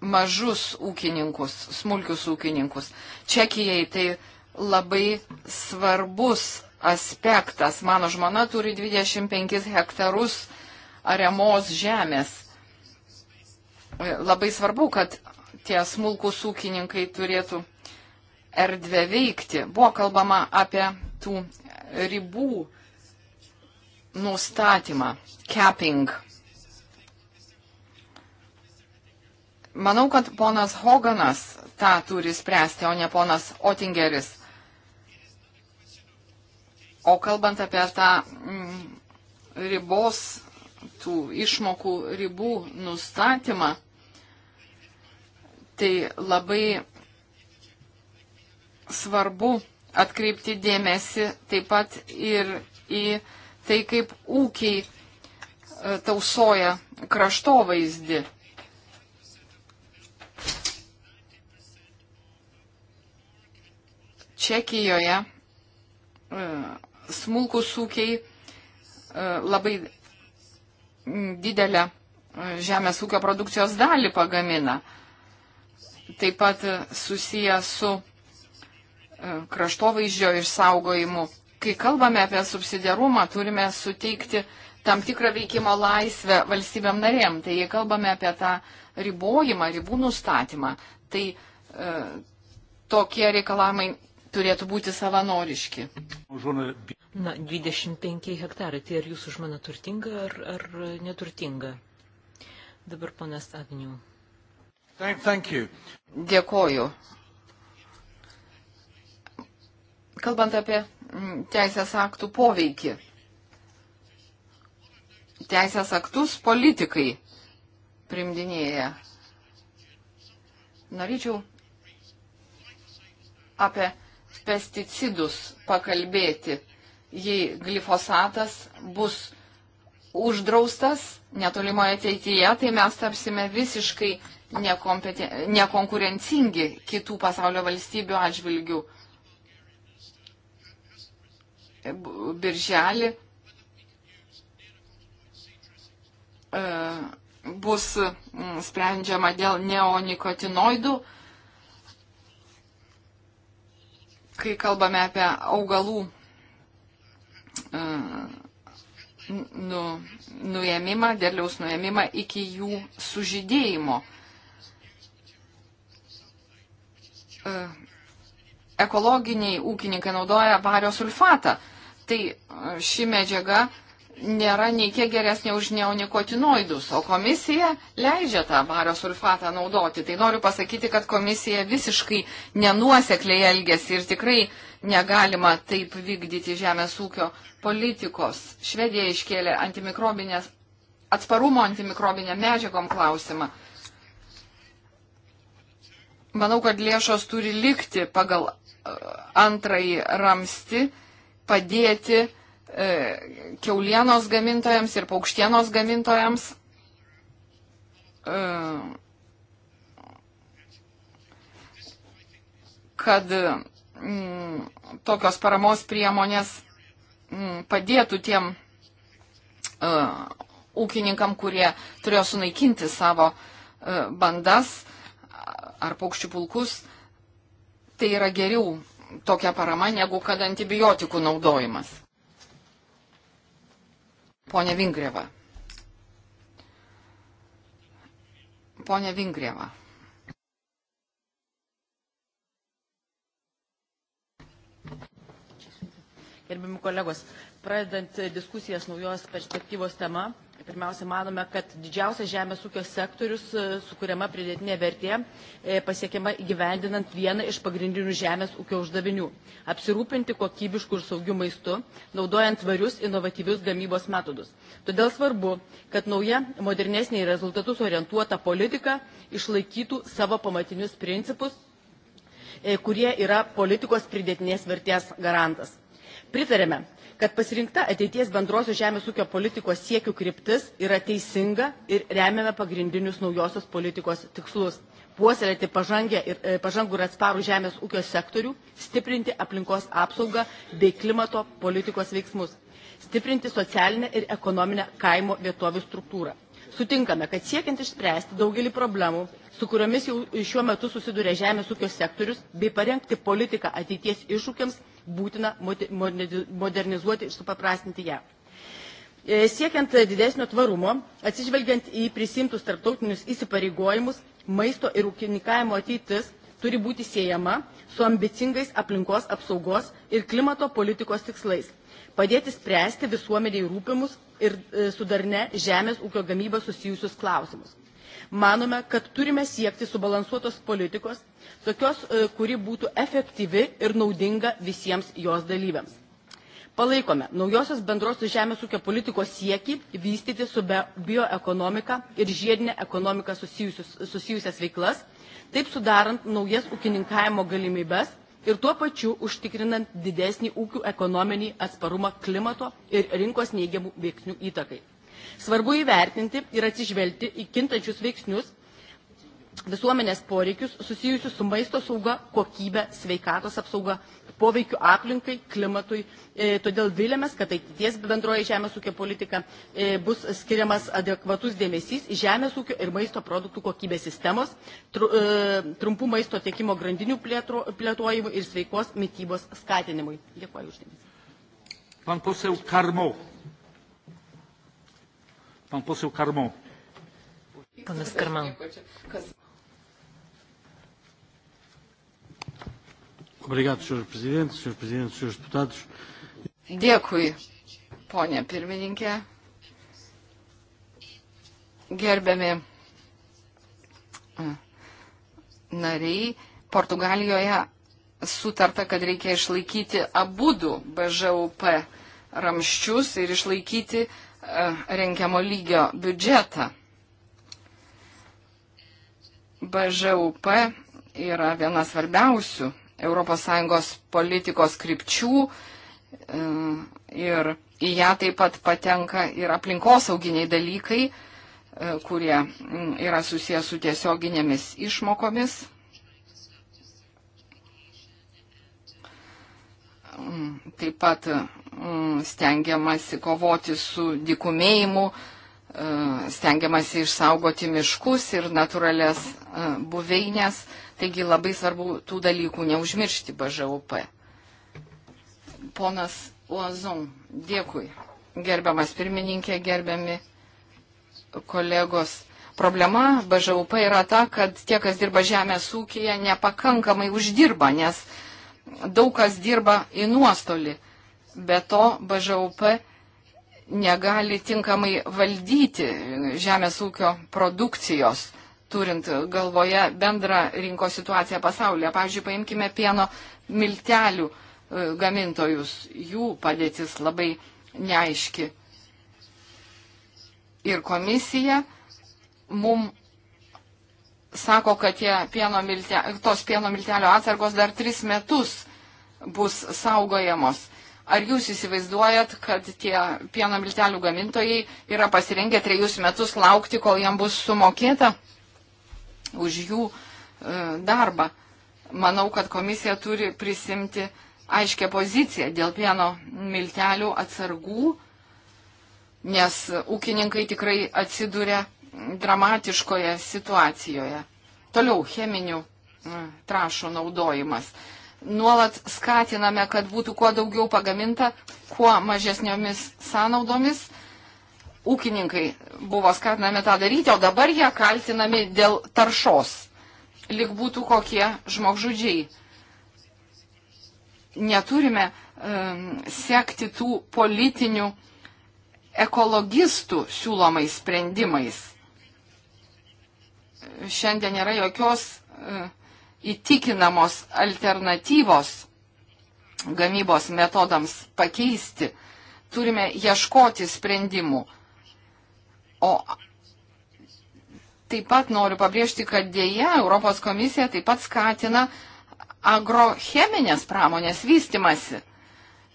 mažus ūkininkus, smulkius ūkininkus. Čekijai tai labai svarbus aspektas. Mano žmona turi 25 hektarus ariamos žemės. E, labai svarbu, kad tie smulkūs ūkininkai turėtų erdvę veikti. Buvo kalbama apie tų ribų nustatymą, capping. Manau, kad ponas Hoganas tą turi spręsti, o ne ponas Otingeris. O kalbant apie tą mm, ribos tų išmokų ribų nustatymą, tai labai svarbu atkreipti dėmesį taip pat ir į tai, kaip ūkiai e, tausoja kraštovaizdį. Čekijoje e, smulkus ūkiai e, labai didelę e, žemės ūkio produkcijos dalį pagamina. Taip pat susiję su e, kraštovaizdžio išsaugojimu. Kai kalbame apie subsidiarumą, turime suteikti tam tikrą veikimo laisvę valstybėm narėm. Tai jei kalbame apie tą ribojimą, ribų nustatymą, tai e, tokie reikalavimai turėtų būti savanoriški. Na, 25 hektarai, tai ar jūsų žmona turtinga ar, ar neturtinga? Dabar ponas Agnių. Thank, thank you. Dėkoju. Kalbant apie mm, teisės aktų poveikį. Teisės aktus politikai primdinėja. Norėčiau apie pesticidus pakalbėti jei glifosatas bus uždraustas netolimoje ateityje, tai mes tapsime visiškai nekonkurencingi kitų pasaulio valstybių atžvilgių. Birželį e, bus mm, sprendžiama dėl neonikotinoidų. Kai kalbame apie augalų nu, nuėmimą, derliaus nuėmimą iki jų sužydėjimo. E, ekologiniai ūkininkai naudoja vario sulfatą. Tai e, ši medžiaga nėra nei kiek geresnė už neonikotinoidus, o komisija leidžia tą bario sulfatą naudoti. Tai noriu pasakyti, kad komisija visiškai nenuosekliai elgesi ir tikrai negalima taip vykdyti žemės ūkio politikos. Švedija iškėlė antimikrobinės, atsparumo antimikrobinę medžiagom klausimą. Manau, kad lėšos turi likti pagal e, antrąjį ramsti, padėti uh, E, keulienos gamintojams ir paukštienos gamintojams. E, kad mm, tokios paramos priemonės mm, padėtų tiem uh, ūkininkam, kurie turėjo sunaikinti savo uh, bandas ar paukščių pulkus. Tai yra geriau tokia parama negu kad antibiotikų naudojimas. Pone Vingrėva. Pone Vingrėva. Gerbimi kolegos, pradedant diskusijas naujos perspektyvos tema, Tai pirmiausia, manome, kad didžiausias žemės ūkio sektorius e, sukūriama pridėtinė vertė e, pasiekiama įgyvendinant vieną iš pagrindinių žemės ūkio uždavinių - apsirūpinti kokybiškų ir saugių maistų, naudojant tvarius inovatyvius gamybos metodus. Todėl svarbu, kad nauja modernesnė ir rezultatus orientuota politika išlaikytų savo pamatinius principus, e, kurie yra politikos pridėtinės vertės garantas. Pritarėme, kad pasirinkta ateities bendrosios žemės ūkio politikos siekių kryptis yra teisinga ir remiame pagrindinius naujosios politikos tikslus puoselėti pažangę ir, e, pažangų ir atsparų žemės ūkio sektorių, stiprinti aplinkos apsaugą bei klimato politikos veiksmus, stiprinti socialinę ir ekonominę kaimo vietovių struktūrą. Sutinkame, kad siekiant išspręsti daugelį problemų, su kuriomis jau šiuo metu susiduria žemės ūkio sektorius, bei parengti politiką ateities iššūkiams, būtina modernizuoti ir supaprastinti ją. E, siekiant didesnio tvarumo, atsižvelgiant į prisimtus tarptautinius įsipareigojimus, maisto ir ūkininkavimo ateitis turi būti siejama su ambicingais aplinkos apsaugos ir klimato politikos tikslais, padėti spręsti visuomeniai rūpimus ir e, sudarne žemės ūkio gamybą susijusius klausimus manome, kad turime siekti subalansuotos politikos, tokios, e, kuri būtų efektyvi ir naudinga visiems jos dalyviams. Palaikome naujosios bendrosios žemės ūkio politikos siekį vystyti su bioekonomika ir žiedinė ekonomika susijusias veiklas, taip sudarant naujas ūkininkavimo galimybės ir tuo pačiu užtikrinant didesnį ūkių ekonominį atsparumą klimato ir rinkos neigiamų veiksnių įtakai. Svarbu įvertinti ir atsižvelgti į kintančius veiksnius visuomenės poreikius susijusius su maisto sauga, kokybė, sveikatos apsauga, poveikiu aplinkai, klimatui. E, todėl vilėmės, kad ateities bendroji žemės ūkio politika e, bus skiriamas adekvatus dėmesys žemės ūkio ir maisto produktų kokybės sistemos, tru, e, trumpų maisto tiekimo grandinių plėtojimui ir sveikos mytybos skatinimui. Dėkuoju uždėmesį. Pan posel Karmo. Pan poseł Karmon. Ponas Karman. Obrigado, senhor presidente, senhor presidente, senhores deputados. Dėkui, ponė pirmininkė. Gerbiami mm, nariai, Portugalijoje sutarta, kad reikia išlaikyti abu du BŽUP ramščius ir išlaikyti E, renkiamo lygio biudžetą. BŽUP yra viena svarbiausių ES politikos krypčių e, ir į ją taip pat patenka ir aplinkosauginiai dalykai, e, kurie yra susijęs su tiesioginėmis išmokomis. Taip pat Mm, stengiamasi kovoti su dikumėjimu, mm, stengiamasi išsaugoti miškus ir natūralias mm, buveinės. Taigi labai svarbu tų dalykų neužmiršti BŽUP. Ponas Uazon, dėkui. Gerbiamas pirmininkė, gerbiami kolegos. Problema BŽUP yra ta, kad tie, kas dirba žemės ūkija, nepakankamai uždirba, nes daug kas dirba į nuostolį. Be to, BŽUP negali tinkamai valdyti žemės ūkio produkcijos, turint galvoje bendrą rinkos situaciją pasaulyje. Pavyzdžiui, paimkime pieno miltelių e, gamintojus. Jų padėtis labai neaiški. Ir komisija mum sako, kad pieno milte, tos pieno miltelio atsargos dar tris metus bus saugojamos Ar jūs įsivaizduojat, kad tie pieno miltelių gamintojai yra pasirengę trejus metus laukti, kol jam bus sumokėta už jų e, darbą? Manau, kad komisija turi prisimti aiškę poziciją dėl pieno miltelių atsargų, nes ūkininkai tikrai atsiduria dramatiškoje situacijoje. Toliau cheminių e, trašų naudojimas nuolat skatiname, kad būtų kuo daugiau pagaminta, kuo mažesniomis sąnaudomis. Ūkininkai buvo skatinami tą daryti, o dabar jie kaltinami dėl taršos. Lik būtų kokie žmogžudžiai. Neturime um, sekti tų politinių ekologistų siūlomais sprendimais. Šiandien nėra jokios uh, įtikinamos alternatyvos gamybos metodams pakeisti, turime ieškoti sprendimų. O taip pat noriu pabrėžti, kad dėja Europos komisija taip pat skatina agrocheminės pramonės vystimasi.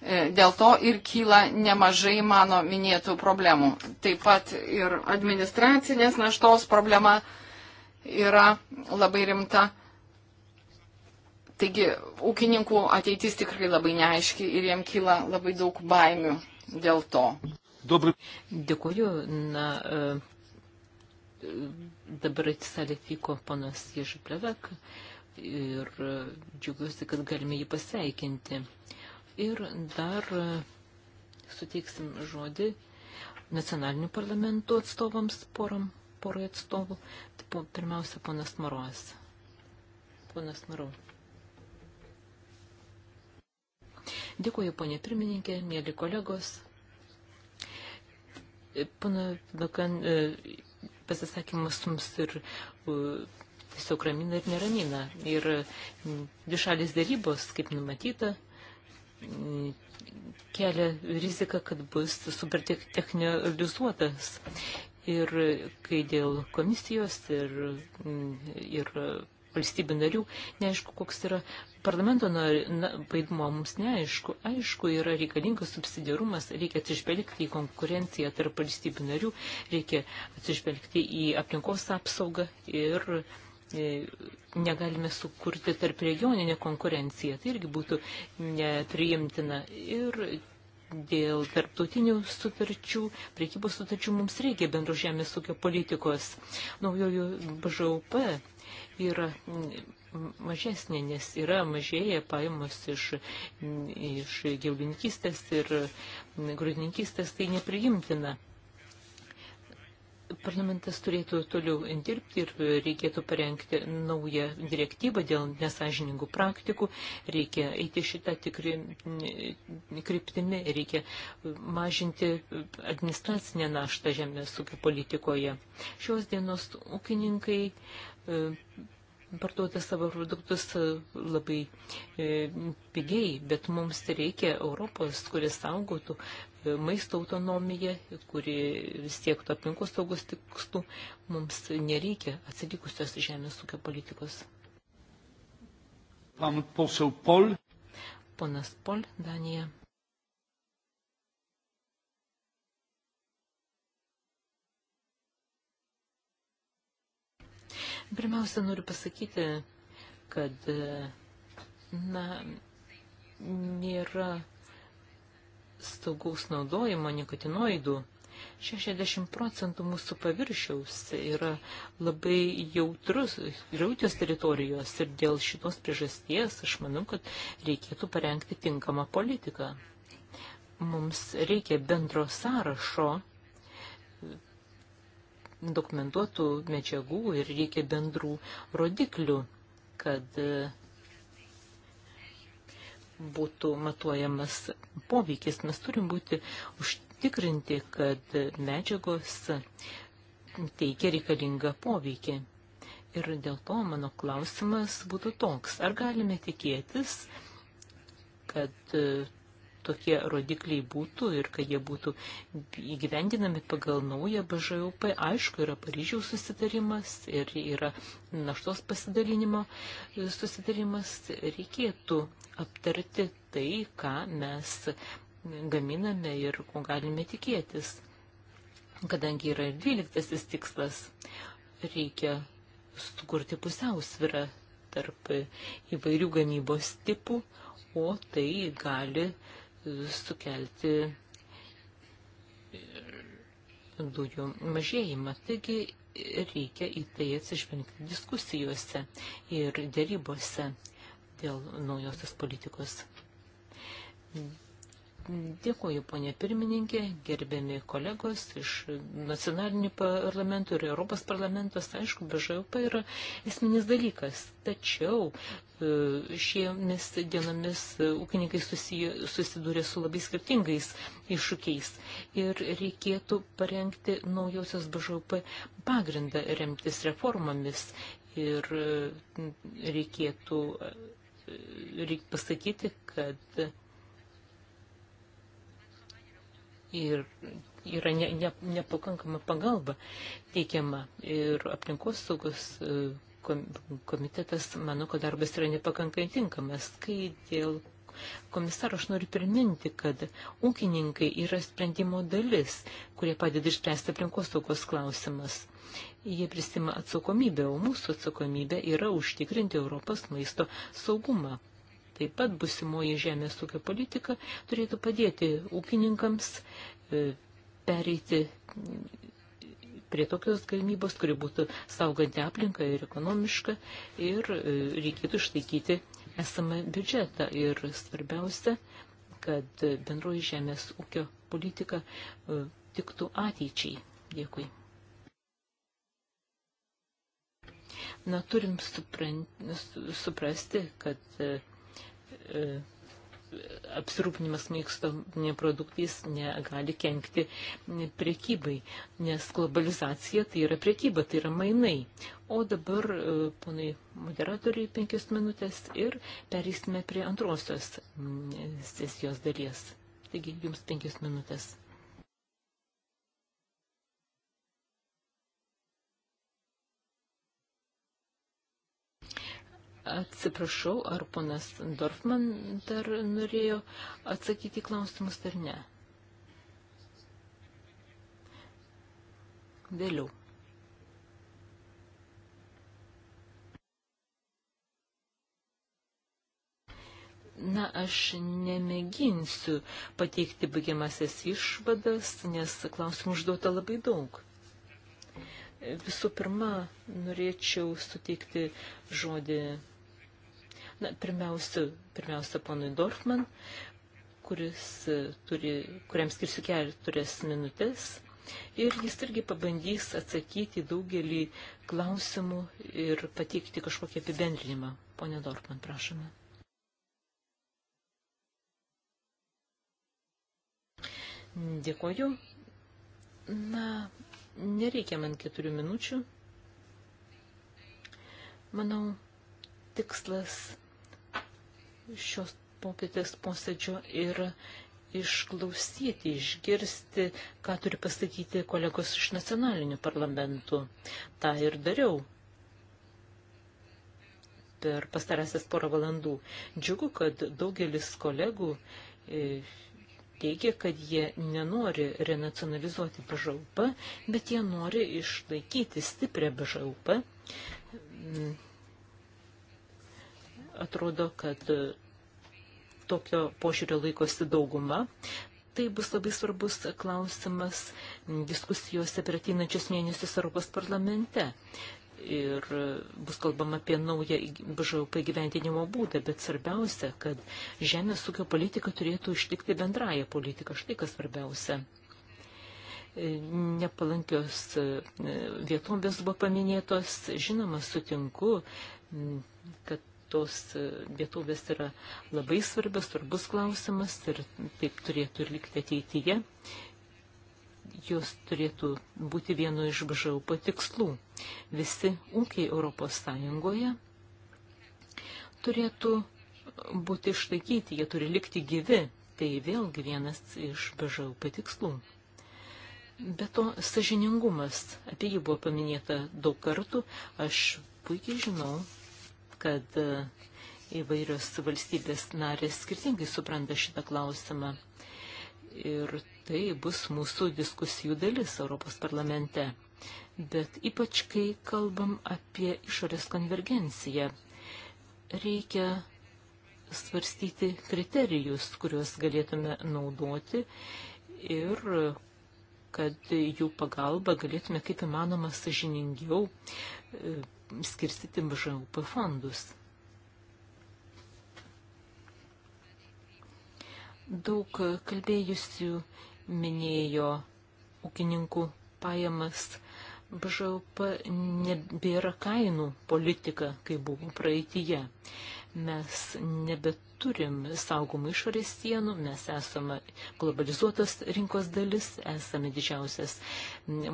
E, dėl to ir kyla nemažai mano minėtų problemų. Taip pat ir administracinės naštos problema yra labai rimta. Taigi, ūkininkų ateitis tikrai labai neaiški ir jiem kyla labai daug baimių dėl to. Dobri. Dėkuoju. Na, e, dabar atsisalėfiko panas Ježiplevek ir e, džiugiuosi, kad galime jį pasveikinti. Ir dar e, suteiksim žodį nacionalinių parlamentų atstovams poram, porai atstovų. Tai pirmiausia, ponas Maruas. Ponas Maruas. Dėkuoju, ponė pirmininkė, mėly kolegos. Pana Bekan e, pasisakymas mums ir e, tiesiog ramina ir neramina. Ir dvišalės dėrybos, kaip numatyta, kelia riziką, kad bus super technolizuotas. Ir kai dėl komisijos ir, ir valstybių narių, neaišku, koks yra parlamento vaidmuo, mums neaišku. Aišku, yra reikalingas subsidiarumas, reikia atsižvelgti į konkurenciją tarp valstybių narių, reikia atsižvelgti į aplinkos apsaugą ir e, negalime sukurti tarp regioninę konkurenciją. Tai irgi būtų nepriimtina. Ir dėl tarptautinių sutarčių, priekybos sutarčių mums reikia bendro žemės ūkio politikos. Naujojo BŽUP yra mažesnė, nes yra mažėja paėmus iš, iš gyvulininkystės ir grūdininkystės, tai nepriimtina parlamentas turėtų toliau dirbti ir reikėtų parengti naują direktyvą dėl nesažiningų praktikų, reikia eiti šitą tikri kryptimi, reikia mažinti administracinę naštą žemės ūkio politikoje. Šios dienos ūkininkai e, parduoda savo produktus e, labai e, pigiai, bet mums reikia Europos, kuris saugotų maisto autonomiją, kuri siektų aplinkos saugos tikslų, mums nereikia atsilikusios žemės ūkio politikos. Pan posel Pol. Ponas Pol, Danija. Pirmiausia, noriu pasakyti, kad, na, nėra saugaus naudojimo nikotinoidų 60 procentų mūsų paviršiaus yra labai jautrus, jautrios teritorijos ir dėl šitos priežasties aš manau, kad reikėtų parengti tinkamą politiką. Mums reikia bendro sąrašo dokumentuotų medžiagų ir reikia bendrų rodiklių, kad būtų matuojamas poveikis. Mes turim būti užtikrinti, kad medžiagos teikia reikalingą poveikį. Ir dėl to mano klausimas būtų toks, ar galime tikėtis, kad tokie rodikliai būtų ir kad jie būtų įgyvendinami pagal naują BŽUP. Aišku, yra Paryžiaus susitarimas ir yra naštos pasidalinimo susitarimas. Reikėtų aptarti tai, ką mes gaminame ir ko galime tikėtis. Kadangi yra ir dvyliktasis tikslas, reikia sukurti pusiausvirą tarp įvairių gamybos tipų, o tai gali sukelti dujų mažėjimą. Taigi reikia į tai atsižvelgti diskusijose ir dėrybose dėl naujosios politikos. Dėkuoju, ponė pirmininkė, gerbiami kolegos iš nacionalinių parlamentų ir Europos parlamentos, aišku, BŽUP yra esminis dalykas. Tačiau e, šiemis dienomis ūkininkai susidūrė su labai skirtingais iššūkiais ir reikėtų parengti naujosios BŽUP pagrindą remtis reformomis ir e, reikėtų e, reik pasakyti, kad ir yra ne, ne, nepakankama pagalba teikiama ir aplinkos saugos e, komitetas mano, kad darbas yra nepakankai tinkamas, kai dėl komisaro aš noriu priminti, kad ūkininkai yra sprendimo dalis, kurie padeda išspręsti aplinkos saugos klausimas. Jie prisima atsakomybę, o mūsų atsakomybė yra užtikrinti Europos maisto saugumą. Taip pat busimoji žemės ūkio politika turėtų padėti ūkininkams e, pereiti prie tokios galimybos, kuri būtų sauganti aplinką ir ekonomišką ir e, reikėtų išlaikyti esamą biudžetą. Ir svarbiausia, kad bendroji žemės ūkio politika e, tiktų ateičiai. Dėkui. Na, turim suprasti, kad E, apsirūpinimas maisto neproduktais negali kenkti prekybai, nes globalizacija tai yra prekyba, tai yra mainai. O dabar, e, ponai moderatoriai, penkios minutės ir perėsime prie antrosios sesijos dalies. Taigi, jums penkios minutės. Atsiprašau, ar ponas Dorfman dar norėjo atsakyti klausimus ar ne? Vėliau. Na, aš nemėginsiu pateikti baigiamasias išvadas, nes klausimų užduota labai daug. Visų pirma, norėčiau suteikti žodį Na, pirmiausia, pirmiausia ponui Dorfman, kuris e, turi, kuriam skirsiu keturias minutės. Ir jis irgi pabandys atsakyti daugelį klausimų ir pateikti kažkokį apibendrinimą. Pone Dorfman, prašome. Dėkoju. Na, nereikia man keturių minučių. Manau, tikslas šios popietės posėdžio ir išklausyti, išgirsti, ką turi pasakyti kolegos iš nacionalinių parlamentų. Ta ir dariau per pastarąsias porą valandų. Džiugu, kad daugelis kolegų e, teigia, kad jie nenori renacionalizuoti BŽUP, bet jie nori išlaikyti stiprią BŽUP Atrodo, kad e, tokio požiūrio laikosi dauguma. Tai bus labai svarbus klausimas diskusijose per ateinančius mėnesius Europos parlamente ir e, bus kalbama apie naują BŽUP gyventinimo būdą, bet svarbiausia, kad žemės ūkio politika turėtų išlikti bendrają politiką. Štai kas svarbiausia. E, nepalankios vietovės buvo paminėtos, žinoma, sutinku, kad tos e, vietovės yra labai svarbas, svarbus klausimas ir taip turėtų ir likti ateityje. Jos turėtų būti vienu iš BŽUP tikslų. Visi ūkiai Europos Sąjungoje turėtų būti išlaikyti, jie turi likti gyvi. Tai vėlgi vienas iš BŽUP tikslų. Be to, sažiningumas, apie jį buvo paminėta daug kartų, aš puikiai žinau, kad e, įvairios valstybės narės skirtingai supranta šitą klausimą. Ir tai bus mūsų diskusijų dalis Europos parlamente. Bet ypač, kai kalbam apie išorės konvergenciją, reikia svarstyti kriterijus, kuriuos galėtume naudoti ir kad jų pagalba galėtume kaip įmanoma sažiningiau e, skirstyti BŽUP fondus. Daug kalbėjusių minėjo ūkininkų pajamas. BŽUP nebėra kainų politika, kai buvo praeityje. Mes nebeturim saugomų išorės sienų, mes esame globalizuotos rinkos dalis, esame didžiausias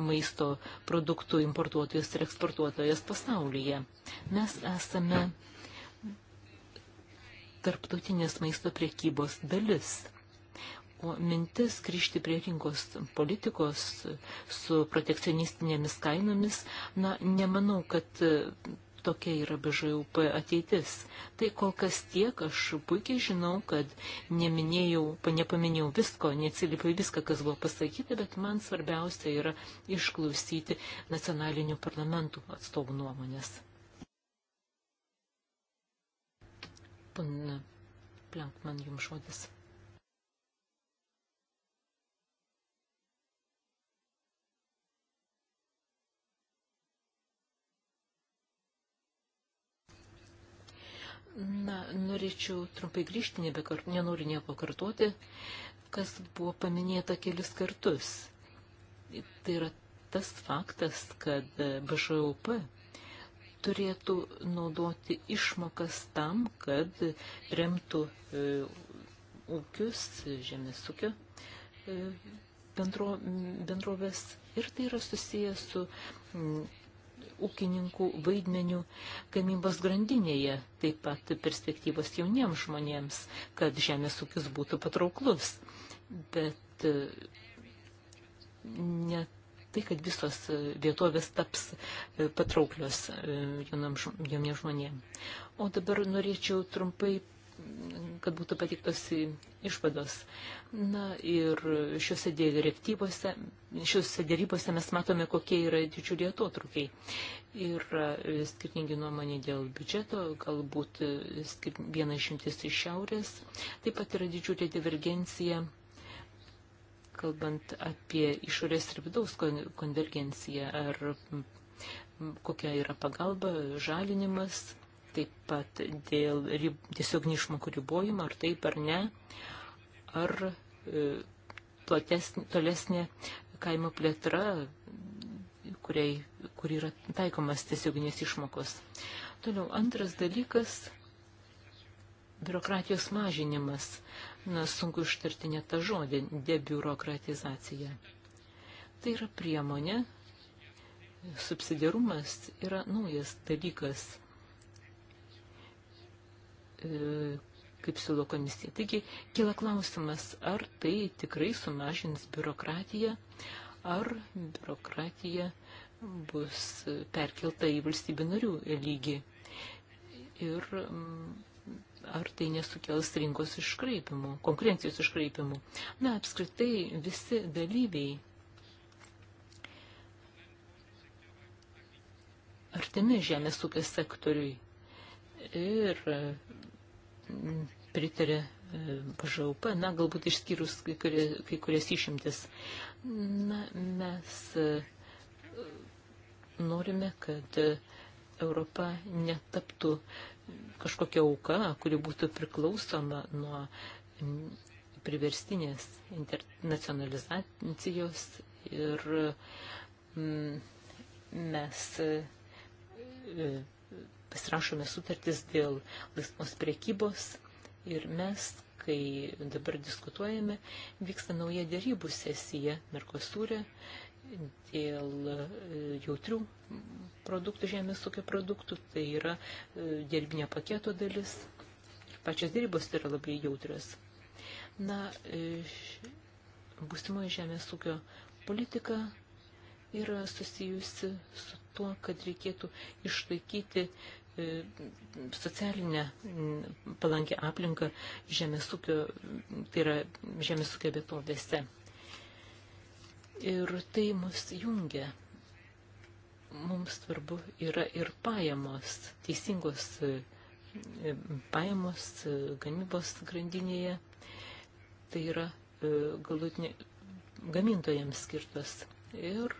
maisto produktų importuotojas ir eksportuotojas pasaulyje. Mes esame tarptautinės maisto priekybos dalis. O mintis grįžti prie rinkos politikos su protekcionistinėmis kainomis, na, nemanau, kad tokia yra BŽUP ateitis. Tai kol kas tiek, aš puikiai žinau, kad neminėjau, nepaminėjau visko, neatsilipai viską, kas buvo pasakyta, bet man svarbiausia yra išklausyti nacionalinių parlamentų atstovų nuomonės. Pana Plankman, jums žodis. Na, norėčiau trumpai grįžti, nebekart, nenoriu nieko kartuoti, kas buvo paminėta kelis kartus. Tai yra tas faktas, kad BŽOP turėtų naudoti išmokas tam, kad remtų e, ūkius, žemės ūkio e, bendro, bendrovės ir tai yra susijęs su m, ūkininkų vaidmenių gamybos grandinėje, taip pat perspektyvos jauniems žmonėms, kad žemės ūkis būtų patrauklus. Bet e, ne tai, kad visos e, vietovės taps e, patrauklios jauniems žmonėms. O dabar norėčiau trumpai kad būtų patiktos išvados. Na ir šiuose direktyvose, šiuose dėrybose mes matome, kokie yra didžiuliai atotrukiai. Ir e, skirtingi nuomonė dėl biudžeto, galbūt e, skir... viena išimtis iš šiaurės. Taip pat yra didžiulė divergencija, kalbant apie išorės ir vidaus konvergenciją, ar kokia yra pagalba, žalinimas taip pat dėl rib, tiesiog neišmokų ribojimo, ar taip ar ne, ar e, platesnė, tolesnė kaimo plėtra, kuriai, kur yra taikomas tiesioginės išmokos. Toliau antras dalykas - biurokratijos mažinimas. Na, sunku ištarti net tą žodį - debiurokratizacija. Tai yra priemonė, subsidiarumas yra naujas dalykas E, kaip siūlo komisija. Taigi, kila klausimas, ar tai tikrai sumažins biurokratiją, ar biurokratija bus perkelta į valstybių narių lygį. Ir mm, ar tai nesukels rinkos iškraipimų, konkurencijos iškraipimų. Na, apskritai visi dalyviai artimi žemės ūkės sektoriui ir pritarė e, pažaupą, na, galbūt išskyrus kai, kurie, kai kurias išimtis. Na, mes e, norime, kad Europa netaptų kažkokia auka, kuri būtų priklausoma nuo priverstinės internacionalizacijos ir mm, mes e, pasirašome sutartis dėl laisvos priekybos ir mes, kai dabar diskutuojame, vyksta nauja dėrybų sesija Merkosūrė dėl e, jautrių produktų, žemės ūkio produktų, tai yra e, dėrybinio paketo dalis. Pačios dėrybos yra labai jautrios. Na, e, būsimoji žemės ūkio politika yra susijusi su tuo, kad reikėtų išlaikyti E, socialinę palankę aplinką žemės ūkio, tai yra žemės ūkio vietovėse. Ir tai mus jungia. Mums svarbu yra ir pajamos, teisingos e, pajamos e, gamybos grandinėje. Tai yra galutinė gamintojams skirtos ir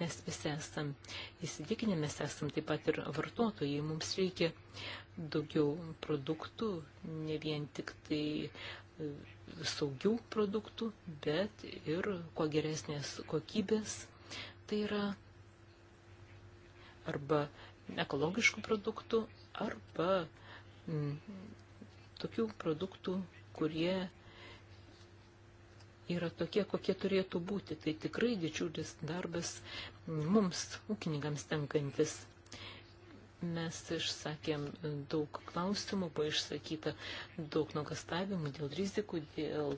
mes visi esam įsitikinę, mes esam taip pat ir vartotojai, mums reikia daugiau produktų, ne vien tik tai e, saugių produktų, bet ir kuo geresnės kokybės, tai yra arba ekologiškų produktų, arba m, mm, tokių produktų, kurie yra tokie, kokie turėtų būti. Tai tikrai didžiulis darbas mums, ūkininkams tenkantis. Mes išsakėm daug klausimų, buvo išsakyta daug nuogastavimų dėl rizikų, dėl,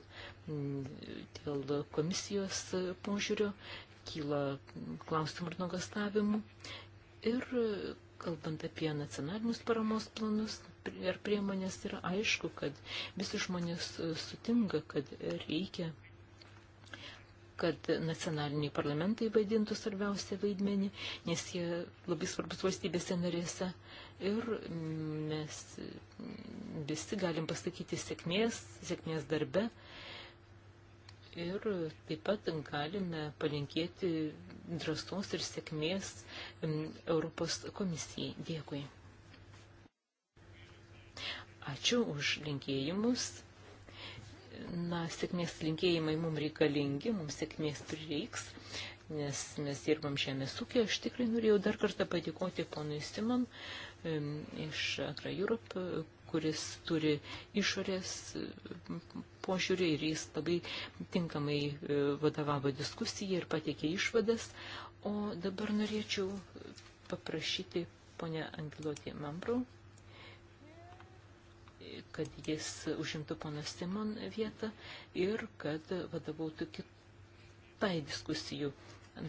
dėl komisijos požiūrio, kyla klausimų ir nuogastavimų. Ir kalbant apie nacionalinius paramos planus ir priemonės, yra aišku, kad visi žmonės sutinka, kad reikia kad nacionaliniai parlamentai vaidintų svarbiausią vaidmenį, nes jie labai svarbus valstybėse narėse. Ir mm, mes mm, visi galim pasakyti sėkmės, sėkmės darbe. Ir taip pat galime palinkėti drąsos ir sėkmės mm, Europos komisijai. Dėkui. Ačiū už linkėjimus na, sėkmės linkėjimai mums reikalingi, mums sėkmės prireiks, nes mes dirbam žemės ūkį. Aš tikrai norėjau dar kartą padėkoti ponui Simon iš Agra Europe, kuris turi išorės požiūrį ir jis labai tinkamai e, vadovavo diskusiją ir pateikė išvadas. O dabar norėčiau paprašyti ponę Angelotį Mambrau kad jis užimtų ponas Simon vietą ir kad vadovautų kitai diskusijų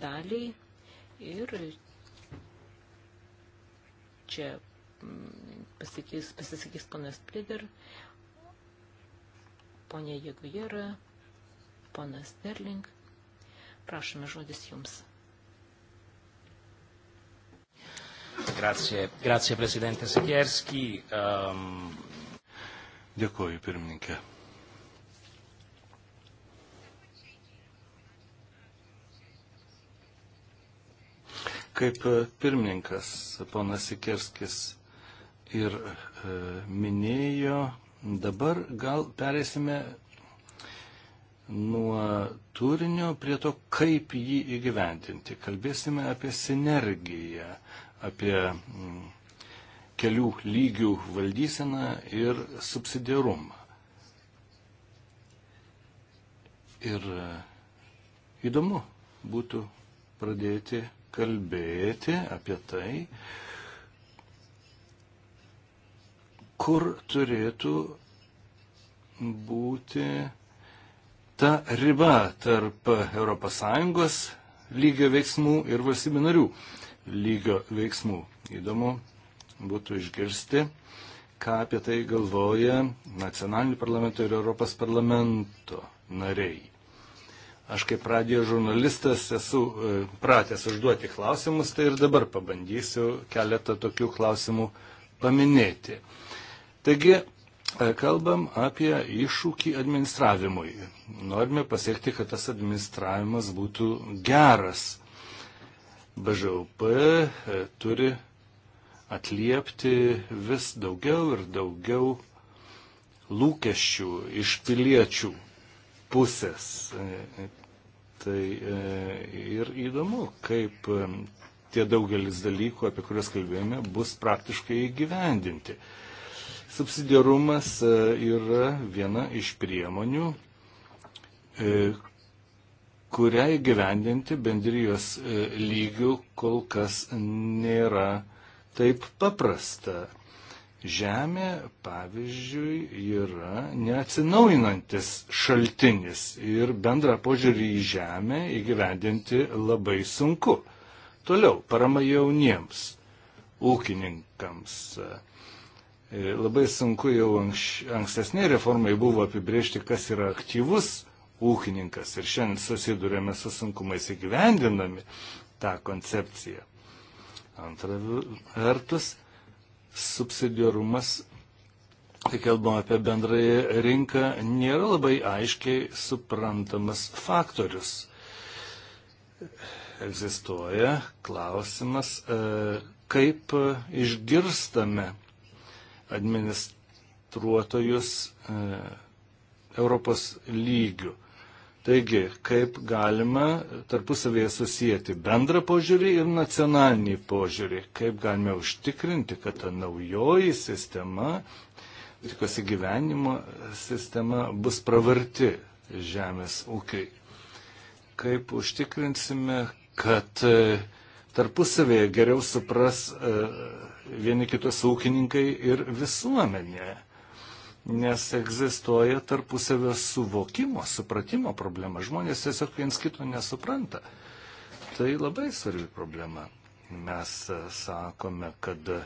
daliai. Ir čia mm, pasakys, pasisakys ponas Plider, ponė Jegujera, ponas Derling. Prašome žodis jums. Grazie, grazie Presidente Sikierski. Um, Dėkuoju, pirmininkė. Kaip pirmininkas ponas Sikerskis ir e, minėjo, dabar gal perėsime nuo turinio prie to, kaip jį įgyventinti. Kalbėsime apie sinergiją, apie. Mm, kelių lygių valdyseną ir subsidiarumą. Ir e, įdomu būtų pradėti kalbėti apie tai, kur turėtų būti ta riba tarp ES lygio veiksmų ir valstybių narių lygio veiksmų. Įdomu būtų išgirsti, ką apie tai galvoja nacionalinių parlamentų ir Europos parlamento nariai. Aš kaip radijo žurnalistas esu e, pratęs užduoti klausimus, tai ir dabar pabandysiu keletą tokių klausimų paminėti. Taigi, e, kalbam apie iššūkį administravimui. Norime pasiekti, kad tas administravimas būtų geras. BŽUP e, turi atliepti vis daugiau ir daugiau lūkesčių iš piliečių pusės. E, tai e, ir įdomu, kaip e, tie daugelis dalykų, apie kuriuos kalbėjome, bus praktiškai įgyvendinti. Subsidiarumas yra viena iš priemonių, kuriai gyvendinti bendrijos lygių kol kas nėra uh, taip paprasta. Žemė, pavyzdžiui, yra neatsinaujinantis šaltinis ir bendrą požiūrį į žemę įgyvendinti labai sunku. Toliau, parama jauniems ūkininkams. E, labai sunku jau anks, ankstesniai reformai buvo apibriežti, kas yra aktyvus ūkininkas ir šiandien susidurėme su sunkumais įgyvendinami tą koncepciją. Antra vertus, subsidiarumas, kai kalbam apie bendrąją rinką, nėra labai aiškiai suprantamas faktorius. Egzistuoja klausimas, e, kaip išgirstame administruotojus e, Europos lygių. Taigi, kaip galima tarpusavėje susijęti bendrą požiūrį ir nacionalinį požiūrį, kaip galime užtikrinti, kad ta naujoji sistema, tikosi gyvenimo sistema bus pravarti žemės ūkiai. Kaip užtikrinsime, kad e, tarpusavėje geriau supras e, vieni kitus ūkininkai ir visuomenė nes egzistuoja tarpusavio suvokimo, supratimo problema. Žmonės tiesiog viens kito nesupranta. Tai labai svarbi problema. Mes e, sakome, kad e,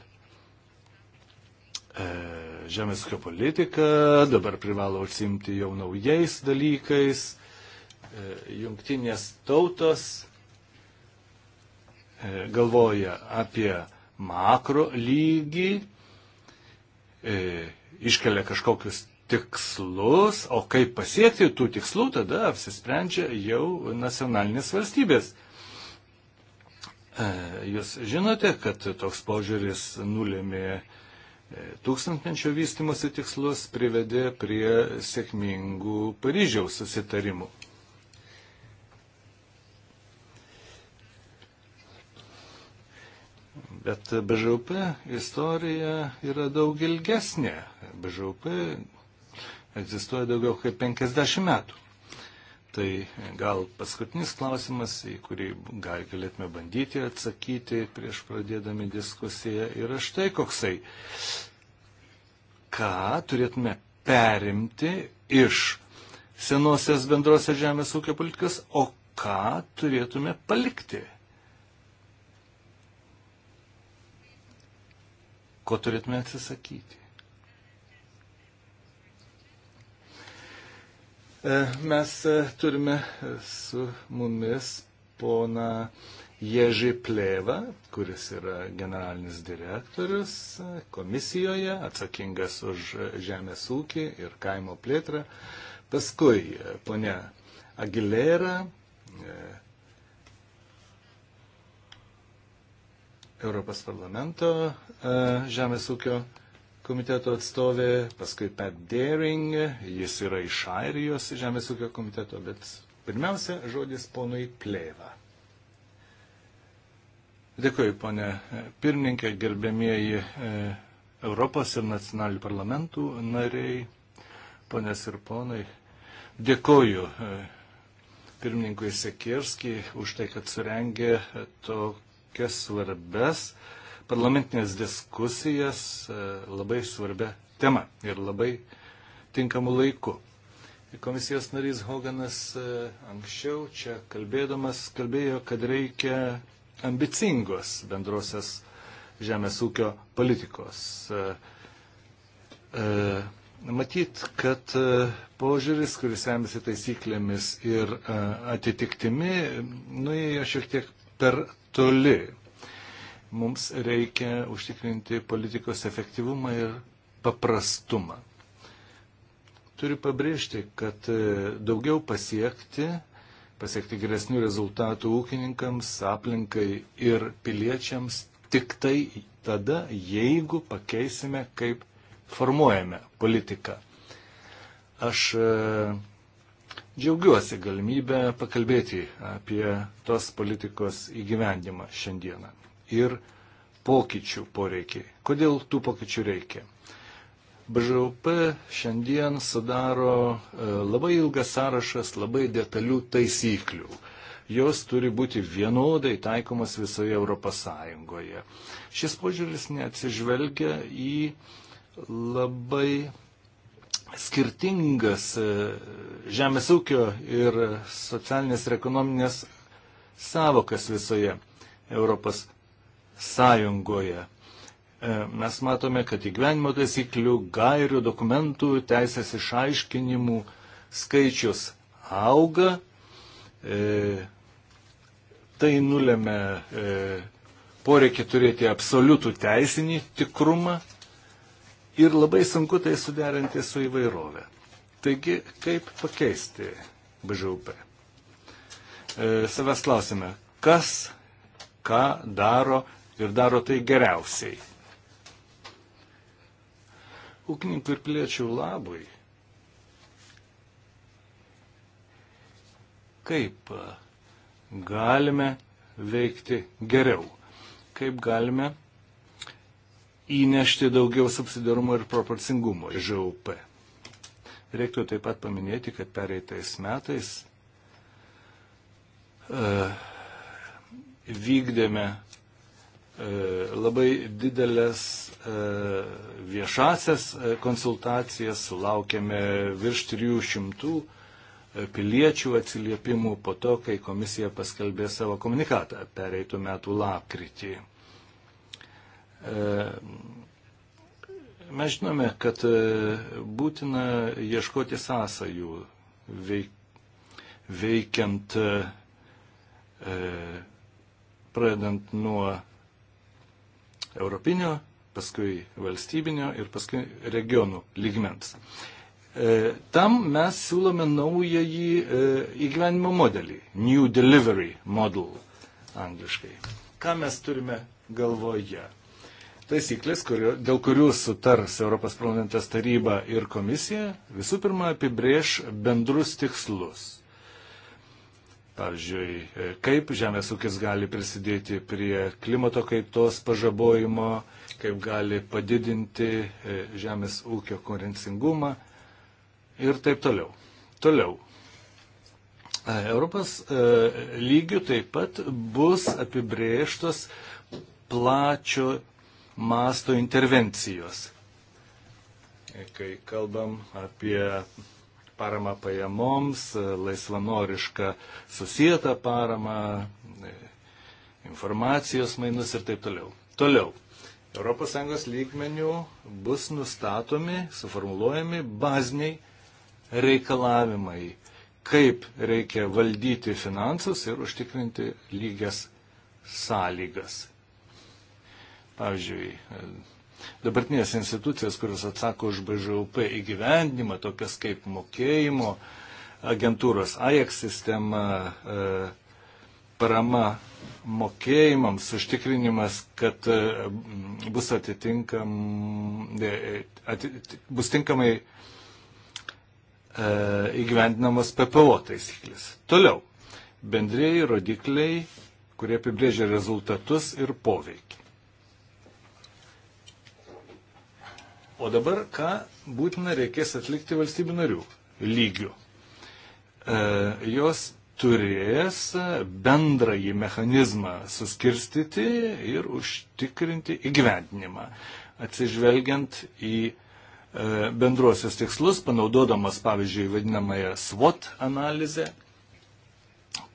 žemės ūkio politika dabar privalo užsimti jau naujais dalykais, e, jungtinės tautos galvoja apie makro lygį, iškelia kažkokius tikslus, o kaip pasiekti tų tikslų, tada apsisprendžia jau nacionalinės valstybės. E, jūs žinote, kad toks požiūris nulėmė e, tūkstantmečio vystimosi tikslus, privedė prie sėkmingų Paryžiaus susitarimų. Bet BŽP istorija yra daug ilgesnė. BŽP egzistuoja daugiau kaip 50 metų. Tai gal paskutinis klausimas, į kurį gal galėtume bandyti atsakyti prieš pradėdami diskusiją, yra štai koksai. Ką turėtume perimti iš senosios bendrosios žemės ūkio politikos, o ką turėtume palikti ko turėtume atsisakyti. E, mes e, turime e, su mumis pona Ježi Plėva, kuris yra generalinis direktorius komisijoje, atsakingas už žemės ūkį ir kaimo plėtrą. Paskui ponia Agilera, Europos parlamento e, žemės ūkio komiteto atstovė, paskui Pat Daring, jis yra iš Airijos žemės ūkio komiteto, bet pirmiausia, žodis ponui Pleva. Dėkuoju, ponė pirmininkė, gerbėmieji e, Europos ir nacionalinių parlamentų nariai, ponės ir ponai. Dėkuoju e, pirmininkui Sekirskijai už tai, kad surengė to tokias svarbes parlamentinės diskusijas e, labai svarbia tema ir labai tinkamu laiku. Komisijos narys Hoganas e, anksčiau čia kalbėdamas kalbėjo, kad reikia ambicingos bendrosios žemės ūkio politikos. E, matyt, kad požiūris, kuris remiasi taisyklėmis ir atitiktimi, nuėjo šiek tiek per toli. Mums reikia užtikrinti politikos efektyvumą ir paprastumą. Turiu pabrėžti, kad e, daugiau pasiekti, pasiekti geresnių rezultatų ūkininkams, aplinkai ir piliečiams tik tai tada, jeigu pakeisime, kaip formuojame politiką. Aš e, Džiaugiuosi galimybę pakalbėti apie tos politikos įgyvendimą šiandieną ir pokyčių poreikiai. Kodėl tų pokyčių reikia? BŽUP šiandien sudaro e, labai ilgas sąrašas labai detalių taisyklių. Jos turi būti vienodai taikomas visoje Europos Sąjungoje. Šis požiūris neatsižvelgia į labai skirtingas e, žemės ūkio ir socialinės ir ekonominės savokas visoje Europos Sąjungoje. E, mes matome, kad įgyvenimo taisyklių, gairių, dokumentų, teisės išaiškinimų skaičius auga. E, tai nulėmė e, poreikį turėti absoliutų teisinį tikrumą ir labai sunku tai suderinti su įvairovė. Taigi, kaip pakeisti BŽUP? E, savęs klausime, kas ką daro ir daro tai geriausiai. Ūkininkų ir piliečių labui. Kaip galime veikti geriau? Kaip galime įnešti daugiau subsidiarumo ir proporcingumo į ŽUP. Reiktų taip pat paminėti, kad pereitais metais uh, vykdėme e, labai didelės e, viešasias konsultacijas, sulaukėme virš 300 piliečių atsiliepimų po to, kai komisija paskelbė savo komunikatą pereitų metų lapkritį. E, mes žinome, kad e, būtina ieškoti sąsajų veikiant, e, pradedant nuo europinio, paskui valstybinio ir paskui regionų lygmens. Tam mes siūlome naująjį įgyvenimo modelį, New Delivery Model angliškai. Ką mes turime galvoje? Taisyklės, kurio, dėl kurių sutars Europos parlamentas taryba ir komisija, visų pirma apibrieš bendrus tikslus. Pavyzdžiui, e, kaip žemės ūkis gali prisidėti prie klimato kaitos pažabojimo, kaip gali padidinti e, žemės ūkio konkurencingumą ir taip toliau. Toliau. E, Europos lygių taip pat bus apibrėžtos plačio masto intervencijos. Kai kalbam apie paramą pajamoms, laisvanorišką susijęta paramą, informacijos mainus ir taip toliau. Toliau. ES lygmenių bus nustatomi, suformuluojami baziniai reikalavimai, kaip reikia valdyti finansus ir užtikrinti lygias sąlygas. Pavyzdžiui, dabartinės institucijas, kurios atsako už BŽUP įgyvendinimą, tokias kaip mokėjimo agentūros AJAX e sistema, e, parama mokėjimams, užtikrinimas, kad e, bus atitinkam, atit, bus tinkamai įgyvendinamos PPO taisyklės. Toliau, bendrėjai rodikliai, kurie apibrėžia rezultatus ir poveikį. O dabar ką būtina reikės atlikti valstybių narių lygių. E, jos turės bendrąjį mechanizmą suskirstyti ir užtikrinti įgyvendinimą, atsižvelgiant į e, bendruosius tikslus, panaudodamas, pavyzdžiui, vadinamąją SWOT analizę,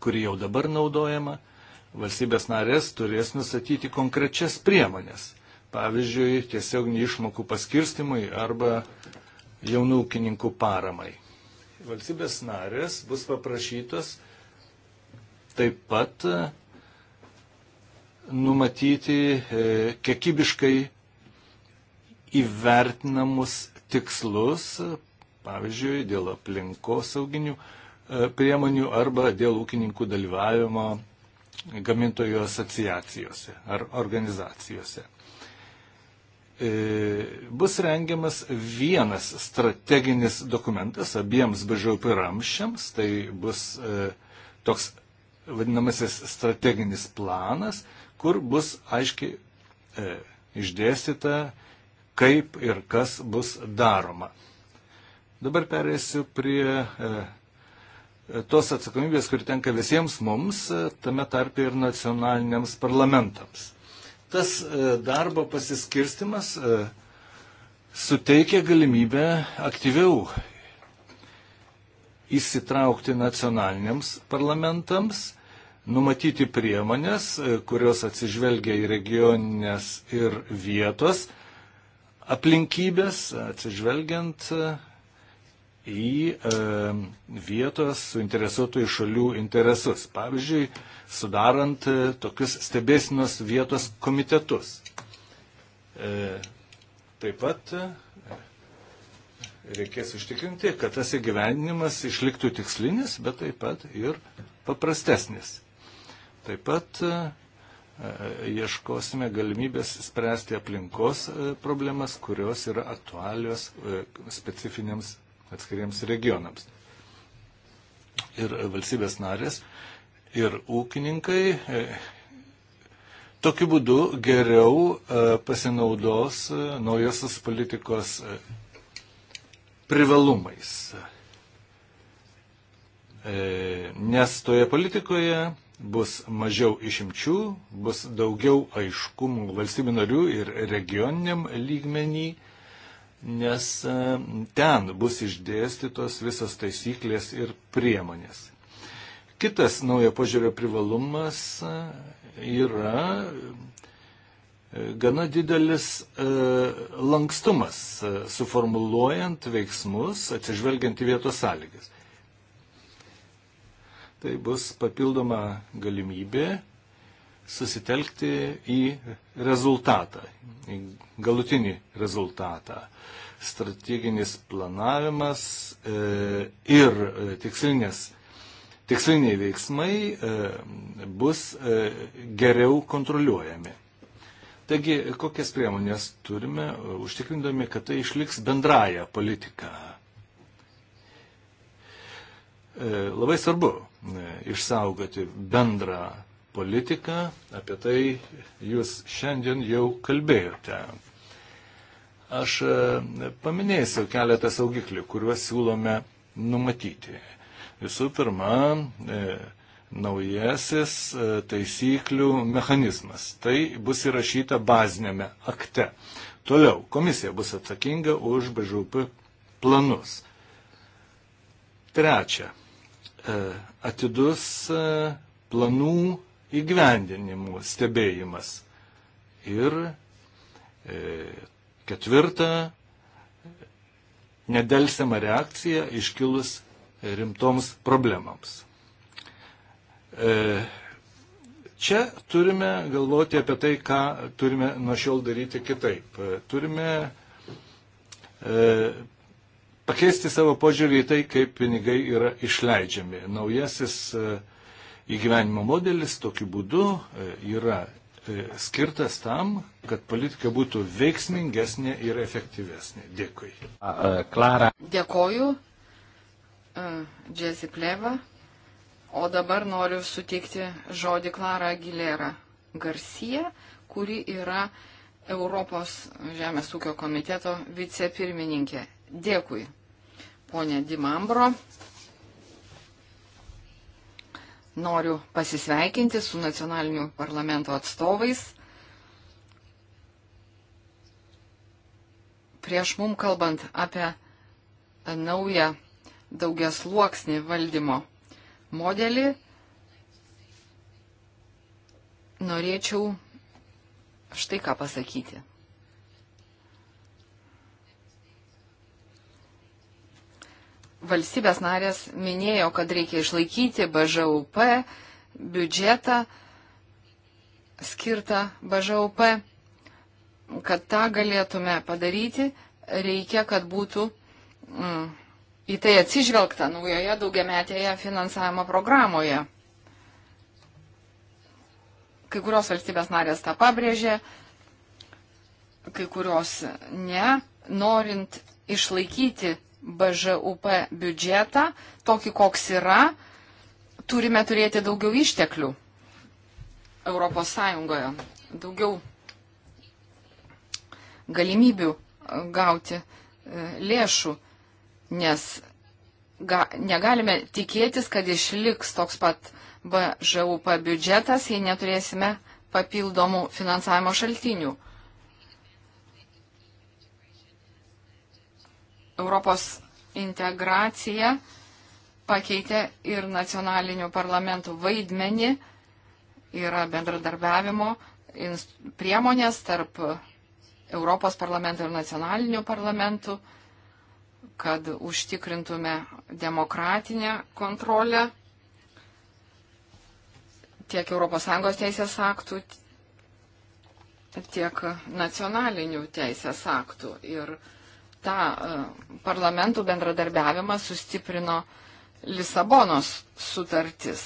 kuri jau dabar naudojama, valstybės narės turės nustatyti konkrečias priemonės pavyzdžiui, tiesiog neišmokų paskirstimui arba jaunų ūkininkų paramai. Valstybės narės bus paprašytos taip pat e, numatyti e, kiekybiškai įvertinamus tikslus, pavyzdžiui, dėl aplinkosauginių e, priemonių arba dėl ūkininkų dalyvavimo gamintojų asociacijose ar organizacijose. E, bus rengiamas vienas strateginis dokumentas abiems BŽP ramščiams, tai bus e, toks vadinamasis strateginis planas, kur bus aiškiai e, išdėstyta, kaip ir kas bus daroma. Dabar perėsiu prie tos atsakomybės, kuri tenka visiems mums, tame tarpe ir nacionaliniams parlamentams tas e, darbo pasiskirstimas e, suteikia galimybę aktyviau įsitraukti nacionaliniams parlamentams, numatyti priemonės, e, kurios atsižvelgia į regioninės ir vietos aplinkybės, atsižvelgiant į e, vietos suinteresuotųjų šalių interesus. Pavyzdžiui, sudarant e, tokius stebėsinos vietos komitetus. E, taip pat reikės užtikrinti, kad tas įgyvendinimas išliktų tikslinis, bet taip pat ir paprastesnis. Taip pat ieškosime galimybės spręsti aplinkos problemas, kurios yra aktualios specifinėms atskiriems regionams. Ir valstybės narės, ir ūkininkai e, tokiu būdu geriau e, pasinaudos e, naujosios politikos privalumais. Nes toje politikoje bus mažiau išimčių, bus daugiau aiškumų valstybių narių ir regioniniam lygmenį nes e, ten bus išdėstytos visas taisyklės ir priemonės. Kitas naujo požiūrio privalumas e, yra e, gana didelis lankstumas suformuluojant veiksmus, atsižvelgiant į vietos sąlygas. Tai bus papildoma galimybė susitelkti į rezultatą, į galutinį rezultatą. Strateginis planavimas e, ir e, tikslinės, tiksliniai veiksmai e, bus geriau kontroliuojami. Taigi, kokias priemonės turime, užtikrindami, kad tai išliks bendraja politika? Labai svarbu išsaugoti bendrą politiką. Apie tai jūs šiandien jau kalbėjote. Aš e, paminėsiu keletą saugiklių, kuriuos siūlome numatyti. Visų pirma, e, naujasis e, taisyklių mechanizmas. Tai bus įrašyta bazinėme akte. Toliau, komisija bus atsakinga už BŽP planus. Trečia, atidus planų įgyvendinimų stebėjimas. Ir e, ketvirta, nedelsiama reakcija iškilus rimtoms problemams. E, čia turime galvoti apie tai, ką turime nuo šiol daryti kitaip. E, turime e, pakeisti savo požiūrį į tai, kaip pinigai yra išleidžiami. Naujasis e, įgyvenimo modelis tokiu būdu e, yra e, skirtas tam, kad politika būtų veiksmingesnė ir efektyvesnė. Dėkui. E, Klara. Dėkoju, Džesi Pleva. O dabar noriu suteikti žodį Klara Aguilera Garcia, kuri yra Europos Žemės ūkio komiteto vicepirmininkė. Dėkui, ponė Dimambro noriu pasisveikinti su nacionaliniu parlamento atstovais. Prieš mum kalbant apie naują daugias luoksnį valdymo modelį, norėčiau štai ką pasakyti. valstybės narės minėjo, kad reikia išlaikyti BŽUP biudžetą skirtą BŽUP. Kad tą galėtume padaryti, reikia, kad būtų mm, į tai atsižvelgta naujoje daugiametėje finansavimo programoje. Kai kurios valstybės narės tą pabrėžė, kai kurios ne, norint išlaikyti BŽUP biudžetą, tokį koks yra, turime turėti daugiau išteklių Europos Sąjungoje, daugiau galimybių e, gauti e, lėšų, nes ga, negalime tikėtis, kad išliks toks pat BŽUP biudžetas, jei neturėsime papildomų finansavimo šaltinių. Europos integracija pakeitė ir nacionalinių parlamentų vaidmenį, yra bendradarbiavimo priemonės tarp Europos parlamento ir nacionalinių parlamentų, kad užtikrintume demokratinę kontrolę tiek ES teisės aktų, tiek nacionalinių teisės aktų. Ir tą e, parlamentų bendradarbiavimą sustiprino Lisabonos sutartis.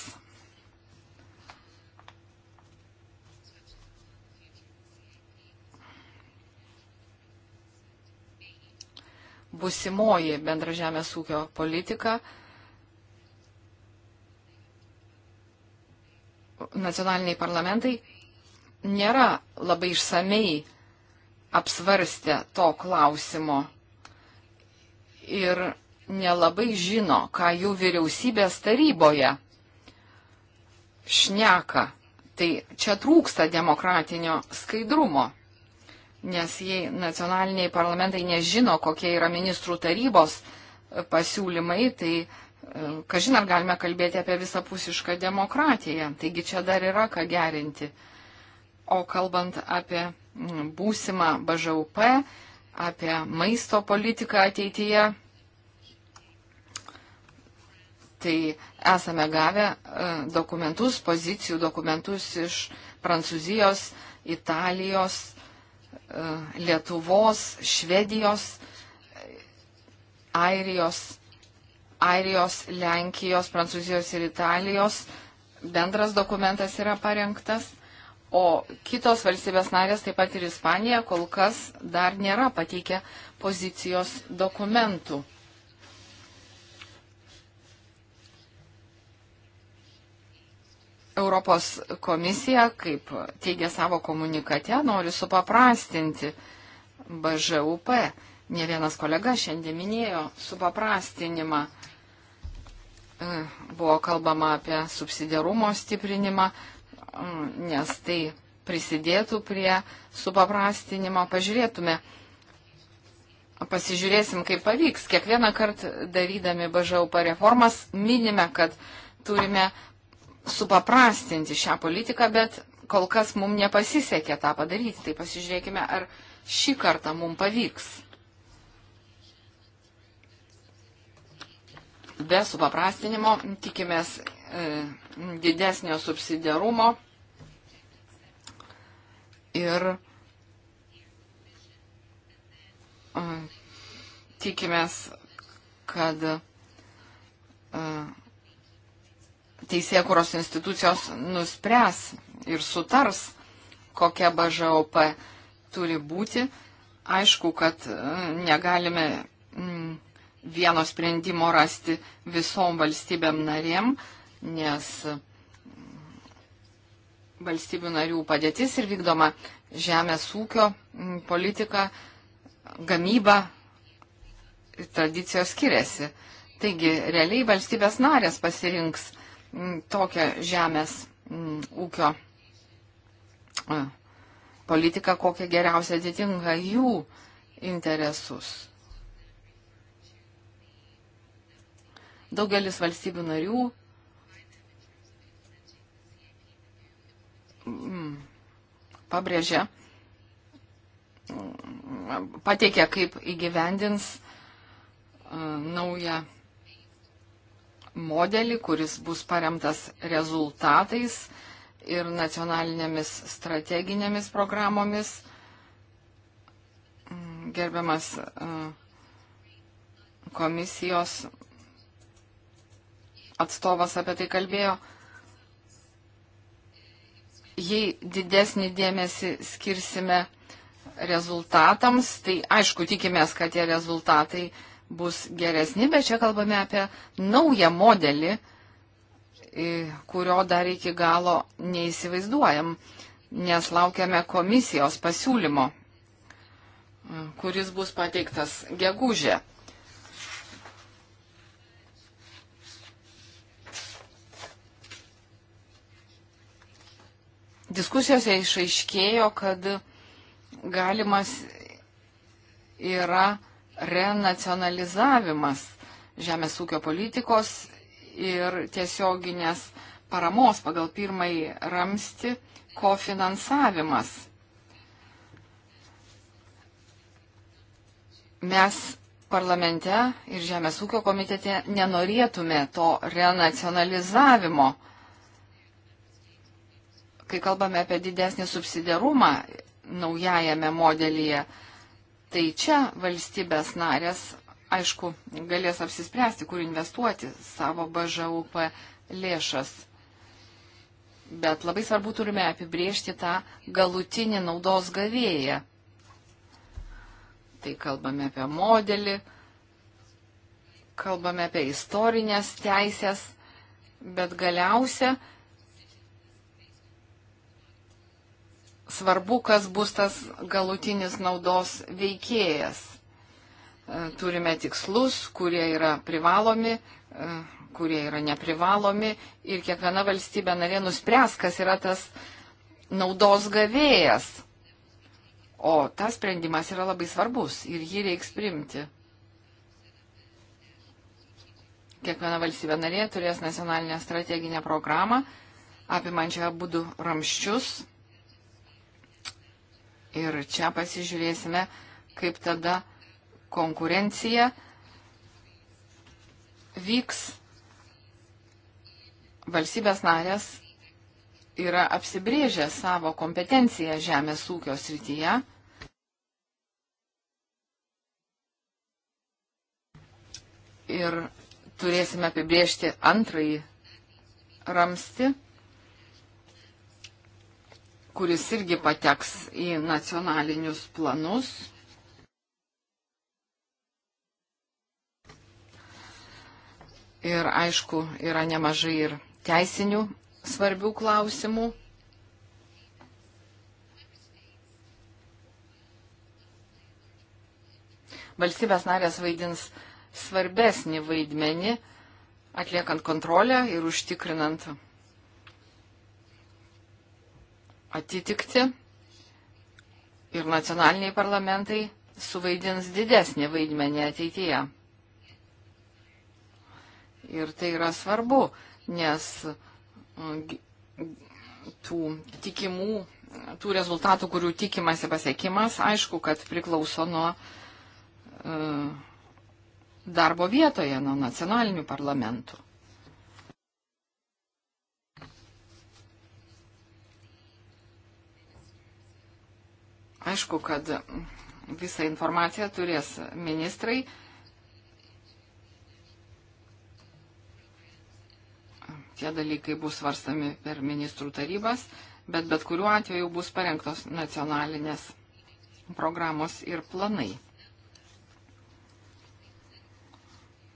Busimoji bendražėmės ūkio politika nacionaliniai parlamentai nėra labai išsamei apsvarstę to klausimo ir nelabai žino, ką jų vyriausybės taryboje šneka. Tai čia trūksta demokratinio skaidrumo. Nes jei nacionaliniai parlamentai nežino, kokie yra ministrų tarybos pasiūlymai, tai e, kažin ar galime kalbėti apie visapusišką demokratiją. Taigi čia dar yra ką gerinti. O kalbant apie būsimą BŽUP, apie maisto politiką ateityje. Tai esame gavę e, dokumentus, pozicijų dokumentus iš Prancūzijos, Italijos, e, Lietuvos, Švedijos, Airijos, Airijos, Lenkijos, Prancūzijos ir Italijos. Bendras dokumentas yra parengtas O kitos valstybės narės, taip pat ir Ispanija, kol kas dar nėra pateikę pozicijos dokumentų. Europos komisija, kaip teigia savo komunikate, nori supaprastinti BŽUP. Ne vienas kolega šiandien minėjo supaprastinimą. E, Buvo kalbama apie subsidiarumo stiprinimą, Mm, nes tai prisidėtų prie supaprastinimo. Pažiūrėtume, pasižiūrėsim, kaip pavyks. Kiekvieną kartą darydami BŽUP reformas minime, kad turime supaprastinti šią politiką, bet kol kas mums nepasisekė tą padaryti. Tai pasižiūrėkime, ar šį kartą mums pavyks. Be supaprastinimo tikimės E, didesnio subsidiarumo ir e, tikimės, kad e, teisėkuros institucijos nuspręs ir sutars, kokia BŽOP turi būti. Aišku, kad negalime mm, vieno sprendimo rasti visom valstybėm narėm, nes valstybių narių padėtis ir vykdoma žemės ūkio politika, gamyba, tradicijos skiriasi. Taigi, realiai valstybės narės pasirinks tokią žemės ūkio politiką, kokią geriausiai atitinka jų interesus. Daugelis valstybių narių Mm. pabrėžė, pateikė, kaip įgyvendins e, naują modelį, kuris bus paremtas rezultatais ir nacionalinėmis strateginėmis programomis. Mm, gerbiamas e, komisijos atstovas apie tai kalbėjo jei didesnį dėmesį skirsime rezultatams, tai aišku, tikimės, kad tie rezultatai bus geresni, bet čia kalbame apie naują modelį, kurio dar iki galo neįsivaizduojam, nes laukiame komisijos pasiūlymo, kuris bus pateiktas gegužė. diskusijose išaiškėjo, kad galimas yra renacionalizavimas žemės ūkio politikos ir tiesioginės paramos pagal pirmąjį ramsti kofinansavimas. Mes parlamente ir Žemės ūkio komitete nenorėtume to renacionalizavimo kai kalbame apie didesnį subsidiarumą naujajame modelyje, tai čia valstybės narės, aišku, galės apsispręsti, kur investuoti savo BŽUP lėšas. Bet labai svarbu turime apibriežti tą galutinį naudos gavėją. Tai kalbame apie modelį, kalbame apie istorinės teisės, bet galiausia, svarbu, kas bus tas galutinis naudos veikėjas. E, turime tikslus, kurie yra privalomi, e, kurie yra neprivalomi ir kiekviena valstybė narė nuspręs, kas yra tas naudos gavėjas. O tas sprendimas yra labai svarbus ir jį reiks primti. Kiekviena valstybė narė turės nacionalinę strateginę programą, apimančią būdų ramščius Ir čia pasižiūrėsime, kaip tada konkurencija vyks. Valstybės narės yra apsibrėžę savo kompetenciją žemės ūkio srityje. Ir turėsime apibrėžti antrąjį ramsti kuris irgi pateks į nacionalinius planus. Ir aišku, yra nemažai ir teisinių svarbių klausimų. Valstybės narės vaidins svarbesnį vaidmenį, atliekant kontrolę ir užtikrinant atitikti ir nacionaliniai parlamentai suvaidins didesnį vaidmenį ateityje. Ir tai yra svarbu, nes mm, tų tikimų, tų rezultatų, kurių tikimasi pasiekimas, aišku, kad priklauso nuo e, darbo vietoje, nuo nacionalinių parlamentų. Aišku, kad visą informaciją turės ministrai. Tie dalykai bus svarstami per ministrų tarybas, bet bet kuriuo atveju bus parengtos nacionalinės programos ir planai.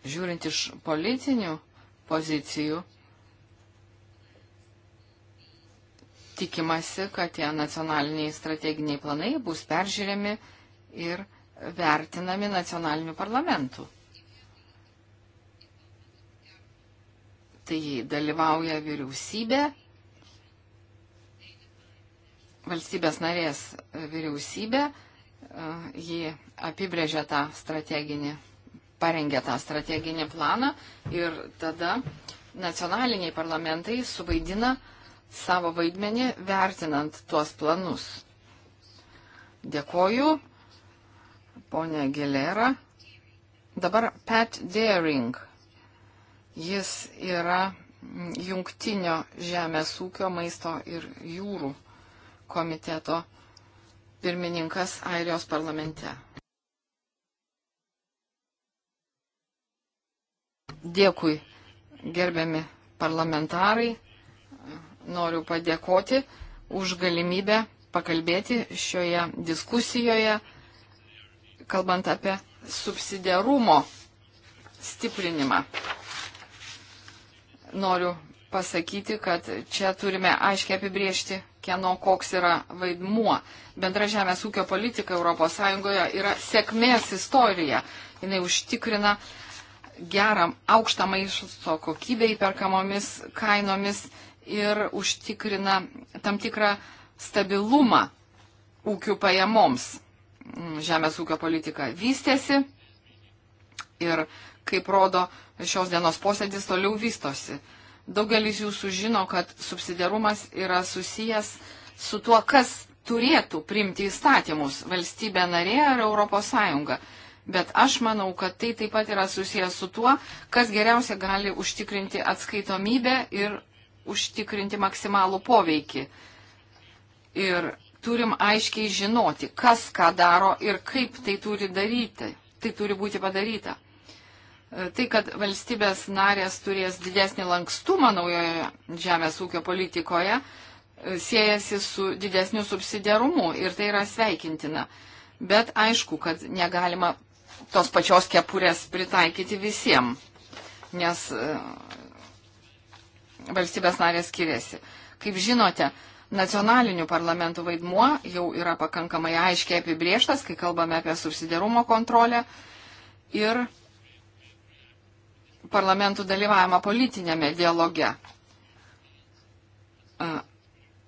Žiūrint iš politinių pozicijų, tikimasi, kad tie nacionaliniai strateginiai planai bus peržiūrėmi ir vertinami nacionalinių parlamentų. Tai dalyvauja vyriausybė, valstybės narės vyriausybė, ji apibrėžia tą strateginį, parengė tą strateginį planą ir tada nacionaliniai parlamentai suvaidina uh, savo vaidmenį vertinant tuos planus. Dėkoju, ponė Gilera. Dabar Pat Daring. Jis yra jungtinio žemės ūkio maisto ir jūrų komiteto pirmininkas Airijos parlamente. Dėkui, gerbiami parlamentarai noriu padėkoti už galimybę pakalbėti šioje diskusijoje, kalbant apie subsidiarumo stiprinimą. Noriu pasakyti, kad čia turime aiškiai apibriežti, kieno koks yra vaidmuo. Bendra žemės ūkio politika ES yra sėkmės istorija. Jis užtikrina gerą aukštą maišto kokybę įperkamomis kainomis ir užtikrina tam tikrą stabilumą ūkių pajamoms. Mm, žemės ūkio politika vystėsi ir, kaip rodo šios dienos posėdis, toliau vystosi. Daugelis jūsų žino, kad subsidiarumas yra susijęs su tuo, kas turėtų primti įstatymus - valstybė narė ar Europos Sąjunga. Bet aš manau, kad tai taip pat yra susijęs su tuo, kas geriausia gali užtikrinti atskaitomybę ir užtikrinti maksimalų poveikį. Ir turim aiškiai žinoti, kas ką daro ir kaip tai turi daryti. Tai turi būti padaryta. E, tai, kad valstybės narės turės didesnį lankstumą naujoje žemės ūkio politikoje, e, siejasi su didesniu subsidiarumu ir tai yra sveikintina. Bet aišku, kad negalima tos pačios kepurės pritaikyti visiems, nes e, valstybės narės skiriasi. Kaip žinote, nacionalinių parlamentų vaidmuo jau yra pakankamai aiškiai apibrieštas, kai kalbame apie subsidiarumo kontrolę ir parlamentų dalyvavimą politinėme dialoge.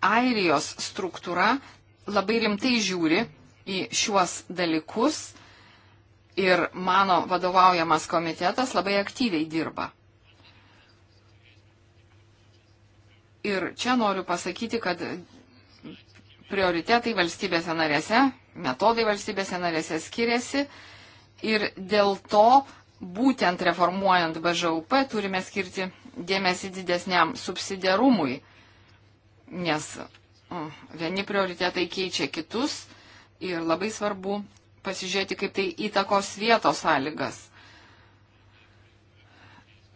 Airijos struktūra labai rimtai žiūri į šiuos dalykus ir mano vadovaujamas komitetas labai aktyviai dirba. Ir čia noriu pasakyti, kad prioritetai valstybėse narėse, metodai valstybėse narėse skiriasi ir dėl to būtent reformuojant BŽUP turime skirti dėmesį didesniam subsidiarumui, nes mm, vieni prioritetai keičia kitus ir labai svarbu pasižiūrėti, kaip tai įtakos vietos sąlygas.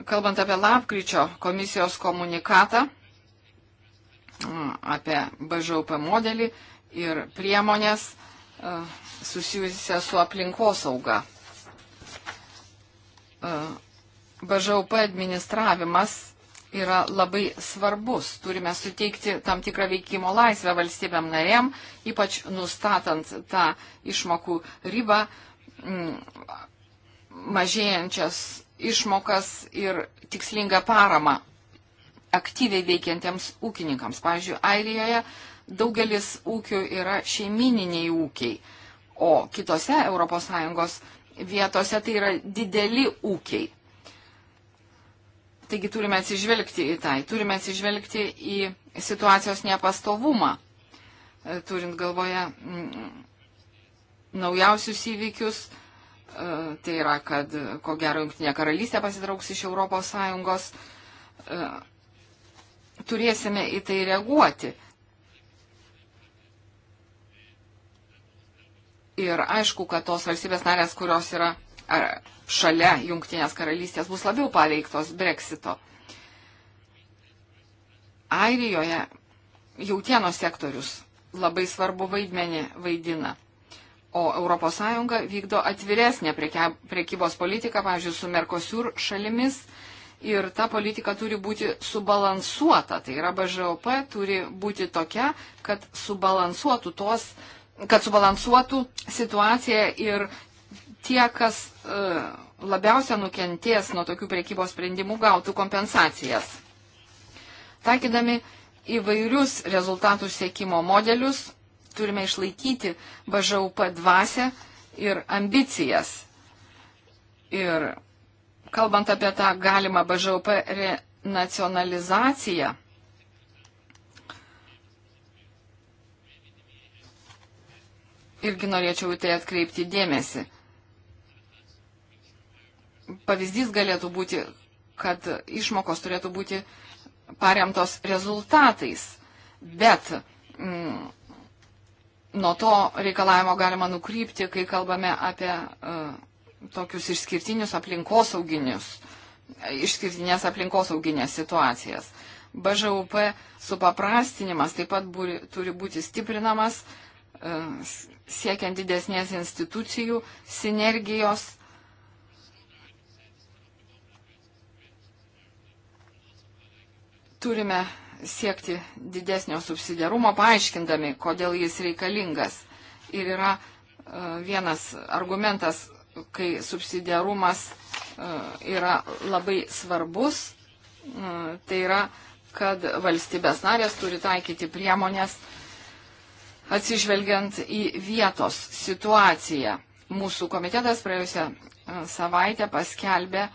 Kalbant apie lapkričio komisijos komunikatą, apie BŽUP modelį ir priemonės e, susijusią su aplinkosauga. E, BŽUP administravimas yra labai svarbus. Turime suteikti tam tikrą veikimo laisvę valstybėm narėm, ypač nustatant tą išmokų ribą, mažėjančias išmokas ir tikslingą paramą aktyviai veikiantiems ūkininkams. Pavyzdžiui, Airijoje daugelis ūkių yra šeimininiai ūkiai, o kitose ES vietose tai yra dideli ūkiai. Taigi turime atsižvelgti į tai, turime atsižvelgti į situacijos nepastovumą, e, turint galvoje naujausius įvykius, e, tai yra, kad e, ko gero Junktinė karalystė pasitrauks iš ES, turėsime į tai reaguoti. Ir aišku, kad tos valstybės narės, kurios yra šalia Junktinės karalystės, bus labiau paveiktos breksito. Airijoje jautienos sektorius labai svarbu vaidmenį vaidina. O ES vykdo atviresnę prekybos politiką, pavyzdžiui, su Merkosur šalimis ir ta politika turi būti subalansuota. Tai yra BŽOP turi būti tokia, kad subalansuotų, tos, kad subalansuotų situaciją ir tie, kas e, labiausia nukentės nuo tokių priekybos sprendimų, gautų kompensacijas. Taikydami įvairius rezultatų siekimo modelius, turime išlaikyti BŽUP dvasę ir ambicijas. Ir kalbant apie tą galimą BŽUP renacionalizaciją, irgi norėčiau į tai atkreipti dėmesį. Pavyzdys galėtų būti, kad išmokos turėtų būti paremtos rezultatais, bet mm, nuo to reikalavimo galima nukrypti, kai kalbame apie uh, tokius išskirtinius aplinkosauginius, išskirtinės aplinkosauginės situacijas. BŽUP supaprastinimas taip pat būri, turi būti stiprinamas, e, siekiant didesnės institucijų sinergijos. Turime siekti didesnio subsidiarumo, paaiškindami, kodėl jis reikalingas. Ir yra e, vienas argumentas, kai subsidiarumas e, yra labai svarbus, e, tai yra, kad valstybės narės turi taikyti priemonės atsižvelgiant į vietos situaciją. Mūsų komitetas praėjusią e, savaitę paskelbė,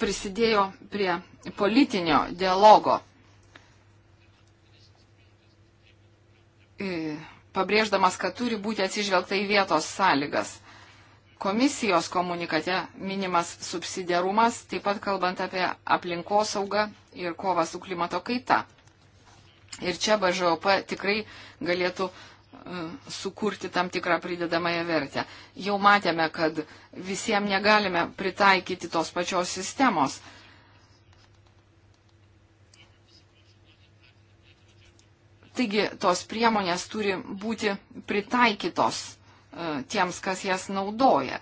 prisidėjo prie politinio dialogo pabrėždamas, kad turi būti atsižvelgta į vietos sąlygas komisijos komunikate minimas subsidiarumas, taip pat kalbant apie aplinkosaugą ir kovą su klimato kaita. Ir čia BŽOP tikrai galėtų e, sukurti tam tikrą pridedamąją vertę. Jau matėme, kad visiems negalime pritaikyti tos pačios sistemos. Taigi tos priemonės turi būti pritaikytos E, tiems, kas jas naudoja.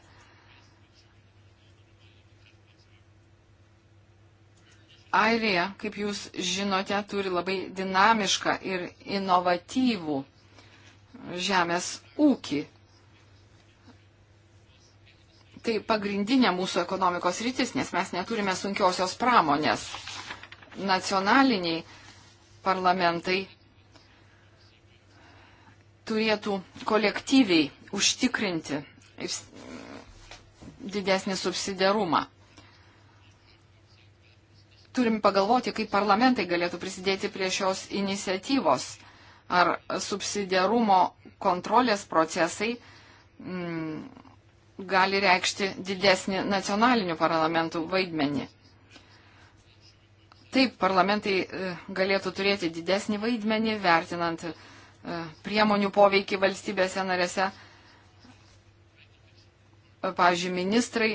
Airija, kaip jūs žinote, turi labai dinamišką ir inovatyvų žemės ūkį. Tai pagrindinė mūsų ekonomikos rytis, nes mes neturime sunkiosios pramonės. Nacionaliniai parlamentai turėtų kolektyviai užtikrinti didesnį subsidiarumą. Turim pagalvoti, kaip parlamentai galėtų prisidėti prie šios iniciatyvos. Ar subsidiarumo kontrolės procesai m, mm, gali reikšti didesnį nacionalinių parlamentų vaidmenį. Taip, parlamentai e, galėtų turėti didesnį vaidmenį, vertinant e, priemonių poveikį valstybėse narėse pavyzdžiui, ministrai,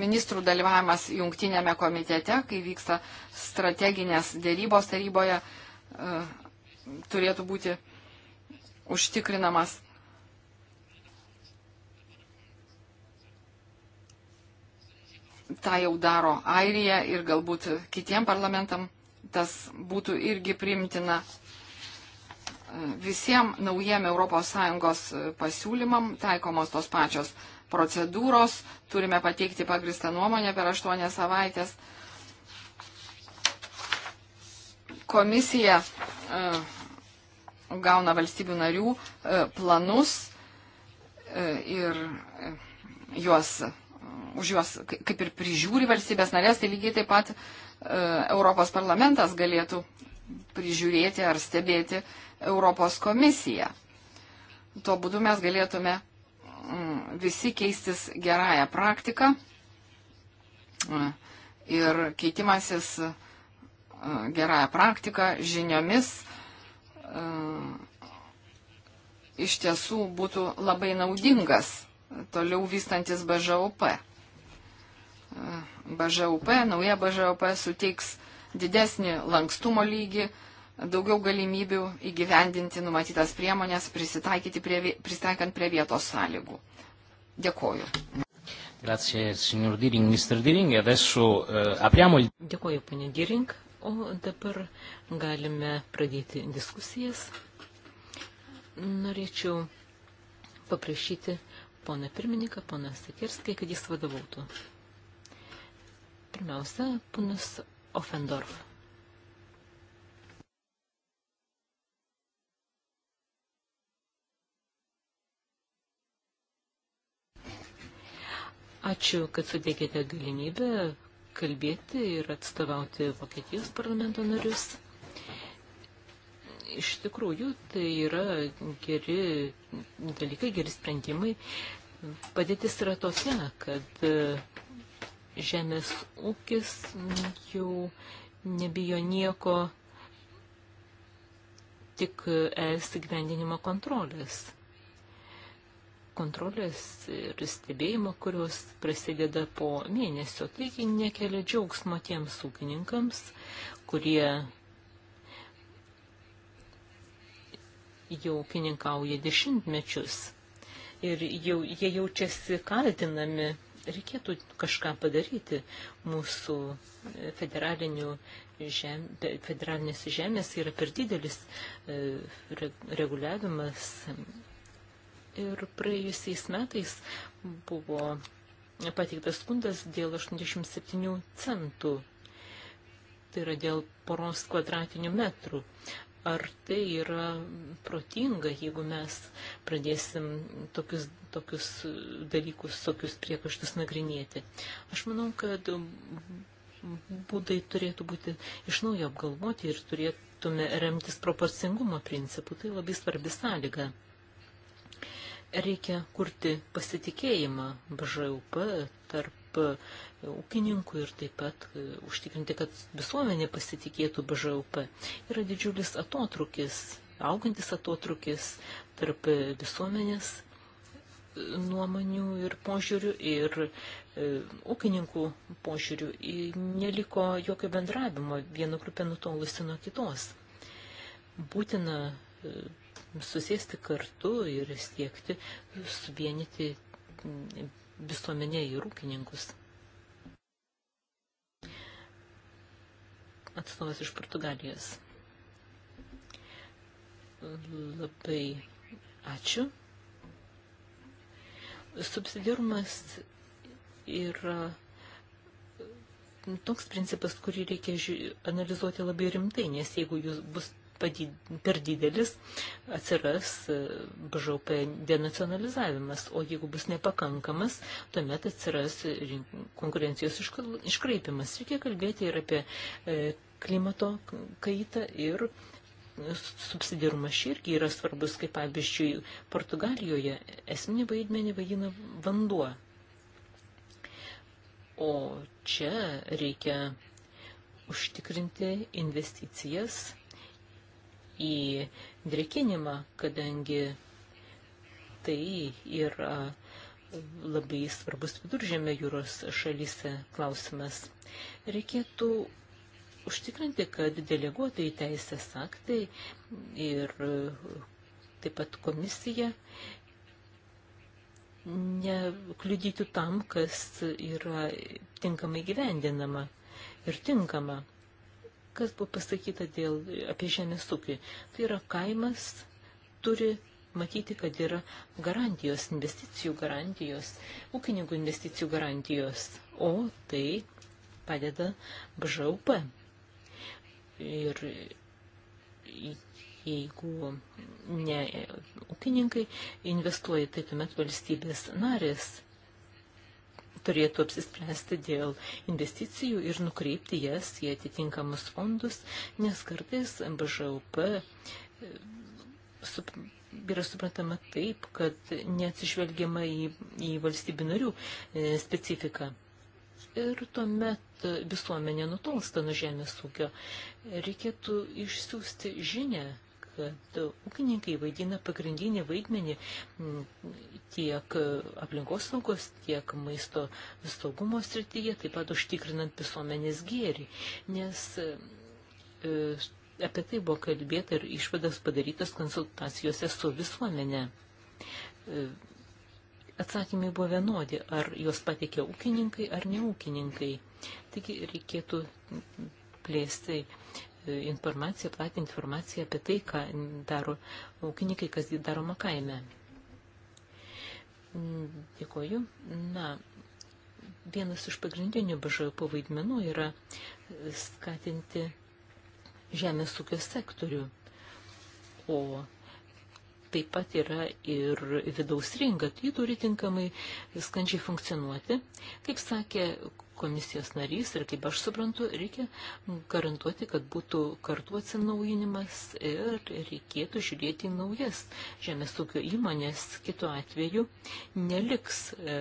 ministrų dalyvavimas jungtinėme komitete, kai vyksta strateginės dėrybos taryboje, turėtų būti užtikrinamas. Ta jau daro Airija ir galbūt kitiem parlamentam tas būtų irgi primtina visiems naujiem ES e, pasiūlymam taikomos tos pačios procedūros, turime pateikti pagristą nuomonę per aštuonias savaitės. Komisija e, gauna valstybių narių e, planus e, ir e, juos, e, už juos kaip ir prižiūri valstybės narės, tai lygiai taip pat Europos parlamentas galėtų prižiūrėti ar stebėti Europos komisiją. Tuo būdu mes galėtume mm, visi keistis gerąją praktiką mm, ir keitimasis mm, gerąją praktiką žiniomis iš tiesų būtų labai naudingas toliau vystantis BŽOP. BŽOP, nauja BŽOP suteiks didesnį lankstumo lygį, daugiau galimybių įgyvendinti numatytas priemonės, prisitaikyti prie, pristaikant prie vietos sąlygų. Dėkoju. Grazie, signor Diring, Mr. Diring. Adesso uh, apriamo il... Dėkoju, ponė Diring. O dabar galime pradėti diskusijas. Norėčiau paprašyti poną pirmininką, poną Sakirskai, kad jis vadovautų. Pirmiausia, ponas Offendorf. Ačiū, kad suteikėte galimybę kalbėti ir atstovauti Vokietijos parlamento narius. Iš tikrųjų, tai yra geri dalykai, geri sprendimai. Padėtis yra tokia, kad e, žemės ūkis jau nebijo nieko tik es įgyvendinimo kontrolės kontrolės ir stebėjimo, kurios prasideda po mėnesio. Taigi nekelia džiaugsmo tiems ūkininkams, kurie jau ūkininkauja dešimtmečius ir jau, jie jaučiasi kaltinami. Reikėtų kažką padaryti mūsų federalinių žem, federalinės žemės yra per didelis e, reguliavimas, ir praėjusiais metais buvo pateiktas skundas dėl 87 centų, tai yra dėl poros kvadratinių metrų. Ar tai yra protinga, jeigu mes pradėsim tokius, tokius dalykus, tokius priekaštus nagrinėti? Aš manau, kad būdai turėtų būti iš naujo apgalvoti ir turėtume remtis proporcingumo principu. Tai labai svarbi sąlyga. Reikia kurti pasitikėjimą BŽUP tarp ūkininkų ir taip pat e, užtikrinti, kad visuomenė pasitikėtų BŽUP. Yra didžiulis atotrukis, augantis atotrukis tarp visuomenės e, nuomonių ir požiūrių ir e, ūkininkų požiūrių. Neliko jokio bendravimo, viena grupė nutolusi nuo kitos. Būtina e, susėsti kartu ir siekti suvienyti visuomenė ir ūkininkus. Atstovas iš Portugalijos. Labai ačiū. Subsidiarumas yra toks principas, kurį reikia analizuoti labai rimtai, nes jeigu jūs bus per didelis, atsiras e, BŽP denacionalizavimas, o jeigu bus nepakankamas, tuomet atsiras konkurencijos iškraipimas. Reikia kalbėti ir apie e, klimato kaitą ir subsidirumas čia irgi yra svarbus, kaip pavyzdžiui, Portugalijoje esminį vaidmenį vaidina vanduo. O čia reikia užtikrinti investicijas į drekinimą, kadangi tai yra labai svarbus viduržėmio jūros šalyse klausimas. Reikėtų užtikrinti, kad deleguotojai teisės aktai ir taip pat komisija nekliudytų tam, kas yra tinkamai gyvendinama ir tinkama kas buvo pasakyta dėl, apie žemės ūkį. Tai yra kaimas turi matyti, kad yra garantijos, investicijų garantijos, ūkininkų investicijų garantijos, o tai padeda BŽUP. Ir jeigu ne ūkininkai investuoja, tai tuomet valstybės narės turėtų apsispręsti dėl investicijų ir nukreipti jas į atitinkamus fondus, nes kartais BŽUP e, sup, yra suprantama taip, kad neatsižvelgiama į, į valstybių narių e, specifiką. Ir tuomet visuomenė nutolsta nuo žemės ūkio. Reikėtų išsiųsti žinę kad ūkininkai vaidina pagrindinį vaidmenį tiek aplinkos saugos, tiek maisto saugumo srityje, taip pat užtikrinant visuomenės gėrį, nes e, apie tai buvo kalbėta ir išvadas padarytas konsultacijose su visuomenė. E, atsakymai buvo vienodi, ar juos patikė ūkininkai ar ne ūkininkai. Taigi reikėtų plėsti informaciją, platinti informaciją apie tai, ką daro ūkininkai, kas daroma kaime. Dėkoju. Na, vienas iš pagrindinių BŽP vaidmenų yra skatinti žemės ūkio sektorių, o taip pat yra ir vidaus rinka, tai turi tinkamai skandžiai funkcionuoti. Kaip sakė komisijos narys ir kaip aš suprantu, reikia garantuoti, kad būtų kartu atsinaujinimas ir reikėtų žiūrėti į naujas žemės ūkio įmonės. Kitu atveju neliks e,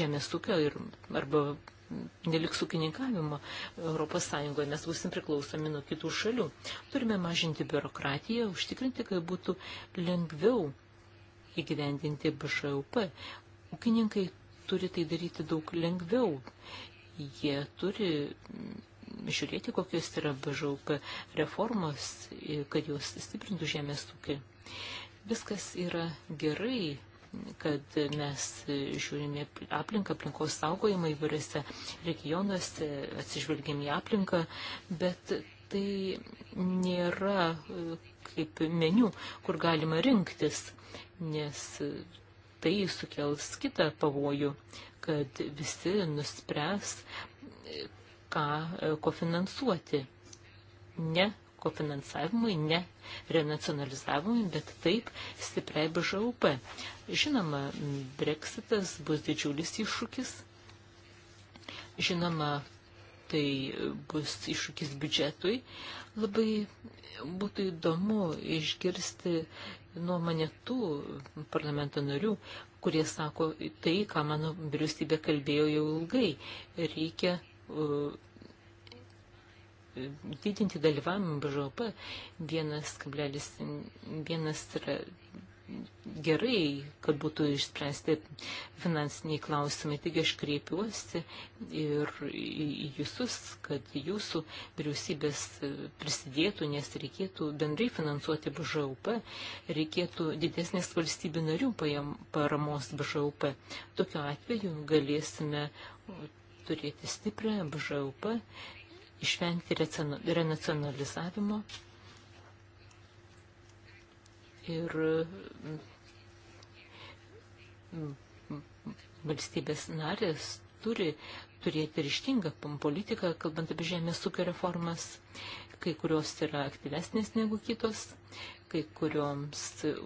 žemės ūkio ir, arba neliks ūkininkavimo Europos Sąjungoje, mes būsim priklausomi nuo kitų šalių. Turime mažinti biurokratiją, užtikrinti, kad būtų lengviau įgyvendinti BŽUP. Ūkininkai turi tai daryti daug lengviau. Jie turi žiūrėti, kokios yra BŽUP reformos, kad jos stiprintų žemės ūkį. Viskas yra gerai kad mes žiūrime aplinką, aplinkos saugojimą įvairiose regionuose, atsižvelgėm į aplinką, bet tai nėra e, kaip meniu, kur galima rinktis, nes tai sukels kitą pavojų, kad visi nuspręs, e, ką e, kofinansuoti. Ne kofinansavimui, ne renacionalizavimui, bet taip stipriai BŽUP. Žinoma, Brexitas bus didžiulis iššūkis. Žinoma, tai bus iššūkis biudžetui. Labai būtų įdomu išgirsti nuomonę tų parlamento narių, kurie sako tai, ką mano vyriausybė kalbėjo jau ilgai. Reikia uh, didinti dalyvavimą BŽP, vienas kablelis, vienas yra gerai, kad būtų išspręsti finansiniai klausimai. Taigi aš kreipiuosi ir į jūsus, kad jūsų vyriausybės prisidėtų, nes reikėtų bendrai finansuoti BŽUP, reikėtų didesnės valstybių narių paramos BŽUP. Tokiu atveju galėsime turėti stiprią BŽUP išvengti renacionalizavimo ir mm, mm, valstybės narės turi turėti ryštingą politiką, kalbant apie žemės ūkio reformas, kai kurios yra aktyvesnės negu kitos, kai kurioms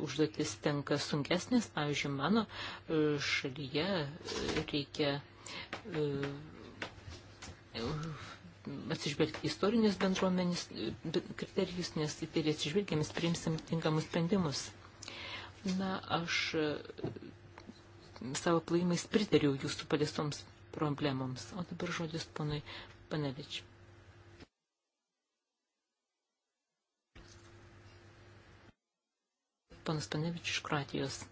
užduotis tenka sunkesnės, pavyzdžiui, mano e, šalyje reikia e, atsižvelgti istorinės bendruomenės e, kriterijus, nes į tai atsižvelgiam, mes priimsim tinkamus sprendimus. Na, aš e, savo plojimais pritariau jūsų paliestoms problemoms. O dabar žodis ponui Panevičiu. Panas Panevičius iš Kroatijos.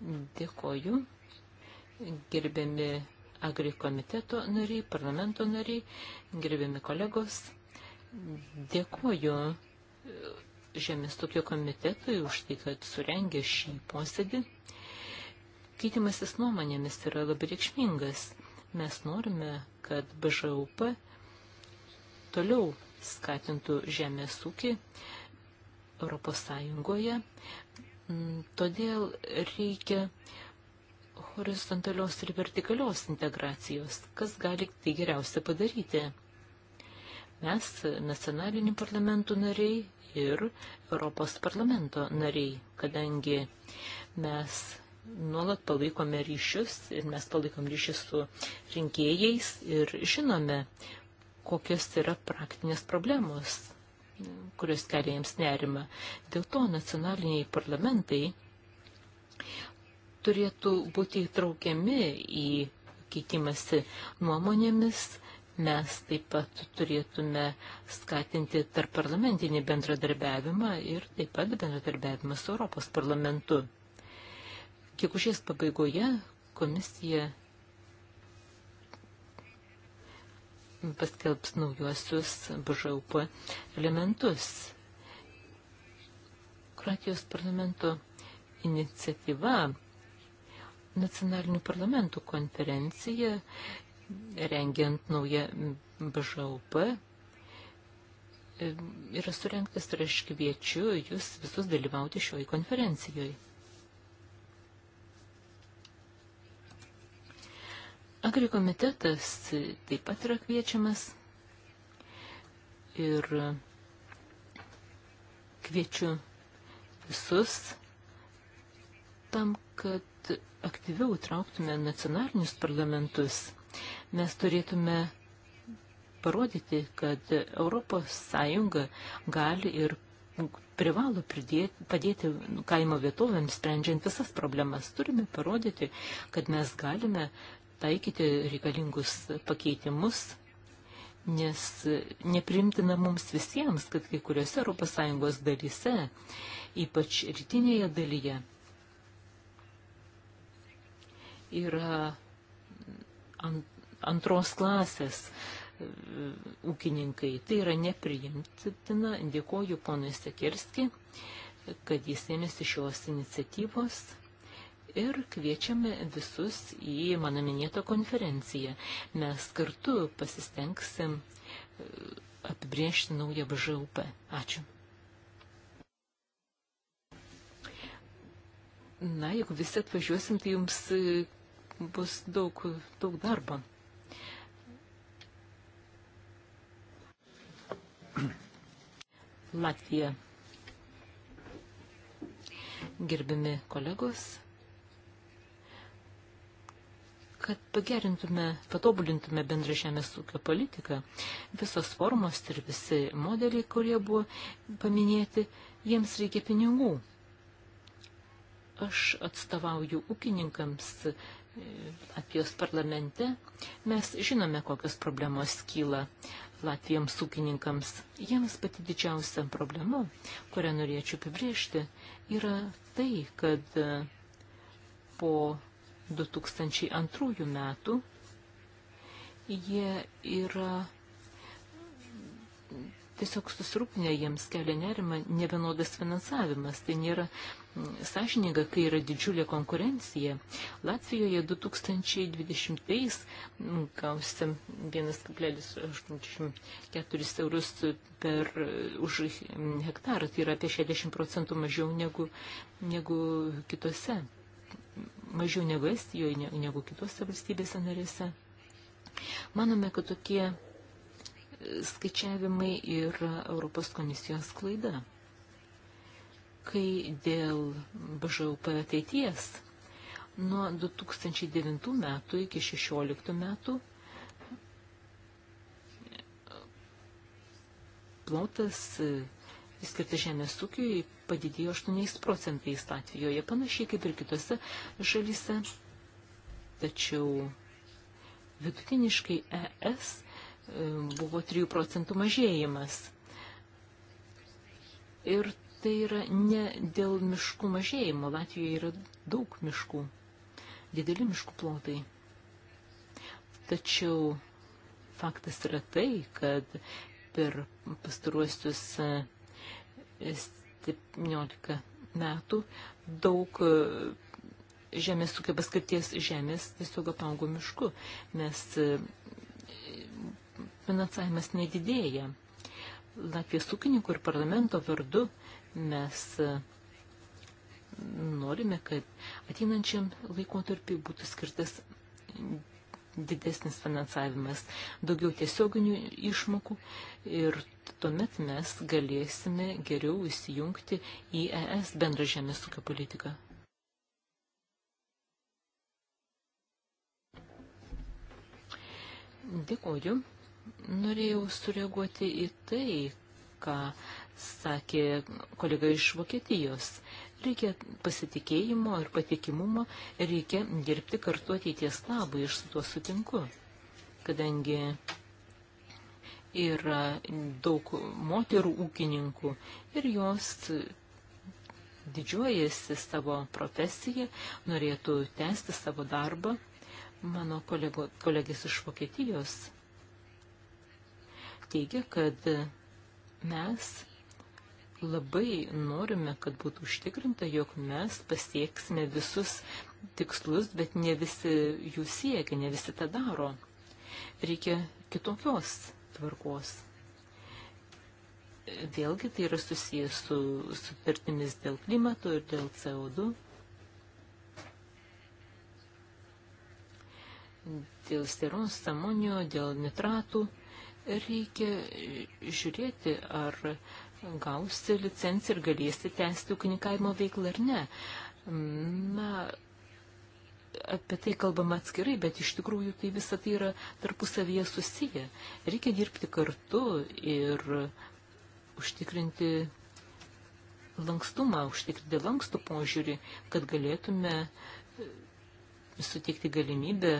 Dėkoju gerbiami agrikomiteto nariai, parlamento nariai, gerbiami kolegos. Dėkuoju e, Žemės tokio komitetui už tai, kad surengė šį posėdį. Keitimasis nuomonėmis yra labai reikšmingas. Mes norime, kad BŽUP toliau skatintų žemės ūkį Europos Sąjungoje. Todėl reikia horizontalios ir vertikalios integracijos, kas gali tai geriausia padaryti. Mes, nacionalinių parlamentų nariai ir Europos parlamento nariai, kadangi mes nuolat palaikome ryšius ir mes palaikom ryšius su rinkėjais ir žinome, kokios yra praktinės problemos, kurios kelia jiems nerima. Dėl to nacionaliniai parlamentai turėtų būti įtraukiami į keitimąsi nuomonėmis. Mes taip pat turėtume skatinti tarp parlamentinį bendradarbiavimą ir taip pat bendradarbiavimą su Europos parlamentu. Kiekušės pabaigoje komisija paskelbs naujuosius BŽUP elementus. Kroatijos parlamento iniciatyva nacionalinių parlamentų konferencija, rengiant naują BŽOP, yra surinktas ir aš kviečiu jūs visus dalyvauti šioj konferencijoje. Agri komitetas taip pat yra kviečiamas ir kviečiu visus tam, kad kad aktyviau trauktume nacionalinius parlamentus, mes turėtume parodyti, kad Europos Sąjunga gali ir privalo pridėti, padėti kaimo vietovėms, sprendžiant visas problemas. Turime parodyti, kad mes galime taikyti reikalingus pakeitimus, nes neprimtina mums visiems, kad kai kuriuose ES dalyse, ypač rytinėje dalyje, yra antros klasės e, ūkininkai. Tai yra nepriimtina. Dėkoju ponui Sekirski, kad jis ėmėsi šios iniciatyvos ir kviečiame visus į mano minėtą konferenciją. Mes kartu pasistengsim e, apibriežti naują BŽUP. Ačiū. Na, jeigu visi atvažiuosim, tai jums bus daug, daug darbo. Latvija. Gerbiami kolegos, kad pagerintume, patobulintume bendrą žemės ūkio politiką, visos formos ir visi modeliai, kurie buvo paminėti, jiems reikia pinigų. Aš atstovauju ūkininkams apie jos parlamente, mes žinome, kokios problemos kyla Latvijams ūkininkams. Jiems pati didžiausia problema, kurią norėčiau apibriežti, yra tai, kad e, po 2002 metų jie yra tiesiog susirūpinę jiems kelia nerima nevienodas finansavimas. Tai nėra sąžininga, kai yra didžiulė konkurencija. Latvijoje 2020 gausim 1,84 eurus per, už hektarą, tai yra apie 60 procentų mažiau negu, negu kitose, mažiau negu Estijoje, negu kitose valstybėse narėse. Manome, kad tokie skaičiavimai yra Europos komisijos klaida. Kai dėl BŽUP ateities, nuo 2009 metų iki 2016 metų plotas e, skirtas žemės ūkiui padidėjo 8 procentais Latvijoje, panašiai kaip ir kitose šalyse. Tačiau vidutiniškai ES e, buvo 3 procentų mažėjimas. Ir tai yra ne dėl miškų mažėjimo. Latvijoje yra daug miškų, dideli miškų plotai. Tačiau faktas yra tai, kad per pastaruosius 17 e, metų daug e, žemės ūkio paskirties žemės tiesiog apango mišku, nes e, finansavimas nedidėja. Latvijos ūkininkų ir parlamento vardu mes e, norime, kad ateinančiam laikotarpiu būtų skirtas didesnis finansavimas, daugiau tiesioginių išmokų ir tuomet mes galėsime geriau įsijungti į ES bendrą žemės ūkio politiką. Dėkoju. Norėjau sureaguoti į tai, ką sakė kolega iš Vokietijos. Reikia pasitikėjimo ir patikimumo, reikia dirbti kartu ateities labai, aš su tuo sutinku. Kadangi yra daug moterų ūkininkų ir jos didžiuojasi savo profesiją, norėtų tęsti savo darbą. Mano kolego, kolegis iš Vokietijos teigia, kad mes labai norime, kad būtų užtikrinta, jog mes pasieksime visus tikslus, bet ne visi jų siekia, ne visi tą daro. Reikia kitokios tvarkos. Vėlgi tai yra susijęs su sutartimis dėl klimato ir dėl CO2. Dėl steron, samonio, dėl nitratų reikia žiūrėti, ar gausi licenciją ir galėsi tęsti ūkininkavimo veiklą ar ne. Na, apie tai kalbama atskirai, bet iš tikrųjų tai visą tai yra tarpusavyje susiję. Reikia dirbti kartu ir užtikrinti lankstumą, užtikrinti lankstų požiūrį, kad galėtume suteikti galimybę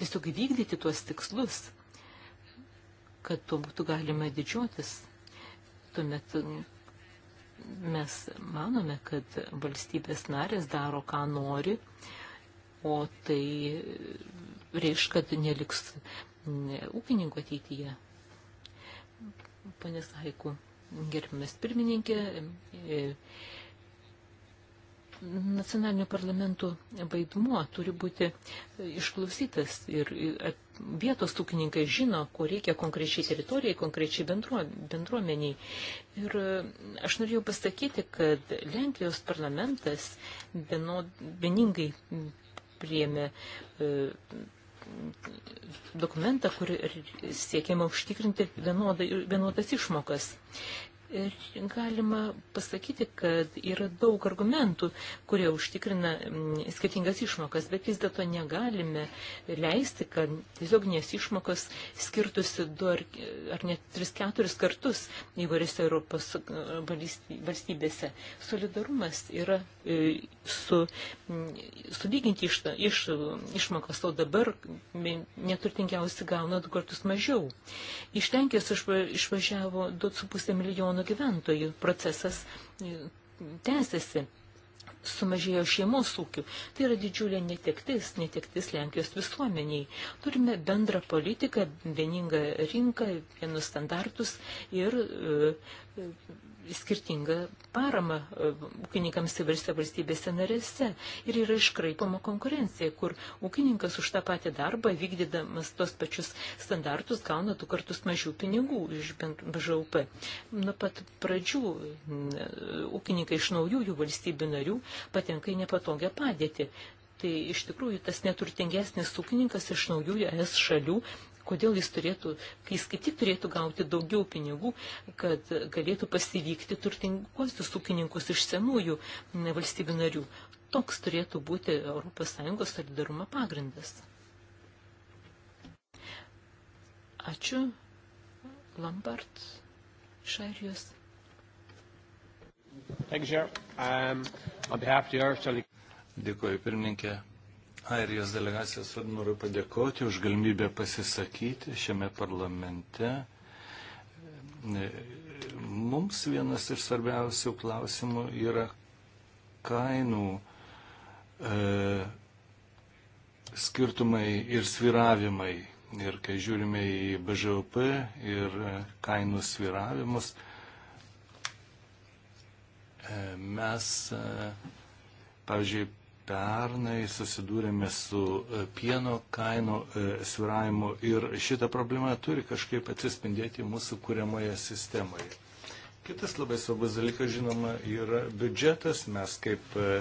tiesiog vykdyti tuos tikslus kad tuo būtų galima didžiuotis. Tuomet mes manome, kad valstybės narės daro, ką nori, o tai reiškia, kad neliks ūkininkų ateityje. Pane Saiku, gerbimas pirmininkė, e, nacionalinio parlamento vaidmuo turi būti išklausytas ir vietos ūkininkai žino, ko reikia konkrečiai teritorijai, konkrečiai bendruomeniai. Ir e, aš norėjau pasakyti, kad Lenkijos parlamentas vieningai priėmė e, dokumentą, kur siekiama užtikrinti vienodai, vienodas išmokas galima pasakyti, kad yra daug argumentų, kurie užtikrina mm, skirtingas išmokas, bet vis dėlto negalime leisti, kad tiesioginės išmokos skirtusi du ar, ar net tris, keturis kartus įvairiose Europos e, valstybėse. Solidarumas yra e, su, mm, sulyginti iš, iš, išmokas, o dabar neturtingiausi gauna du kartus mažiau. Iš Lenkijos išvažiavo 2,5 milijono milijonų gyventojų. Procesas e, tęsiasi. Sumažėjo šeimos ūkių. Tai yra didžiulė netektis, netektis Lenkijos visuomeniai. Turime bendrą politiką, vieningą rinką, vienus standartus ir e, skirtingą paramą e, ūkininkams įvairiose valstybėse narėse ir yra iškraipama konkurencija, kur ūkininkas už tą patį darbą, vykdydamas tos pačius standartus, gauna du kartus mažiau pinigų iš BŽUP. Nuo pat pradžių ūkininkai iš naujųjų valstybių narių patenka į nepatogią padėtį tai iš tikrųjų tas neturtingesnis ūkininkas iš naujųjų ES šalių kodėl jis turėtų, jis kaip tik turėtų gauti daugiau pinigų, kad galėtų pasivykti turtinguosius ūkininkus iš senųjų mm, valstybių narių. Toks turėtų būti ES solidarumo pagrindas. Ačiū, Lambert iš Airijos. Um, Dėkuoju, pirmininkė. Airijos delegacijos vadu noriu padėkoti už galimybę pasisakyti šiame parlamente. Mums vienas iš svarbiausių klausimų yra kainų e, skirtumai ir sviravimai. Ir kai žiūrime į BŽOP ir kainų sviravimus, e, mes, e, pavyzdžiui, pernai susidūrėme su e, pieno kainų e, sviravimu ir šita problema turi kažkaip atsispindėti mūsų kuriamoje sistemoje. Kitas labai svarbus dalykas, žinoma, yra biudžetas. Mes kaip e,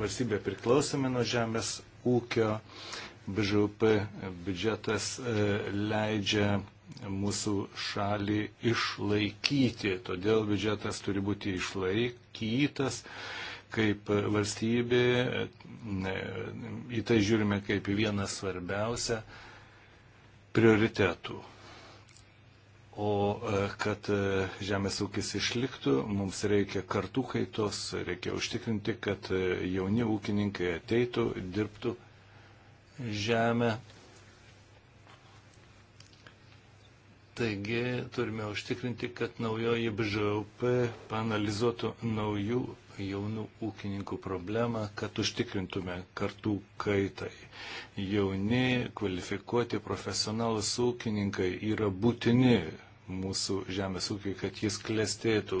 valstybė priklausome nuo žemės ūkio. BŽP biudžetas leidžia mūsų šalį išlaikyti, todėl biudžetas turi būti išlaikytas kaip valstybė, į tai žiūrime kaip į vieną svarbiausią prioritetų. O e, kad e, žemės ūkis išliktų, mums reikia kartų kaitos, reikia užtikrinti, kad e, jauni ūkininkai ateitų, dirbtų žemę. Taigi turime užtikrinti, kad naujoji BŽUP panalizuotų naujų jaunų ūkininkų problemą, kad užtikrintume kartų kaitai. Jauni, kvalifikuoti, profesionalus ūkininkai yra būtini mūsų žemės ūkiai, kad jis klestėtų.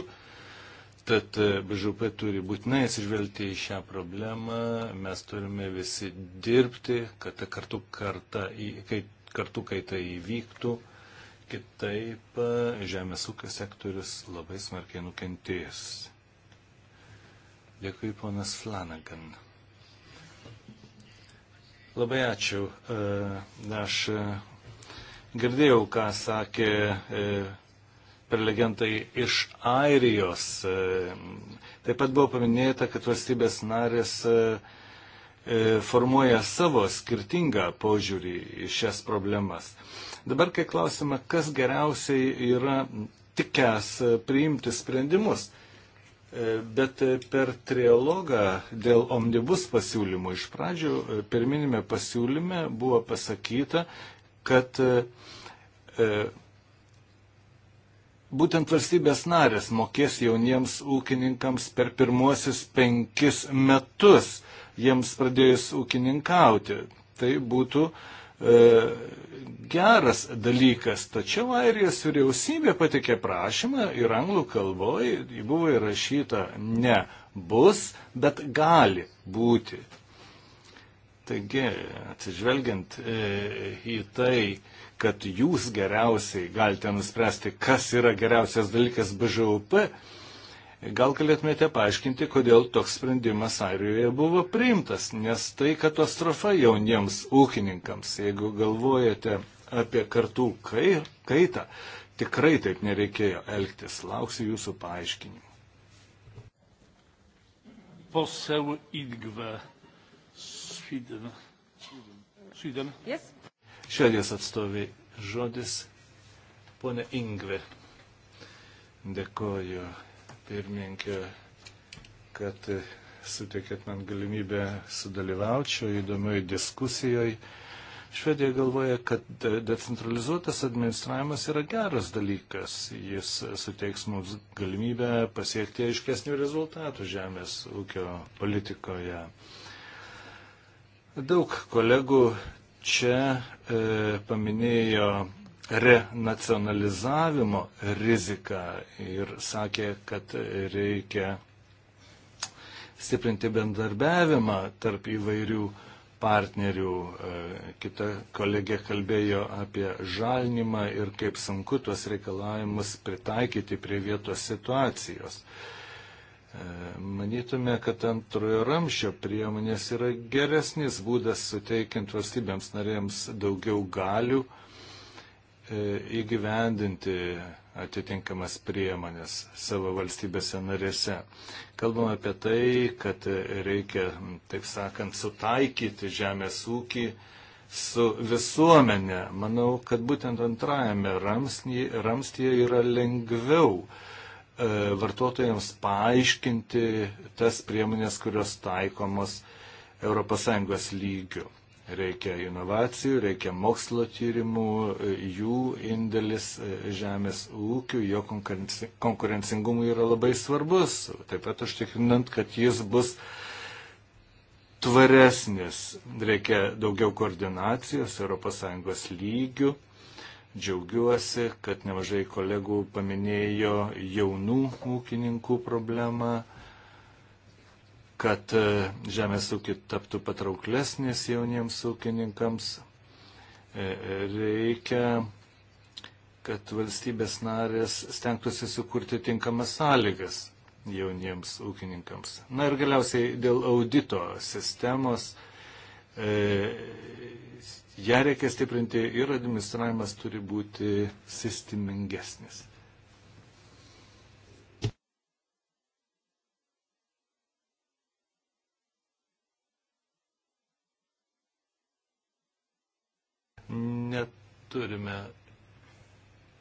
Tad e, BŽP turi būtinai atsižvelgti į šią problemą, mes turime visi dirbti, kad ta kartų, karta, kai, kartų kaita įvyktų, kitaip e, žemės ūkio sektorius labai smarkiai nukentės. Dėkui, ponas Flanagan. Labai ačiū. E, aš e, girdėjau, ką sakė e, prelegentai iš Airijos. Taip pat buvo paminėta, kad valstybės narės formuoja savo skirtingą požiūrį į šias problemas. Dabar, kai klausime, kas geriausiai yra tikęs priimti sprendimus, E, bet e, per trialogą dėl omnibus pasiūlymų iš pradžių e, pirminėme pasiūlyme buvo pasakyta, kad būtent valstybės narės mokės jauniems ūkininkams per pirmuosius penkis metus jiems pradėjus ūkininkauti. Tai būtų uh, E, geras dalykas, tačiau Airijos vyriausybė patikė prašymą ir anglų kalboje buvo įrašyta ne bus, bet gali būti. Taigi, atsižvelgiant e, į tai, kad jūs geriausiai galite nuspręsti, kas yra geriausias dalykas BŽUP, Gal galėtumėte paaiškinti, kodėl toks sprendimas Airijoje buvo priimtas, nes tai katastrofa jauniems ūkininkams. Jeigu galvojate apie kartų kai, kaitą, tikrai taip nereikėjo elgtis. Lauksiu jūsų paaiškinimų. Poseł Idgwe, Sweden. Sweden. Yes. Švedijos atstovė žodis, ponė Ingve. Dėkoju pirmininkė, kad sutikėt man galimybę sudalyvauti šioje įdomioje diskusijoje. Švedija galvoja, kad decentralizuotas administravimas yra geras dalykas. Jis suteiks mums galimybę pasiekti aiškesnių rezultatų žemės ūkio politikoje. Daug kolegų čia e, paminėjo renacionalizavimo riziką ir sakė, kad reikia stiprinti bendarbiavimą tarp įvairių partnerių. E, kita kolegė kalbėjo apie žalinimą ir kaip sunku tuos reikalavimus pritaikyti prie vietos situacijos. E, manytume, kad antrojo ramščio priemonės yra geresnis būdas suteikiant valstybėms narėms daugiau galių, uh, E, įgyvendinti atitinkamas priemonės savo valstybėse narėse. Kalbame apie tai, kad reikia, taip sakant, sutaikyti žemės ūkį su visuomenė. Manau, kad būtent antrajame ramstyje yra lengviau e, vartotojams paaiškinti tas priemonės, kurios taikomos ES lygių. Reikia inovacijų, reikia mokslo tyrimų, jų indėlis e, žemės ūkių, jo konkurencingumui yra labai svarbus, taip pat užtikrinant, kad jis bus tvaresnis. Reikia daugiau koordinacijos ES lygių. Džiaugiuosi, kad nemažai kolegų paminėjo jaunų ūkininkų problemą kad e, žemės ūkį taptų patrauklesnis jauniems ūkininkams. E, e, reikia, kad valstybės narės stengtųsi sukurti tinkamas sąlygas jauniems ūkininkams. Na ir galiausiai dėl audito sistemos. Ja reikia stiprinti ir administravimas turi būti sistemingesnis. neturime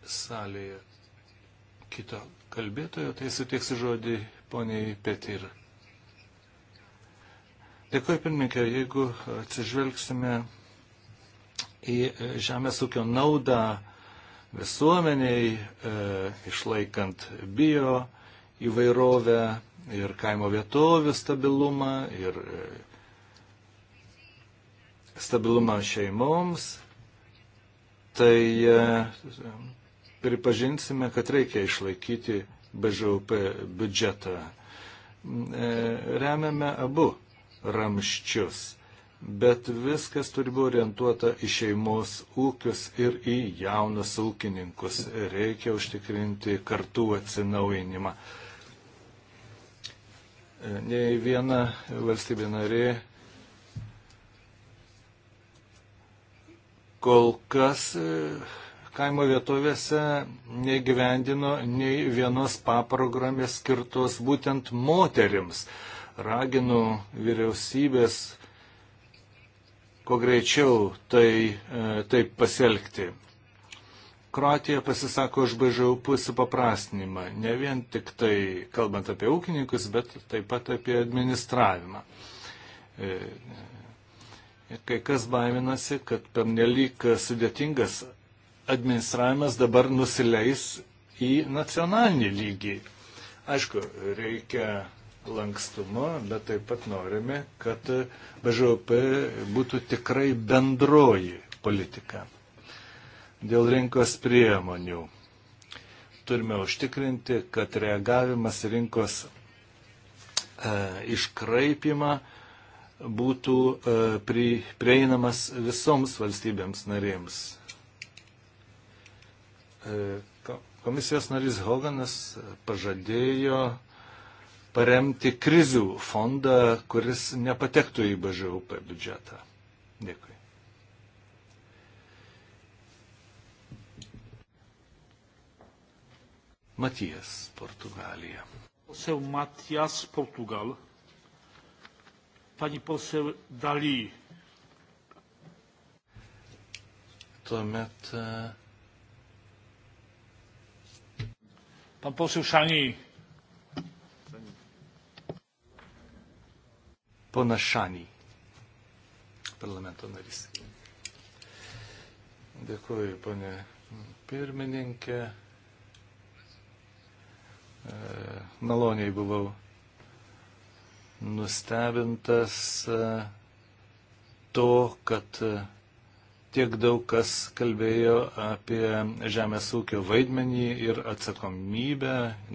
salėje kito kalbėtojo, tai suteiksiu žodį poniai Petir. Dėkuoju, pirmininkė, jeigu atsižvelgsime į žemės ūkio naudą visuomeniai, e, išlaikant bio įvairovę ir kaimo vietovių stabilumą ir e, stabilumą šeimoms, tai e, pripažinsime, kad reikia išlaikyti BŽUP biudžetą. Mm, e, remiame abu ramščius, bet viskas turi būti orientuota į šeimos ūkius ir į jaunus ūkininkus. Reikia užtikrinti kartų atsinaujinimą. E, nei viena valstybė narė kol kas e, kaimo vietovėse negyvendino nei vienos paprogramės skirtos būtent moterims. Raginu vyriausybės kuo greičiau tai, e, taip pasielgti. Kroatija pasisako už BŽUP supaprastinimą, ne vien tik tai kalbant apie ūkininkus, bet taip pat apie administravimą. E, Kai kas baiminasi, kad pernelyg sudėtingas administravimas dabar nusileis į nacionalinį lygį. Aišku, reikia lankstumo, bet taip pat norime, kad BŽOP būtų tikrai bendroji politika. Dėl rinkos priemonių turime užtikrinti, kad reagavimas rinkos e, iškraipimą e, būtų e, prieinamas visoms valstybėms narėms. E, komisijos narys Hoganas pažadėjo paremti krizių fondą, kuris nepatektų į BŽUP biudžetą. Dėkui. Matijas, Portugalija. Poseł Matias, Portugal. Pani poseł Dali. Tuomet. E, Pan poseł Szani. Pana Šani, parlamento narys. Dėkuoju, ponė pirmininkė. Maloniai e, buvau nustebintas e, to, kad e, tiek daug kas kalbėjo apie žemės ūkio vaidmenį ir atsakomybę,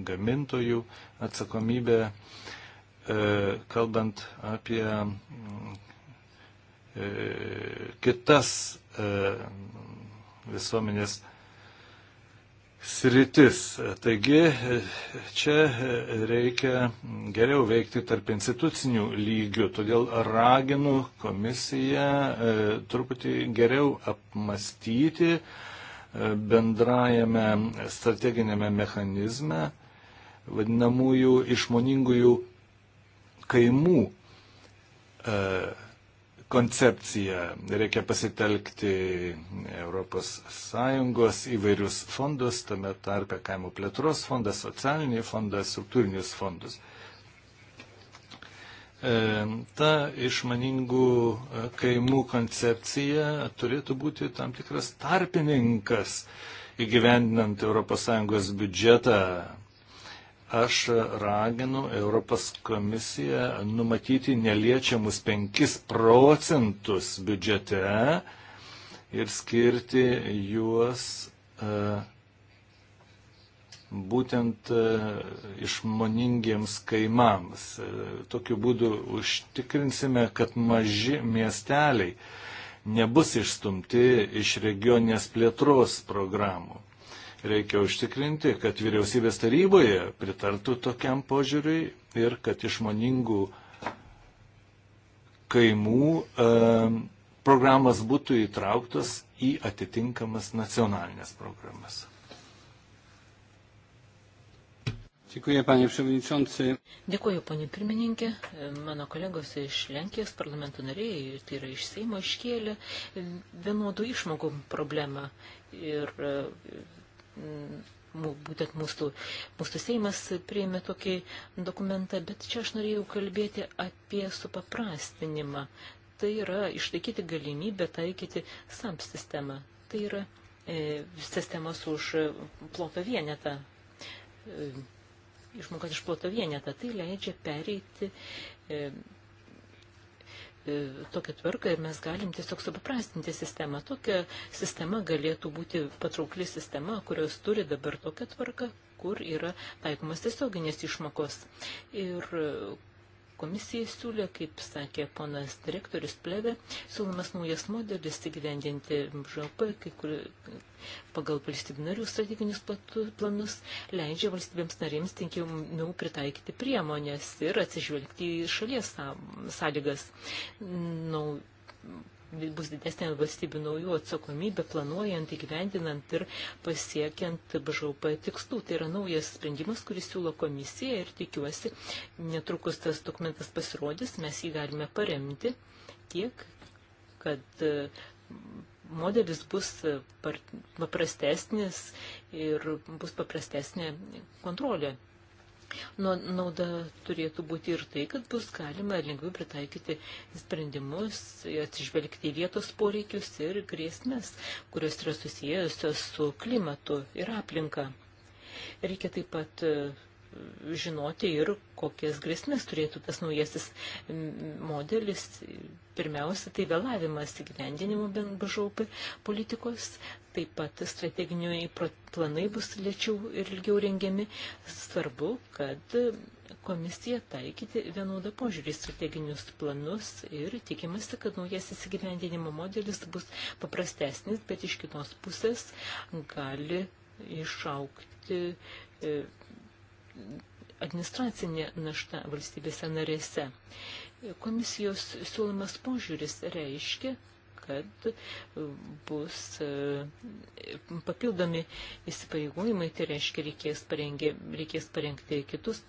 gamintojų atsakomybę, e, kalbant apie kitas visuomenės sritis. Taigi čia reikia geriau veikti tarp institucinių lygių, todėl raginu komisiją e, truputį geriau apmastyti e, bendrajame strateginėme mechanizme vadinamųjų išmoningųjų kaimų e, koncepciją. Reikia pasitelkti ES įvairius fondus, tame tarpe kaimo plėtros fondas, socialinį fondą, struktūrinius fondus. E, ta išmaningų kaimų koncepcija turėtų būti tam tikras tarpininkas įgyvendinant ES biudžetą aš raginu Europos komisiją numatyti neliečiamus 5 procentus biudžete ir skirti juos e, būtent e, išmoningiems kaimams. E, tokiu būdu užtikrinsime, kad maži miesteliai nebus išstumti iš regioninės plėtros programų. Reikia užtikrinti, kad vyriausybės taryboje pritartų tokiam požiūriui ir kad išmoningų kaimų e, programas būtų įtrauktos į atitinkamas nacionalinės programas. Dziękuję, panie przewodniczący. Dziękuję, panie pirmininkė. Mano kolegos iš Lenkijos parlamento nariai, tai yra iš Seimo, iškėlė vienodų išmokų problemą. Ir Mm, būtent mūsų, mūsų Seimas priėmė tokį dokumentą, bet čia aš norėjau kalbėti apie supaprastinimą. Tai yra išlaikyti galimybę taikyti SAM sistemą. Tai yra e, sistemas už ploto vienetą. E, Išmokas iš ploto vienetą. Tai leidžia pereiti e, E, tokią tvarką ir mes galim tiesiog supaprastinti sistemą. Tokia sistema galėtų būti patraukli sistema, kurios turi dabar tokią tvarką, kur yra taikomas tiesioginės išmokos ir komisija siūlė, kaip sakė ponas direktorius Plevė, siūlomas naujas modelis įgyvendinti BŽP, kai kur pagal valstybinarių strateginius planus leidžia valstybėms narėms tinkimiau nu, pritaikyti priemonės ir atsižvelgti į šalies sąlygas. Nau, bus didesnė valstybių naujų atsakomybė planuojant, įgyvendinant ir pasiekiant BŽP tikslų. Tai yra naujas sprendimas, kurį siūlo komisija ir tikiuosi, netrukus tas dokumentas pasirodys, mes jį galime paremti tiek, kad e, modelis bus paprastesnis ir bus paprastesnė kontrolė Nu, nauda turėtų būti ir tai, kad bus galima lengviau pritaikyti sprendimus, atsižvelgti į vietos poreikius ir grėsmės, kurios yra susijusios su klimatu ir aplinka. Reikia taip pat e, žinoti ir kokias grėsmės turėtų tas naujasis modelis Pirmiausia, tai vėlavimas įgyvendinimo BŽP politikos, taip pat strateginiai planai bus lėčiau ir ilgiau rengiami. Svarbu, kad komisija taikyti vienodą požiūrį strateginius planus ir tikimasi, kad naujasis įgyvendinimo modelis bus paprastesnis, bet iš kitos pusės gali išaukti e, administracinė našta valstybėse narėse. Komisijos siūlomas požiūris reiškia, kad e, bus e, papildomi įsipareigojimai, tai reiškia reikės, parengė, reikės parengti kitus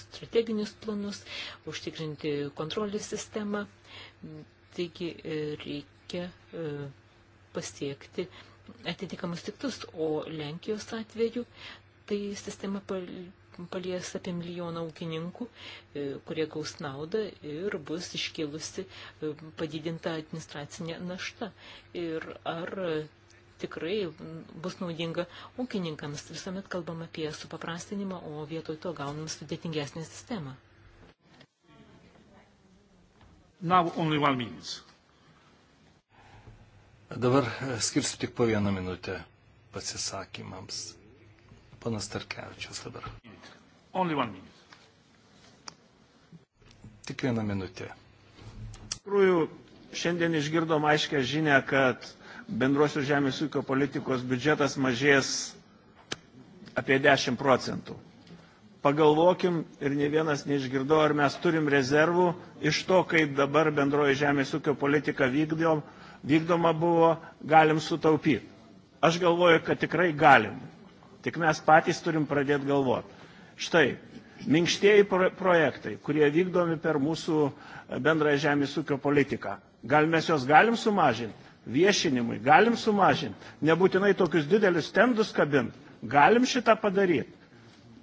strateginius planus, užtikrinti kontrolės sistemą, taigi e, reikia pasiekti atitikamus tiktus, o Lenkijos atveju tai sistema palies apie milijoną ūkininkų, e, kurie gaus naudą ir bus iškilusi e, padidinta administracinė našta. Ir ar tikrai bus naudinga ūkininkams, visuomet kalbam apie supaprastinimą, o vietoj to gaunam sudėtingesnę sistemą. Now only one minute. Dabar e, skirsiu tik po vieną minutę pasisakymams. Panas Tarkevičius dabar. Tik vieną minutę. Krųjų, šiandien išgirdom aiškę žinę, kad bendrosios žemės ūkio politikos biudžetas mažės apie 10 procentų. Pagalvokim ir ne vienas neišgirdo, ar mes turim rezervų iš to, kaip dabar bendroji žemės ūkio politika vykdom, vykdoma buvo, galim sutaupyti. Aš galvoju, kad tikrai galim. Tik mes patys turim pradėti galvoti. Štai, minkštieji projektai, kurie vykdomi per mūsų e, bendrą žemės ūkio politiką. Gal mes juos galim sumažinti? Viešinimui galim sumažinti. Nebūtinai tokius didelius stendus kabint. Galim šitą padaryti.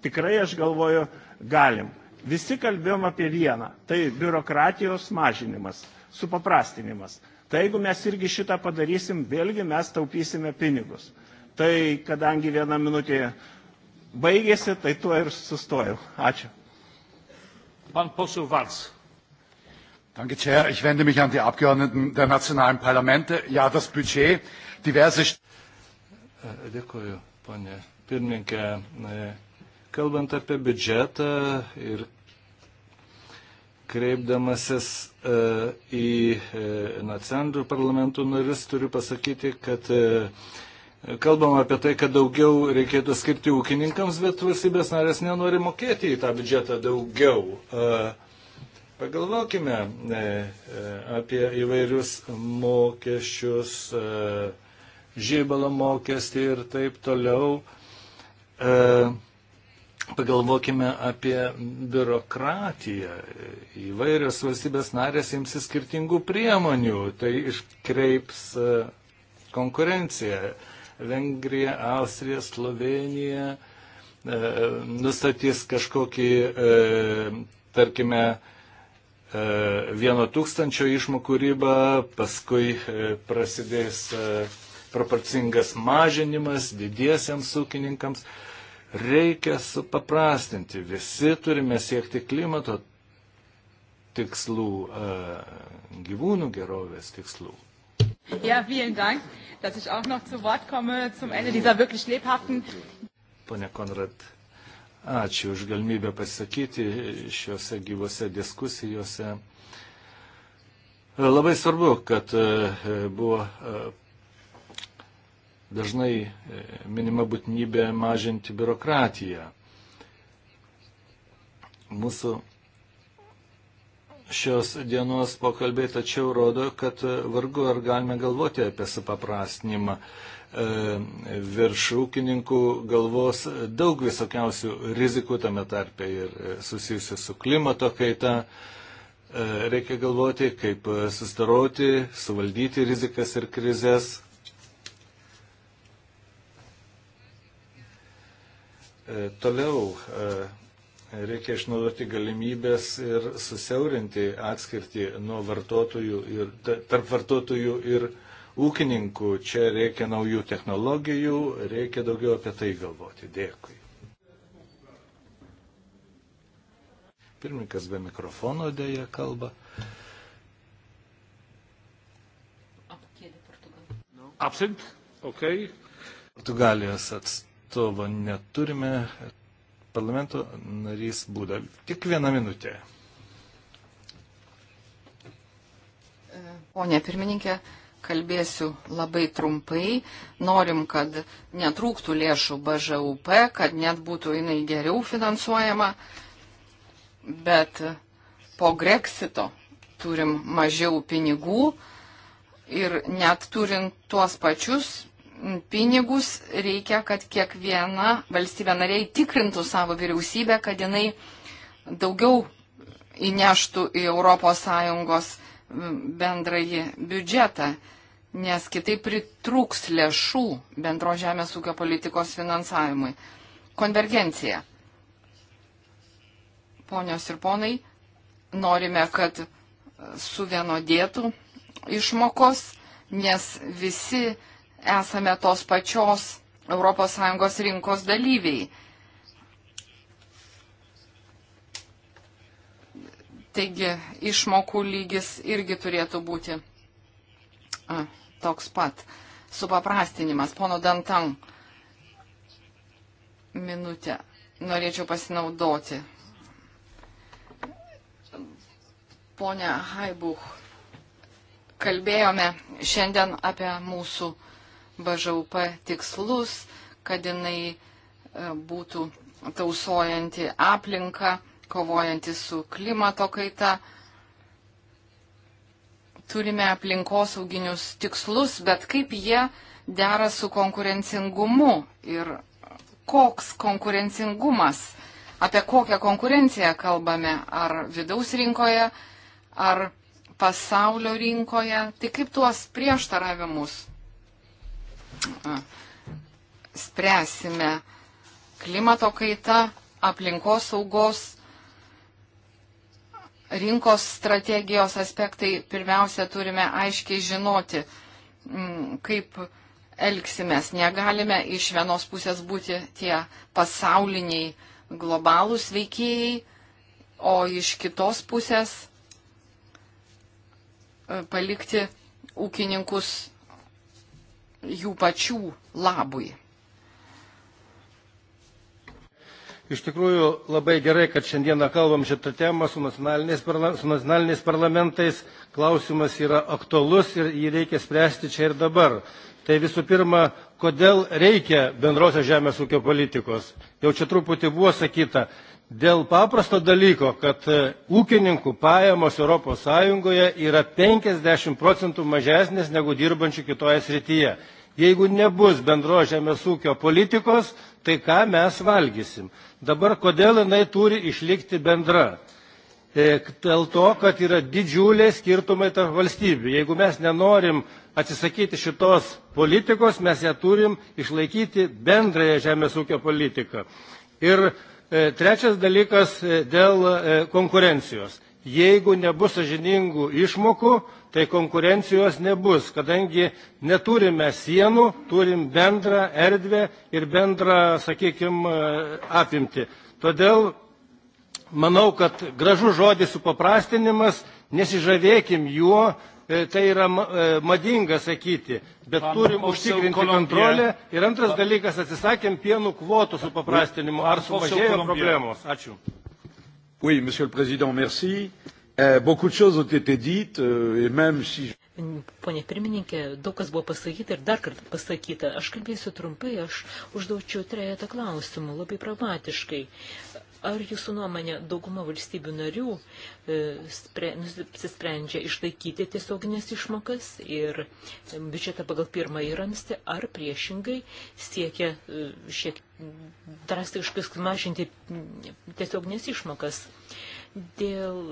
Tikrai aš galvoju, galim. Visi kalbėjom apie vieną. Tai biurokratijos mažinimas, supaprastinimas. Tai jeigu mes irgi šitą padarysim, vėlgi mes taupysime pinigus. Tai kadangi viena minutė baigėsi, tai tuo ir sustojau. Ačiū. Pan posūl Vars. Danke, Chair. Ich wende mich an die Abgeordneten der nationalen Parlamente. Ja, das Budget diverse. Dėkuoju, ponė pirmininkė. Kalbant apie biudžetą ir kreipdamasis e, į e, nacionalinių parlamentų narius, turiu pasakyti, kad e, kalbam apie tai, kad daugiau reikėtų skirti ūkininkams, bet valstybės narės nenori mokėti į tą biudžetą daugiau. Pagalvokime e, e, apie įvairius mokesčius, e, žybalo mokestį ir taip toliau. Pagalvokime apie biurokratiją. Įvairios valstybės narės imsis skirtingų priemonių. Tai iškreips konkurenciją. Vengrija, Austrija, Slovenija e, nustatys kažkokį, e, tarkime, e, vieno tūkstančio išmokų ribą, paskui prasidės proporcingas mažinimas didiesiams ūkininkams. Reikia supaprastinti, visi turime siekti klimato tikslų, gyvūnų gerovės tikslų. Ja, vielen Dank dass ich auch noch zu Wort komme zum Ende dieser wirklich lebhaften. Pone Konrad, ačiū už galimybę pasisakyti šiuose gyvose diskusijose. Labai svarbu, kad e, buvo e, dažnai e, minima būtinybė mažinti biurokratiją. Mūsų šios dienos pokalbiai tačiau rodo, kad vargu ar galime galvoti apie supaprastinimą. E, virš ūkininkų galvos daug visokiausių rizikų tame tarpe ir e, susijusių su klimato kaita. E, reikia galvoti, kaip sustaroti, suvaldyti rizikas ir krizės, Toliau Reikia išnaudoti galimybės ir susiaurinti atskirtį nuo vartotojų ir tarp vartotojų ir ūkininkų. Čia reikia naujų technologijų, reikia daugiau apie tai galvoti. Dėkui. Pirmininkas be mikrofono dėja kalba. Absent, ok. Portugalijos atstovo neturime, Parlamento narys būda. Tik vieną minutę. Pone pirmininkė, kalbėsiu labai trumpai. Norim, kad netrūktų lėšų BŽUP, kad net būtų jinai geriau finansuojama, bet po Brexito turim mažiau pinigų ir net turint tuos pačius pinigus, reikia, kad kiekviena valstybė nariai tikrintų savo vyriausybę, kad jinai daugiau įneštų į ES bendrąjį biudžetą, nes kitaip pritrūks lėšų bendro žemės ūkio politikos finansavimui. Konvergencija. Ponios ir ponai, norime, kad suvienodėtų išmokos, nes visi esame tos pačios ES rinkos dalyviai. Taigi išmokų lygis irgi turėtų būti a, toks pat. Supaprastinimas, pono Dantan, minutę norėčiau pasinaudoti. Pone Haibuch, kalbėjome šiandien apie mūsų BŽUP tikslus, kad jinai e, būtų tausojanti aplinką, kovojanti su klimato kaita. Turime aplinkosauginius tikslus, bet kaip jie dera su konkurencingumu ir koks konkurencingumas, apie kokią konkurenciją kalbame, ar vidaus rinkoje, ar pasaulio rinkoje, tai kaip tuos prieštaravimus spręsime klimato kaitą, aplinkos saugos, rinkos strategijos aspektai, pirmiausia, turime aiškiai žinoti, mm, kaip elgsimės. Negalime iš vienos pusės būti tie pasauliniai globalūs veikėjai, o iš kitos pusės e, palikti ūkininkus jų pačių labui. Iš tikrųjų labai gerai, kad šiandieną kalbam šitą temą su nacionaliniais, parla, su nacionaliniais parlamentais. Klausimas yra aktualus ir jį reikia spręsti čia ir dabar. Tai visų pirma, kodėl reikia bendrosios žemės ūkio politikos. Jau čia truputį buvo sakyta, dėl paprasto dalyko, kad e, ūkininkų pajamos ES yra 50 procentų mažesnės negu dirbančių kitoje srityje. Jeigu nebus bendro žemės ūkio politikos, tai ką mes valgysim? Dabar kodėl jinai turi išlikti bendra? E, dėl to, kad yra didžiuliai skirtumai tarp valstybių. Jeigu mes nenorim atsisakyti šitos politikos, mes ją turim išlaikyti bendrąją žemės ūkio politiką. Ir E, trečias dalykas e, dėl e, konkurencijos. Jeigu nebus sažiningų išmokų, tai konkurencijos nebus, kadangi neturime sienų, turim bendrą erdvę ir bendrą, sakykime, apimti. Todėl manau, kad gražus žodis supaprastinimas, nesižavėkim juo, E, tai yra e, madinga sakyti, bet turim užtikrinti kontrolę. Ir antras dalykas, atsisakėm pienų kvotų su paprastinimu. Ar sumažėjo problemos? Ačiū. Oui, Monsieur le Président, merci. Euh, beaucoup de choses ont été dites, euh, et même si... Je... Pone pirmininkė, daug kas buvo pasakyta ir dar kartą pasakyta. Aš kalbėsiu trumpai, aš užduočiau trejata klausimų, labai pragmatiškai. Ar jūsų nuomonė dauguma valstybių narių e, nusisprendžia išlaikyti tiesioginės išmokas ir e, biudžetą pagal pirmą įramstį, ar priešingai siekia e, šiek drastiškai mažinti tiesioginės išmokas dėl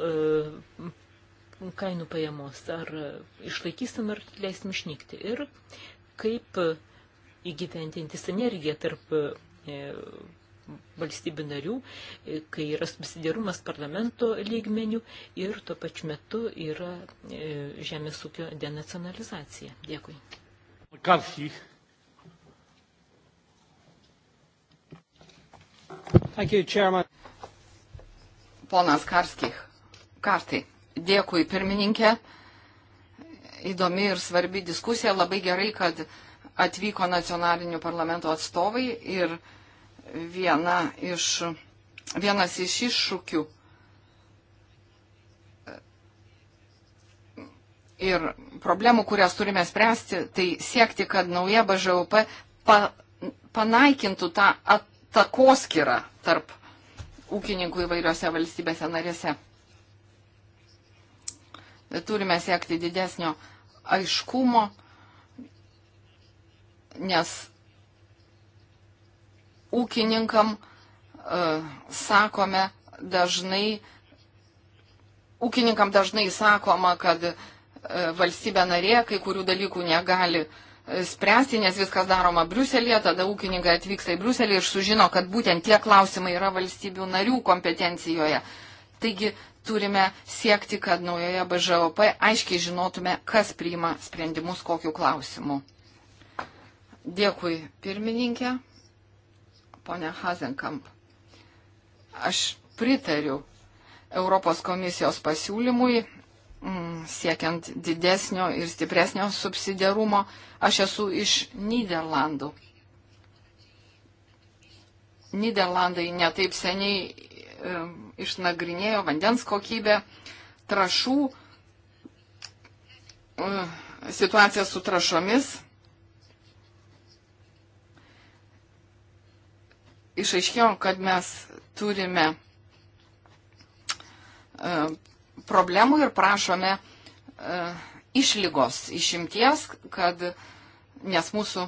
kainų pajamos, ar išlaikysim ar leisim išnykti ir kaip įgyventinti sinergiją tarp valstybių narių, e, kai yra subsidiarumas parlamento lygmenių ir tuo pačiu metu yra e, žemės ūkio denacionalizacija. Dėkui. McCarthy. Thank you, Chairman. Ponas Karskih. Kartai. Dėkui, pirmininkė. Įdomi ir svarbi diskusija. Labai gerai, kad atvyko nacionalinių parlamento atstovai ir uh, viena iš, vienas iš iššūkių. Ir problemų, kurias turime spręsti, tai siekti, kad nauja BŽUP pa, panaikintų tą takoskirą tarp ūkininkų įvairiose valstybėse narėse. Turime siekti didesnio aiškumo, nes ūkininkam e, sakome dažnai, ūkininkam dažnai sakoma, kad e, valstybė narė kai kurių dalykų negali e, spręsti, nes viskas daroma Briuselėje, tada ūkininkai atvyksta į Briuselį ir sužino, kad būtent tie klausimai yra valstybių narių kompetencijoje. Taigi turime siekti, kad naujoje BŽOP aiškiai žinotume, kas priima sprendimus kokiu klausimu. Dėkui, pirmininkė ponia Hazenkamp. Aš pritariu Europos komisijos pasiūlymui mm, siekiant didesnio ir stipresnio subsidiarumo. Aš esu iš Niderlandų. Niderlandai netaip seniai e, išnagrinėjo vandens kokybę, trašų, e, situaciją su trašomis išaiškėjo, kad mes turime e, problemų ir prašome e, išlygos išimties, kad nes mūsų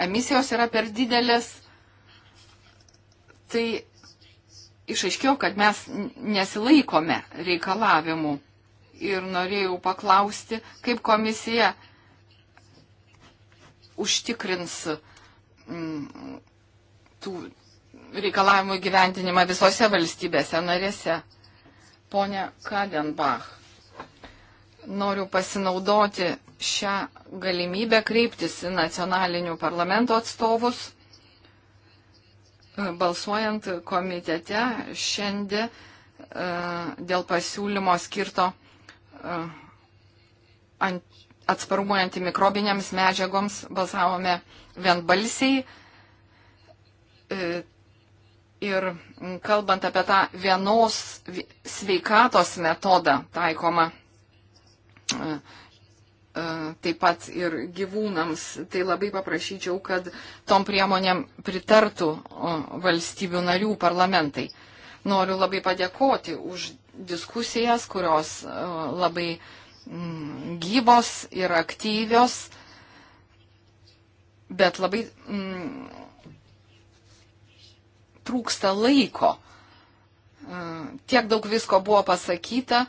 emisijos yra per didelės, tai išaiškėjo, kad mes nesilaikome reikalavimų. Ir norėjau paklausti, kaip komisija užtikrins tų reikalavimų įgyventinimą visose valstybėse narėse. Pone Kadenbach, noriu pasinaudoti šią galimybę kreiptis į nacionalinių parlamento atstovus. Balsuojant komitete šiandien e, dėl pasiūlymo skirto e, atsparumui antimikrobinėms medžiagoms balsavome vienbalsiai E, ir kalbant apie tą vienos sveikatos metodą taikomą e, e, taip pat ir gyvūnams, tai labai paprašyčiau, kad tom priemonėm pritartų valstybių narių parlamentai. Noriu labai padėkoti už diskusijas, kurios labai mm, gyvos ir aktyvios, bet labai mm, trūksta laiko. Mm, tiek daug visko buvo pasakyta.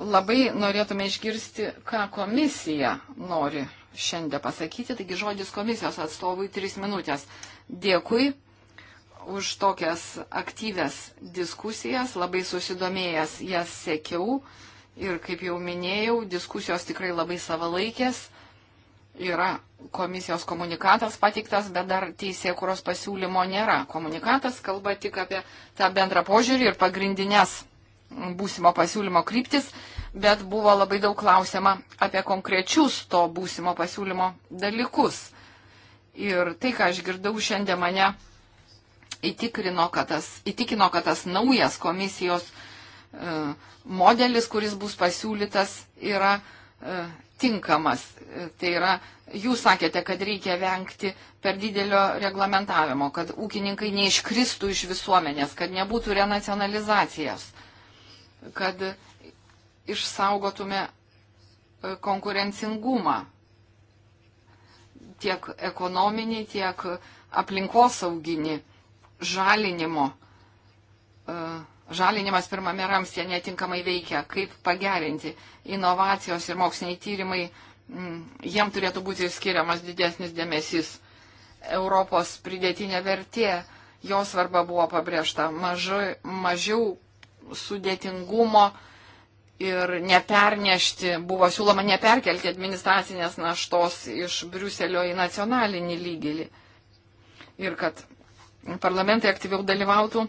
Labai norėtume išgirsti, ką komisija nori šiandien pasakyti. Taigi žodis komisijos atstovui trys minutės. Dėkui už tokias aktyves diskusijas. Labai susidomėjęs jas sekiau. Ir kaip jau minėjau, diskusijos tikrai labai savalaikės. Yra komisijos komunikatas pateiktas, bet dar teisė, kurios pasiūlymo nėra. Komunikatas kalba tik apie tą bendrą požiūrį ir pagrindinės būsimo pasiūlymo kryptis, bet buvo labai daug klausima apie konkrečius to būsimo pasiūlymo dalykus. Ir tai, ką aš girdau šiandien mane įtikrino, kad tas, įtikino, kad tas naujas komisijos e, modelis, kuris bus pasiūlytas, yra e, tinkamas. Tai yra, jūs sakėte, kad reikia vengti per didelio reglamentavimo, kad ūkininkai neiškristų iš visuomenės, kad nebūtų renacionalizacijos, kad išsaugotume e, konkurencingumą tiek ekonominį, tiek aplinkosauginį žalinimo. Uh, žalinimas pirmame ramstė netinkamai veikia, kaip pagerinti inovacijos ir moksliniai tyrimai, mm, jiem turėtų būti skiriamas didesnis dėmesys. Europos pridėtinė vertė, jos svarba buvo pabrėžta, mažai, mažiau sudėtingumo ir nepernešti, buvo siūloma neperkelti administracinės naštos iš Briuselio į nacionalinį lygį. Ir kad parlamentai aktyviau dalyvautų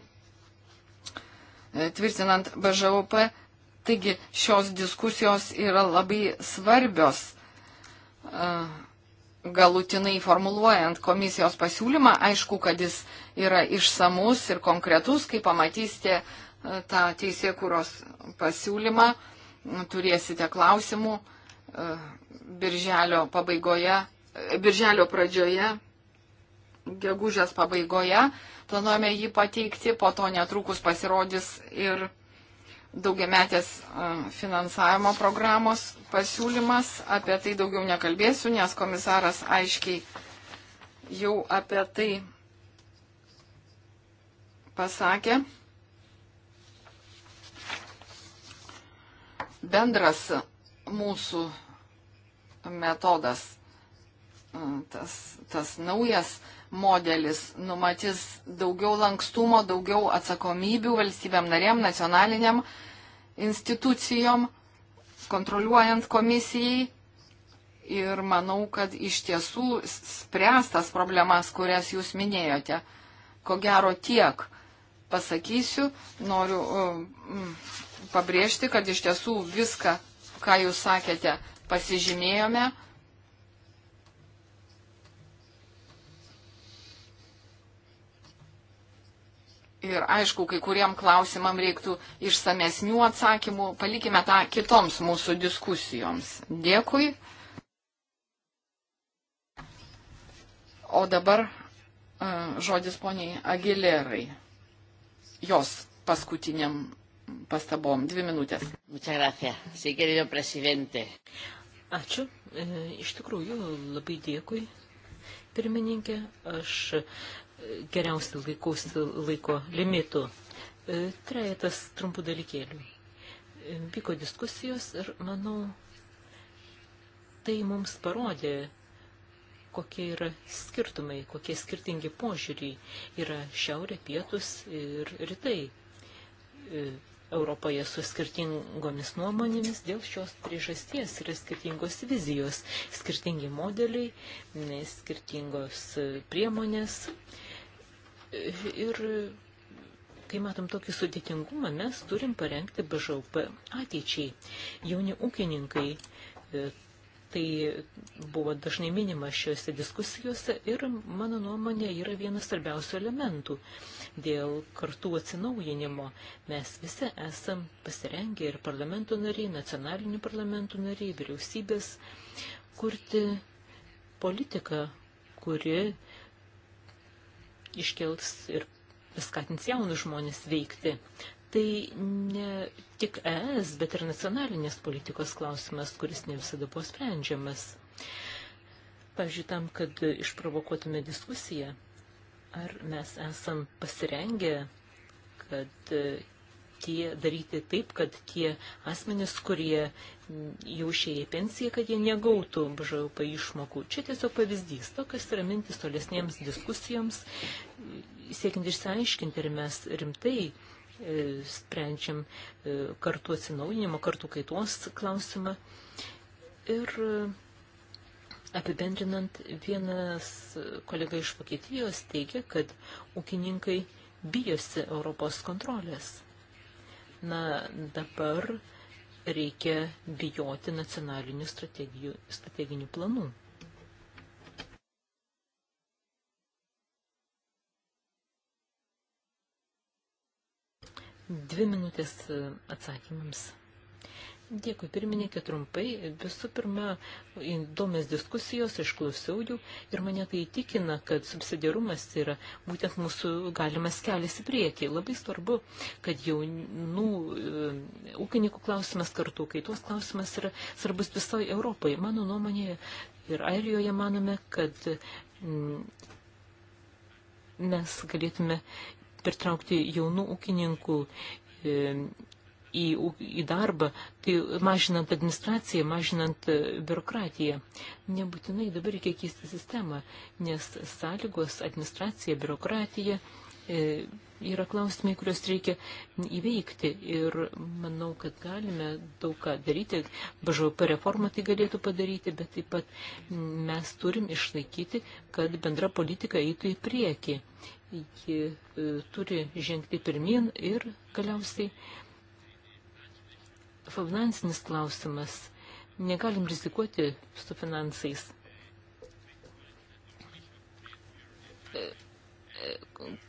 E, tvirtinant BŽUP. Taigi šios diskusijos yra labai svarbios e, galutinai formuluojant komisijos pasiūlymą, aišku, kad jis yra išsamus ir konkretus, kai pamatysite e, tą teisėkūros pasiūlymą, turėsite klausimų birželio pabaigoje, birželio pradžioje, gegužės pabaigoje Planuojame jį pateikti, po to netrukus pasirodys ir daugiametės finansavimo programos pasiūlymas. Apie tai daugiau nekalbėsiu, nes komisaras aiškiai jau apie tai pasakė. Bendras mūsų metodas, tas, tas naujas modelis numatys daugiau lankstumo, daugiau atsakomybių valstybėm narėm, nacionaliniam institucijom, kontroliuojant komisijai. Ir manau, kad iš tiesų spręstas problemas, kurias jūs minėjote, ko gero tiek pasakysiu, noriu um, pabrėžti, kad iš tiesų viską, ką jūs sakėte, pasižymėjome. Ir aišku, kai kuriem klausimam reiktų išsamesnių atsakymų. Palikime tą kitoms mūsų diskusijoms. Dėkui. O dabar e, žodis poniai Agilerai. Jos paskutiniam pastabom. Dvi minutės. Ačiū. E, iš tikrųjų, labai dėkui, pirmininkė. Aš geriausiai laikosi laiko limitų. E, trejetas trumpų dalykėlių. E, vyko diskusijos ir, manau, tai mums parodė, kokie yra skirtumai, kokie skirtingi požiūriai yra šiaurė, pietus ir rytai. E, Europoje su skirtingomis nuomonėmis dėl šios priežasties yra skirtingos vizijos, skirtingi modeliai, skirtingos priemonės. E, Ir kai matom tokį sudėtingumą, mes turim parengti BŽP ateičiai. Jauni ūkininkai e, tai buvo dažnai minima šiuose diskusijose ir mano nuomonė yra vienas svarbiausių elementų. Dėl kartų atsinaujinimo mes visi esam pasirengę ir parlamento nariai, nacionalinių parlamentų nariai, vyriausybės kurti politiką, kuri iškils ir paskatins jaunus žmonės veikti. Tai ne tik ES, bet ir nacionalinės politikos klausimas, kuris ne visada buvo sprendžiamas. Pavyzdžiui, tam, kad išprovokuotume diskusiją, ar mes esam pasirengę, kad tie, daryti taip, kad tie asmenys, kurie jau išėję į pensiją, kad jie negautų BŽP išmokų. Čia tiesiog pavyzdys to, kas yra mintis tolesniems diskusijoms, siekiant išsiaiškinti, ar mes rimtai e, sprendžiam e, kartu atsinaujinimo, kartu kaitos klausimą. Ir e, apibendrinant, vienas kolega iš Vokietijos teigia, kad ūkininkai bijosi Europos kontrolės na, dabar reikia bijoti nacionalinių strateginių planų. Dvi minutės atsakymams. Dėkui, pirmininkė, trumpai. Visų pirma, įdomias diskusijos, išklausiau jų ir mane tai įtikina, kad subsidiarumas yra būtent mūsų galimas kelias į priekį. Labai svarbu, kad jaunų e, ūkininkų klausimas kartu, kai tuos klausimas yra svarbus visoje Europoje. Mano nuomonė ir Airijoje manome, kad m, mm, mes galėtume pritraukti jaunų ūkininkų e, į, į darbą, tai mažinant administraciją, mažinant e, biurokratiją. Nebūtinai dabar reikia keisti sistemą, nes sąlygos, administracija, biurokratija e, yra klausimai, kuriuos reikia įveikti. Ir manau, kad galime daug ką daryti. BŽP reforma tai galėtų padaryti, bet taip pat mes turim išlaikyti, kad bendra politika eitų į priekį. Ji e, turi žengti pirmin ir galiausiai finansinis klausimas. Negalim rizikuoti su finansais.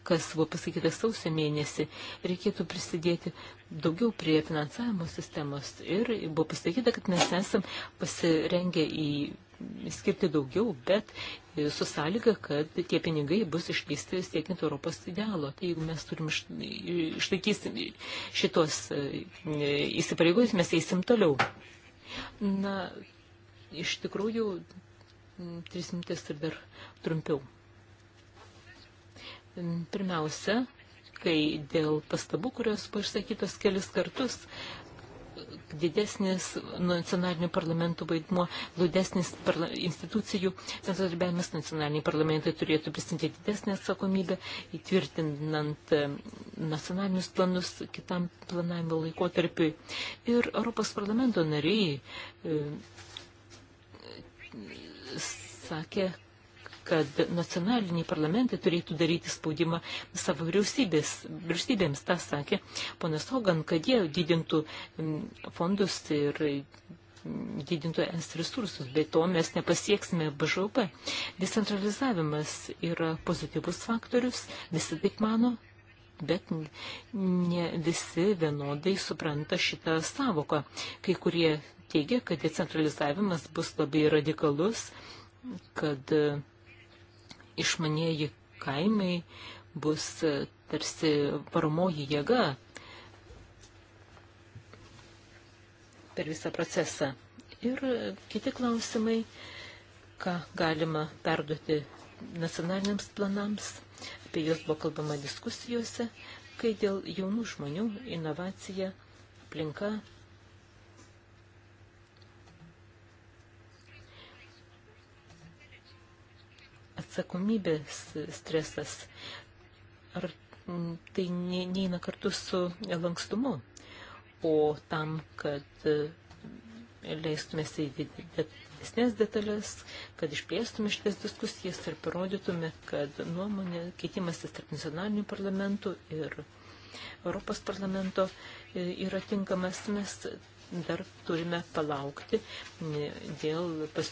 Kas buvo pasakyta sausio mėnesį, reikėtų prisidėti daugiau prie finansavimo sistemos. Ir buvo pasakyta, kad mes esam pasirengę į skirti daugiau, bet e, su sąlyga, kad tie pinigai bus išleisti siekiant Europos idealo. Tai jeigu mes turim iš, išlaikysim šitos e, e, įsipareigojimus, mes eisim toliau. Na, iš tikrųjų, tris mintis ir dar trumpiau. Pirmiausia, kai dėl pastabų, kurios buvo išsakytos kelis kartus, didesnis nacionalinių parlamentų vaidmuo, glaudesnis parla institucijų bendradarbiavimas, nacionaliniai parlamentai turėtų prisimti didesnį atsakomybę, įtvirtinant e, nacionalinius planus kitam planavimo laikotarpiui. Ir Europos parlamento nariai e, sakė, kad nacionaliniai parlamentai turėtų daryti spaudimą savo vyriausybėms. Tas sakė ponas Hogan, kad jie didintų fondus ir didintų es resursus, bet to mes nepasieksime BŽP. Decentralizavimas yra pozityvus faktorius, visi taip mano, bet ne visi vienodai supranta šitą savoką. Kai kurie teigia, kad decentralizavimas bus labai radikalus, kad uh, išmanieji kaimai bus tarsi varomoji jėga per visą procesą. Ir kiti klausimai, ką galima perduoti nacionaliniams planams, apie juos buvo kalbama diskusijose, kai dėl jaunų žmonių inovacija, aplinka, atsakomybės stresas, ar tai neina kartu su lankstumu, o tam, kad e, leistumės į didesnės detalės, kad išplėstume šitas diskusijas ir parodytume, kad nuomonė keitimasis tarp nacionalinių parlamentų ir Europos parlamento e, yra tinkamas, mes dar turime palaukti dėl pas,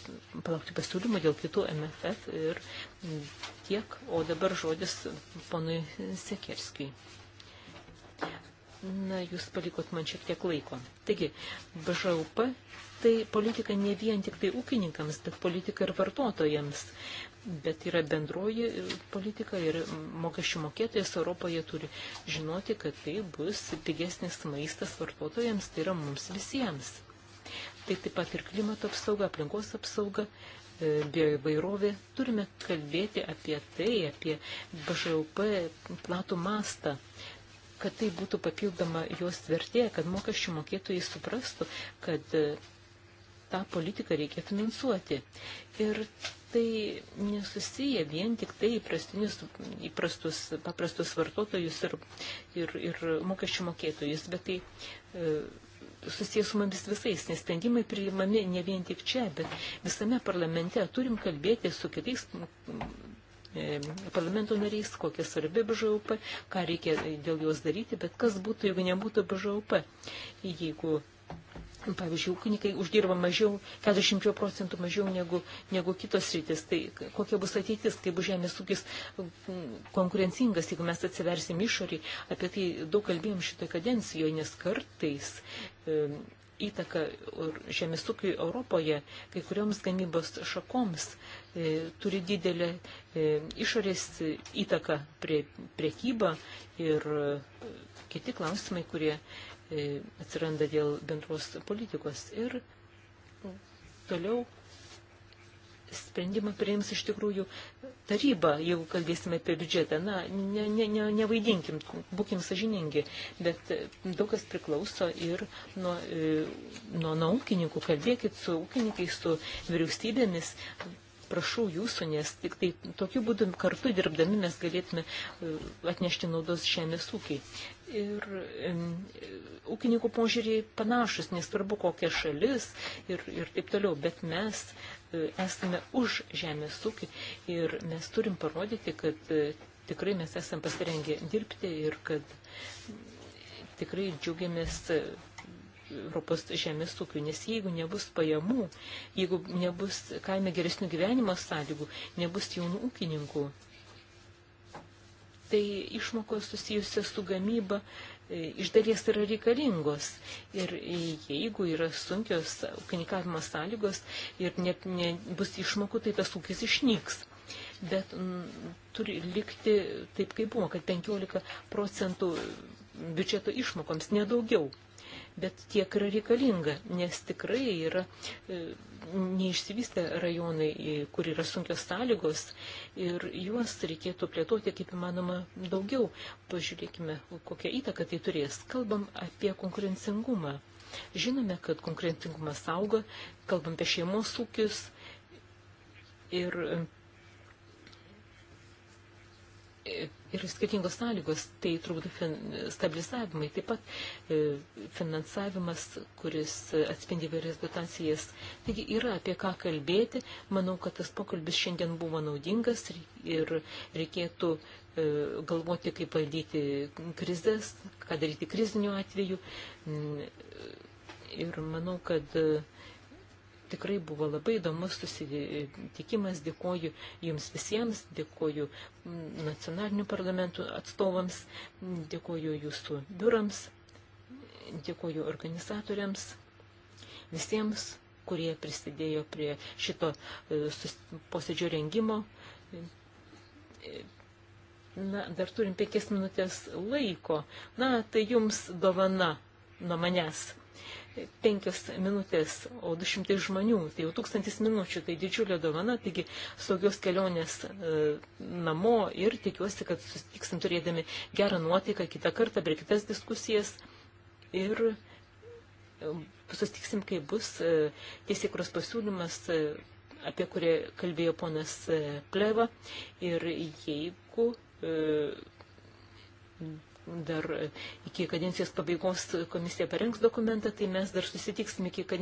palaukti pasiūlymų dėl kitų MFF ir tiek, o dabar žodis ponui Sekerskijui. Na, jūs palikot man šiek tiek laiko. Taigi, BŽUP tai politika ne vien tik tai ūkininkams, bet politika ir vartotojams bet yra bendroji e, politika ir mokesčių mokėtojas Europoje turi žinoti, kad tai bus pigesnis maistas vartotojams, tai yra mums visiems. Tai taip pat ir klimato apsauga, aplinkos apsauga, e, bioįvairovė. Turime kalbėti apie tai, apie BŽUP platų mastą kad tai būtų papildoma jos vertė, kad mokesčių mokėtojai suprastų, kad e, tą politiką reikia finansuoti. Ir tai nesusiję vien tik tai įprastinius, įprastus, paprastus vartotojus ir, ir, ir mokesčių mokėtojus, bet tai e, susijęs su mumis visais, nes sprendimai priimami ne vien tik čia, bet visame parlamente turim kalbėti su kitais e, parlamento nariais, kokia svarbi BŽUP, ką reikia dėl jos daryti, bet kas būtų, jeigu nebūtų BŽUP. Jeigu Pavyzdžiui, ūkininkai uždirba mažiau, 40 procentų mažiau negu, negu kitos rytis. Tai kokia bus ateitis, kaip bus žemės ūkis mm, konkurencingas, jeigu mes atsiversim išorį. Apie tai daug kalbėjom šitoje kadencijoje, nes kartais e, įtaka žemės ūkiui Europoje kai kurioms gamybos šakoms e, turi didelę e, išorės įtaką prie priekybą ir e, kiti klausimai, kurie e, E, atsiranda dėl bendros politikos ir toliau sprendimą priims iš tikrųjų taryba, jeigu kalbėsime apie biudžetą. Na, ne, ne, ne, nevaidinkim, būkim sažiningi, bet daug kas priklauso ir nuo, e, nuo, nuo ūkininkų. Kalbėkit su ūkininkais, su vyriausybėmis, prašau jūsų, nes tik tai tokiu būdu kartu dirbdami mes galėtume e, atnešti naudos žemės ūkiai. Ir ūkininkų požiūriai panašus, nesvarbu kokia šalis ir, ir taip toliau, bet mes e, esame už žemės ūkį ir mes turim parodyti, kad e, tikrai mes esame pasirengę dirbti ir kad tikrai džiaugiamės Europos žemės ūkiui, nes jeigu nebus pajamų, jeigu nebus kaime geresnių gyvenimo sąlygų, nebus jaunų ūkininkų, tai išmokos susijusios su gamyba e, iš dalies yra reikalingos. Ir jeigu yra sunkios ūkininkavimo sąlygos ir nebus ne, išmokų, tai tas ūkis išnyks. Bet m, turi likti taip, kaip buvo, kad 15 procentų biudžeto išmokoms, nedaugiau bet tiek yra reikalinga, nes tikrai yra e, neišsivystę rajonai, e, kur yra sunkios sąlygos ir juos reikėtų plėtoti kaip įmanoma daugiau. Pažiūrėkime, kokią įtaką tai turės. Kalbam apie konkurencingumą. Žinome, kad konkurencingumas auga, kalbam apie šeimos ūkius ir yra skirtingos sąlygos, tai trukdo fin, stabilizavimai. Taip pat e, finansavimas, kuris atspindi vairias dotacijas. Taigi yra apie ką kalbėti. Manau, kad tas pokalbis šiandien buvo naudingas ir reikėtų e, galvoti, kaip valdyti krizės, ką daryti krizinių atveju. Mm, ir manau, kad tikrai buvo labai įdomus susitikimas. Dėkoju jums visiems, dėkoju nacionalinių parlamentų atstovams, dėkoju jūsų biurams, dėkoju organizatoriams, visiems, kurie prisidėjo prie šito e, posėdžio rengimo. Na, dar turim penkias minutės laiko. Na, tai jums dovana nuo manęs penkios minutės, o 200 žmonių, tai jau tūkstantis minučių, tai didžiulė dovana, taigi saugios kelionės e, namo ir tikiuosi, kad susitiksim turėdami gerą nuotaiką kitą kartą per kitas diskusijas ir e, susitiksim, kai bus e, tiesiekros pasiūlymas, e, apie kurį kalbėjo ponas e, Pleva ir jeigu e, dar iki kadencijos pabaigos komisija parengs dokumentą, tai mes dar susitiksim iki kadencijos.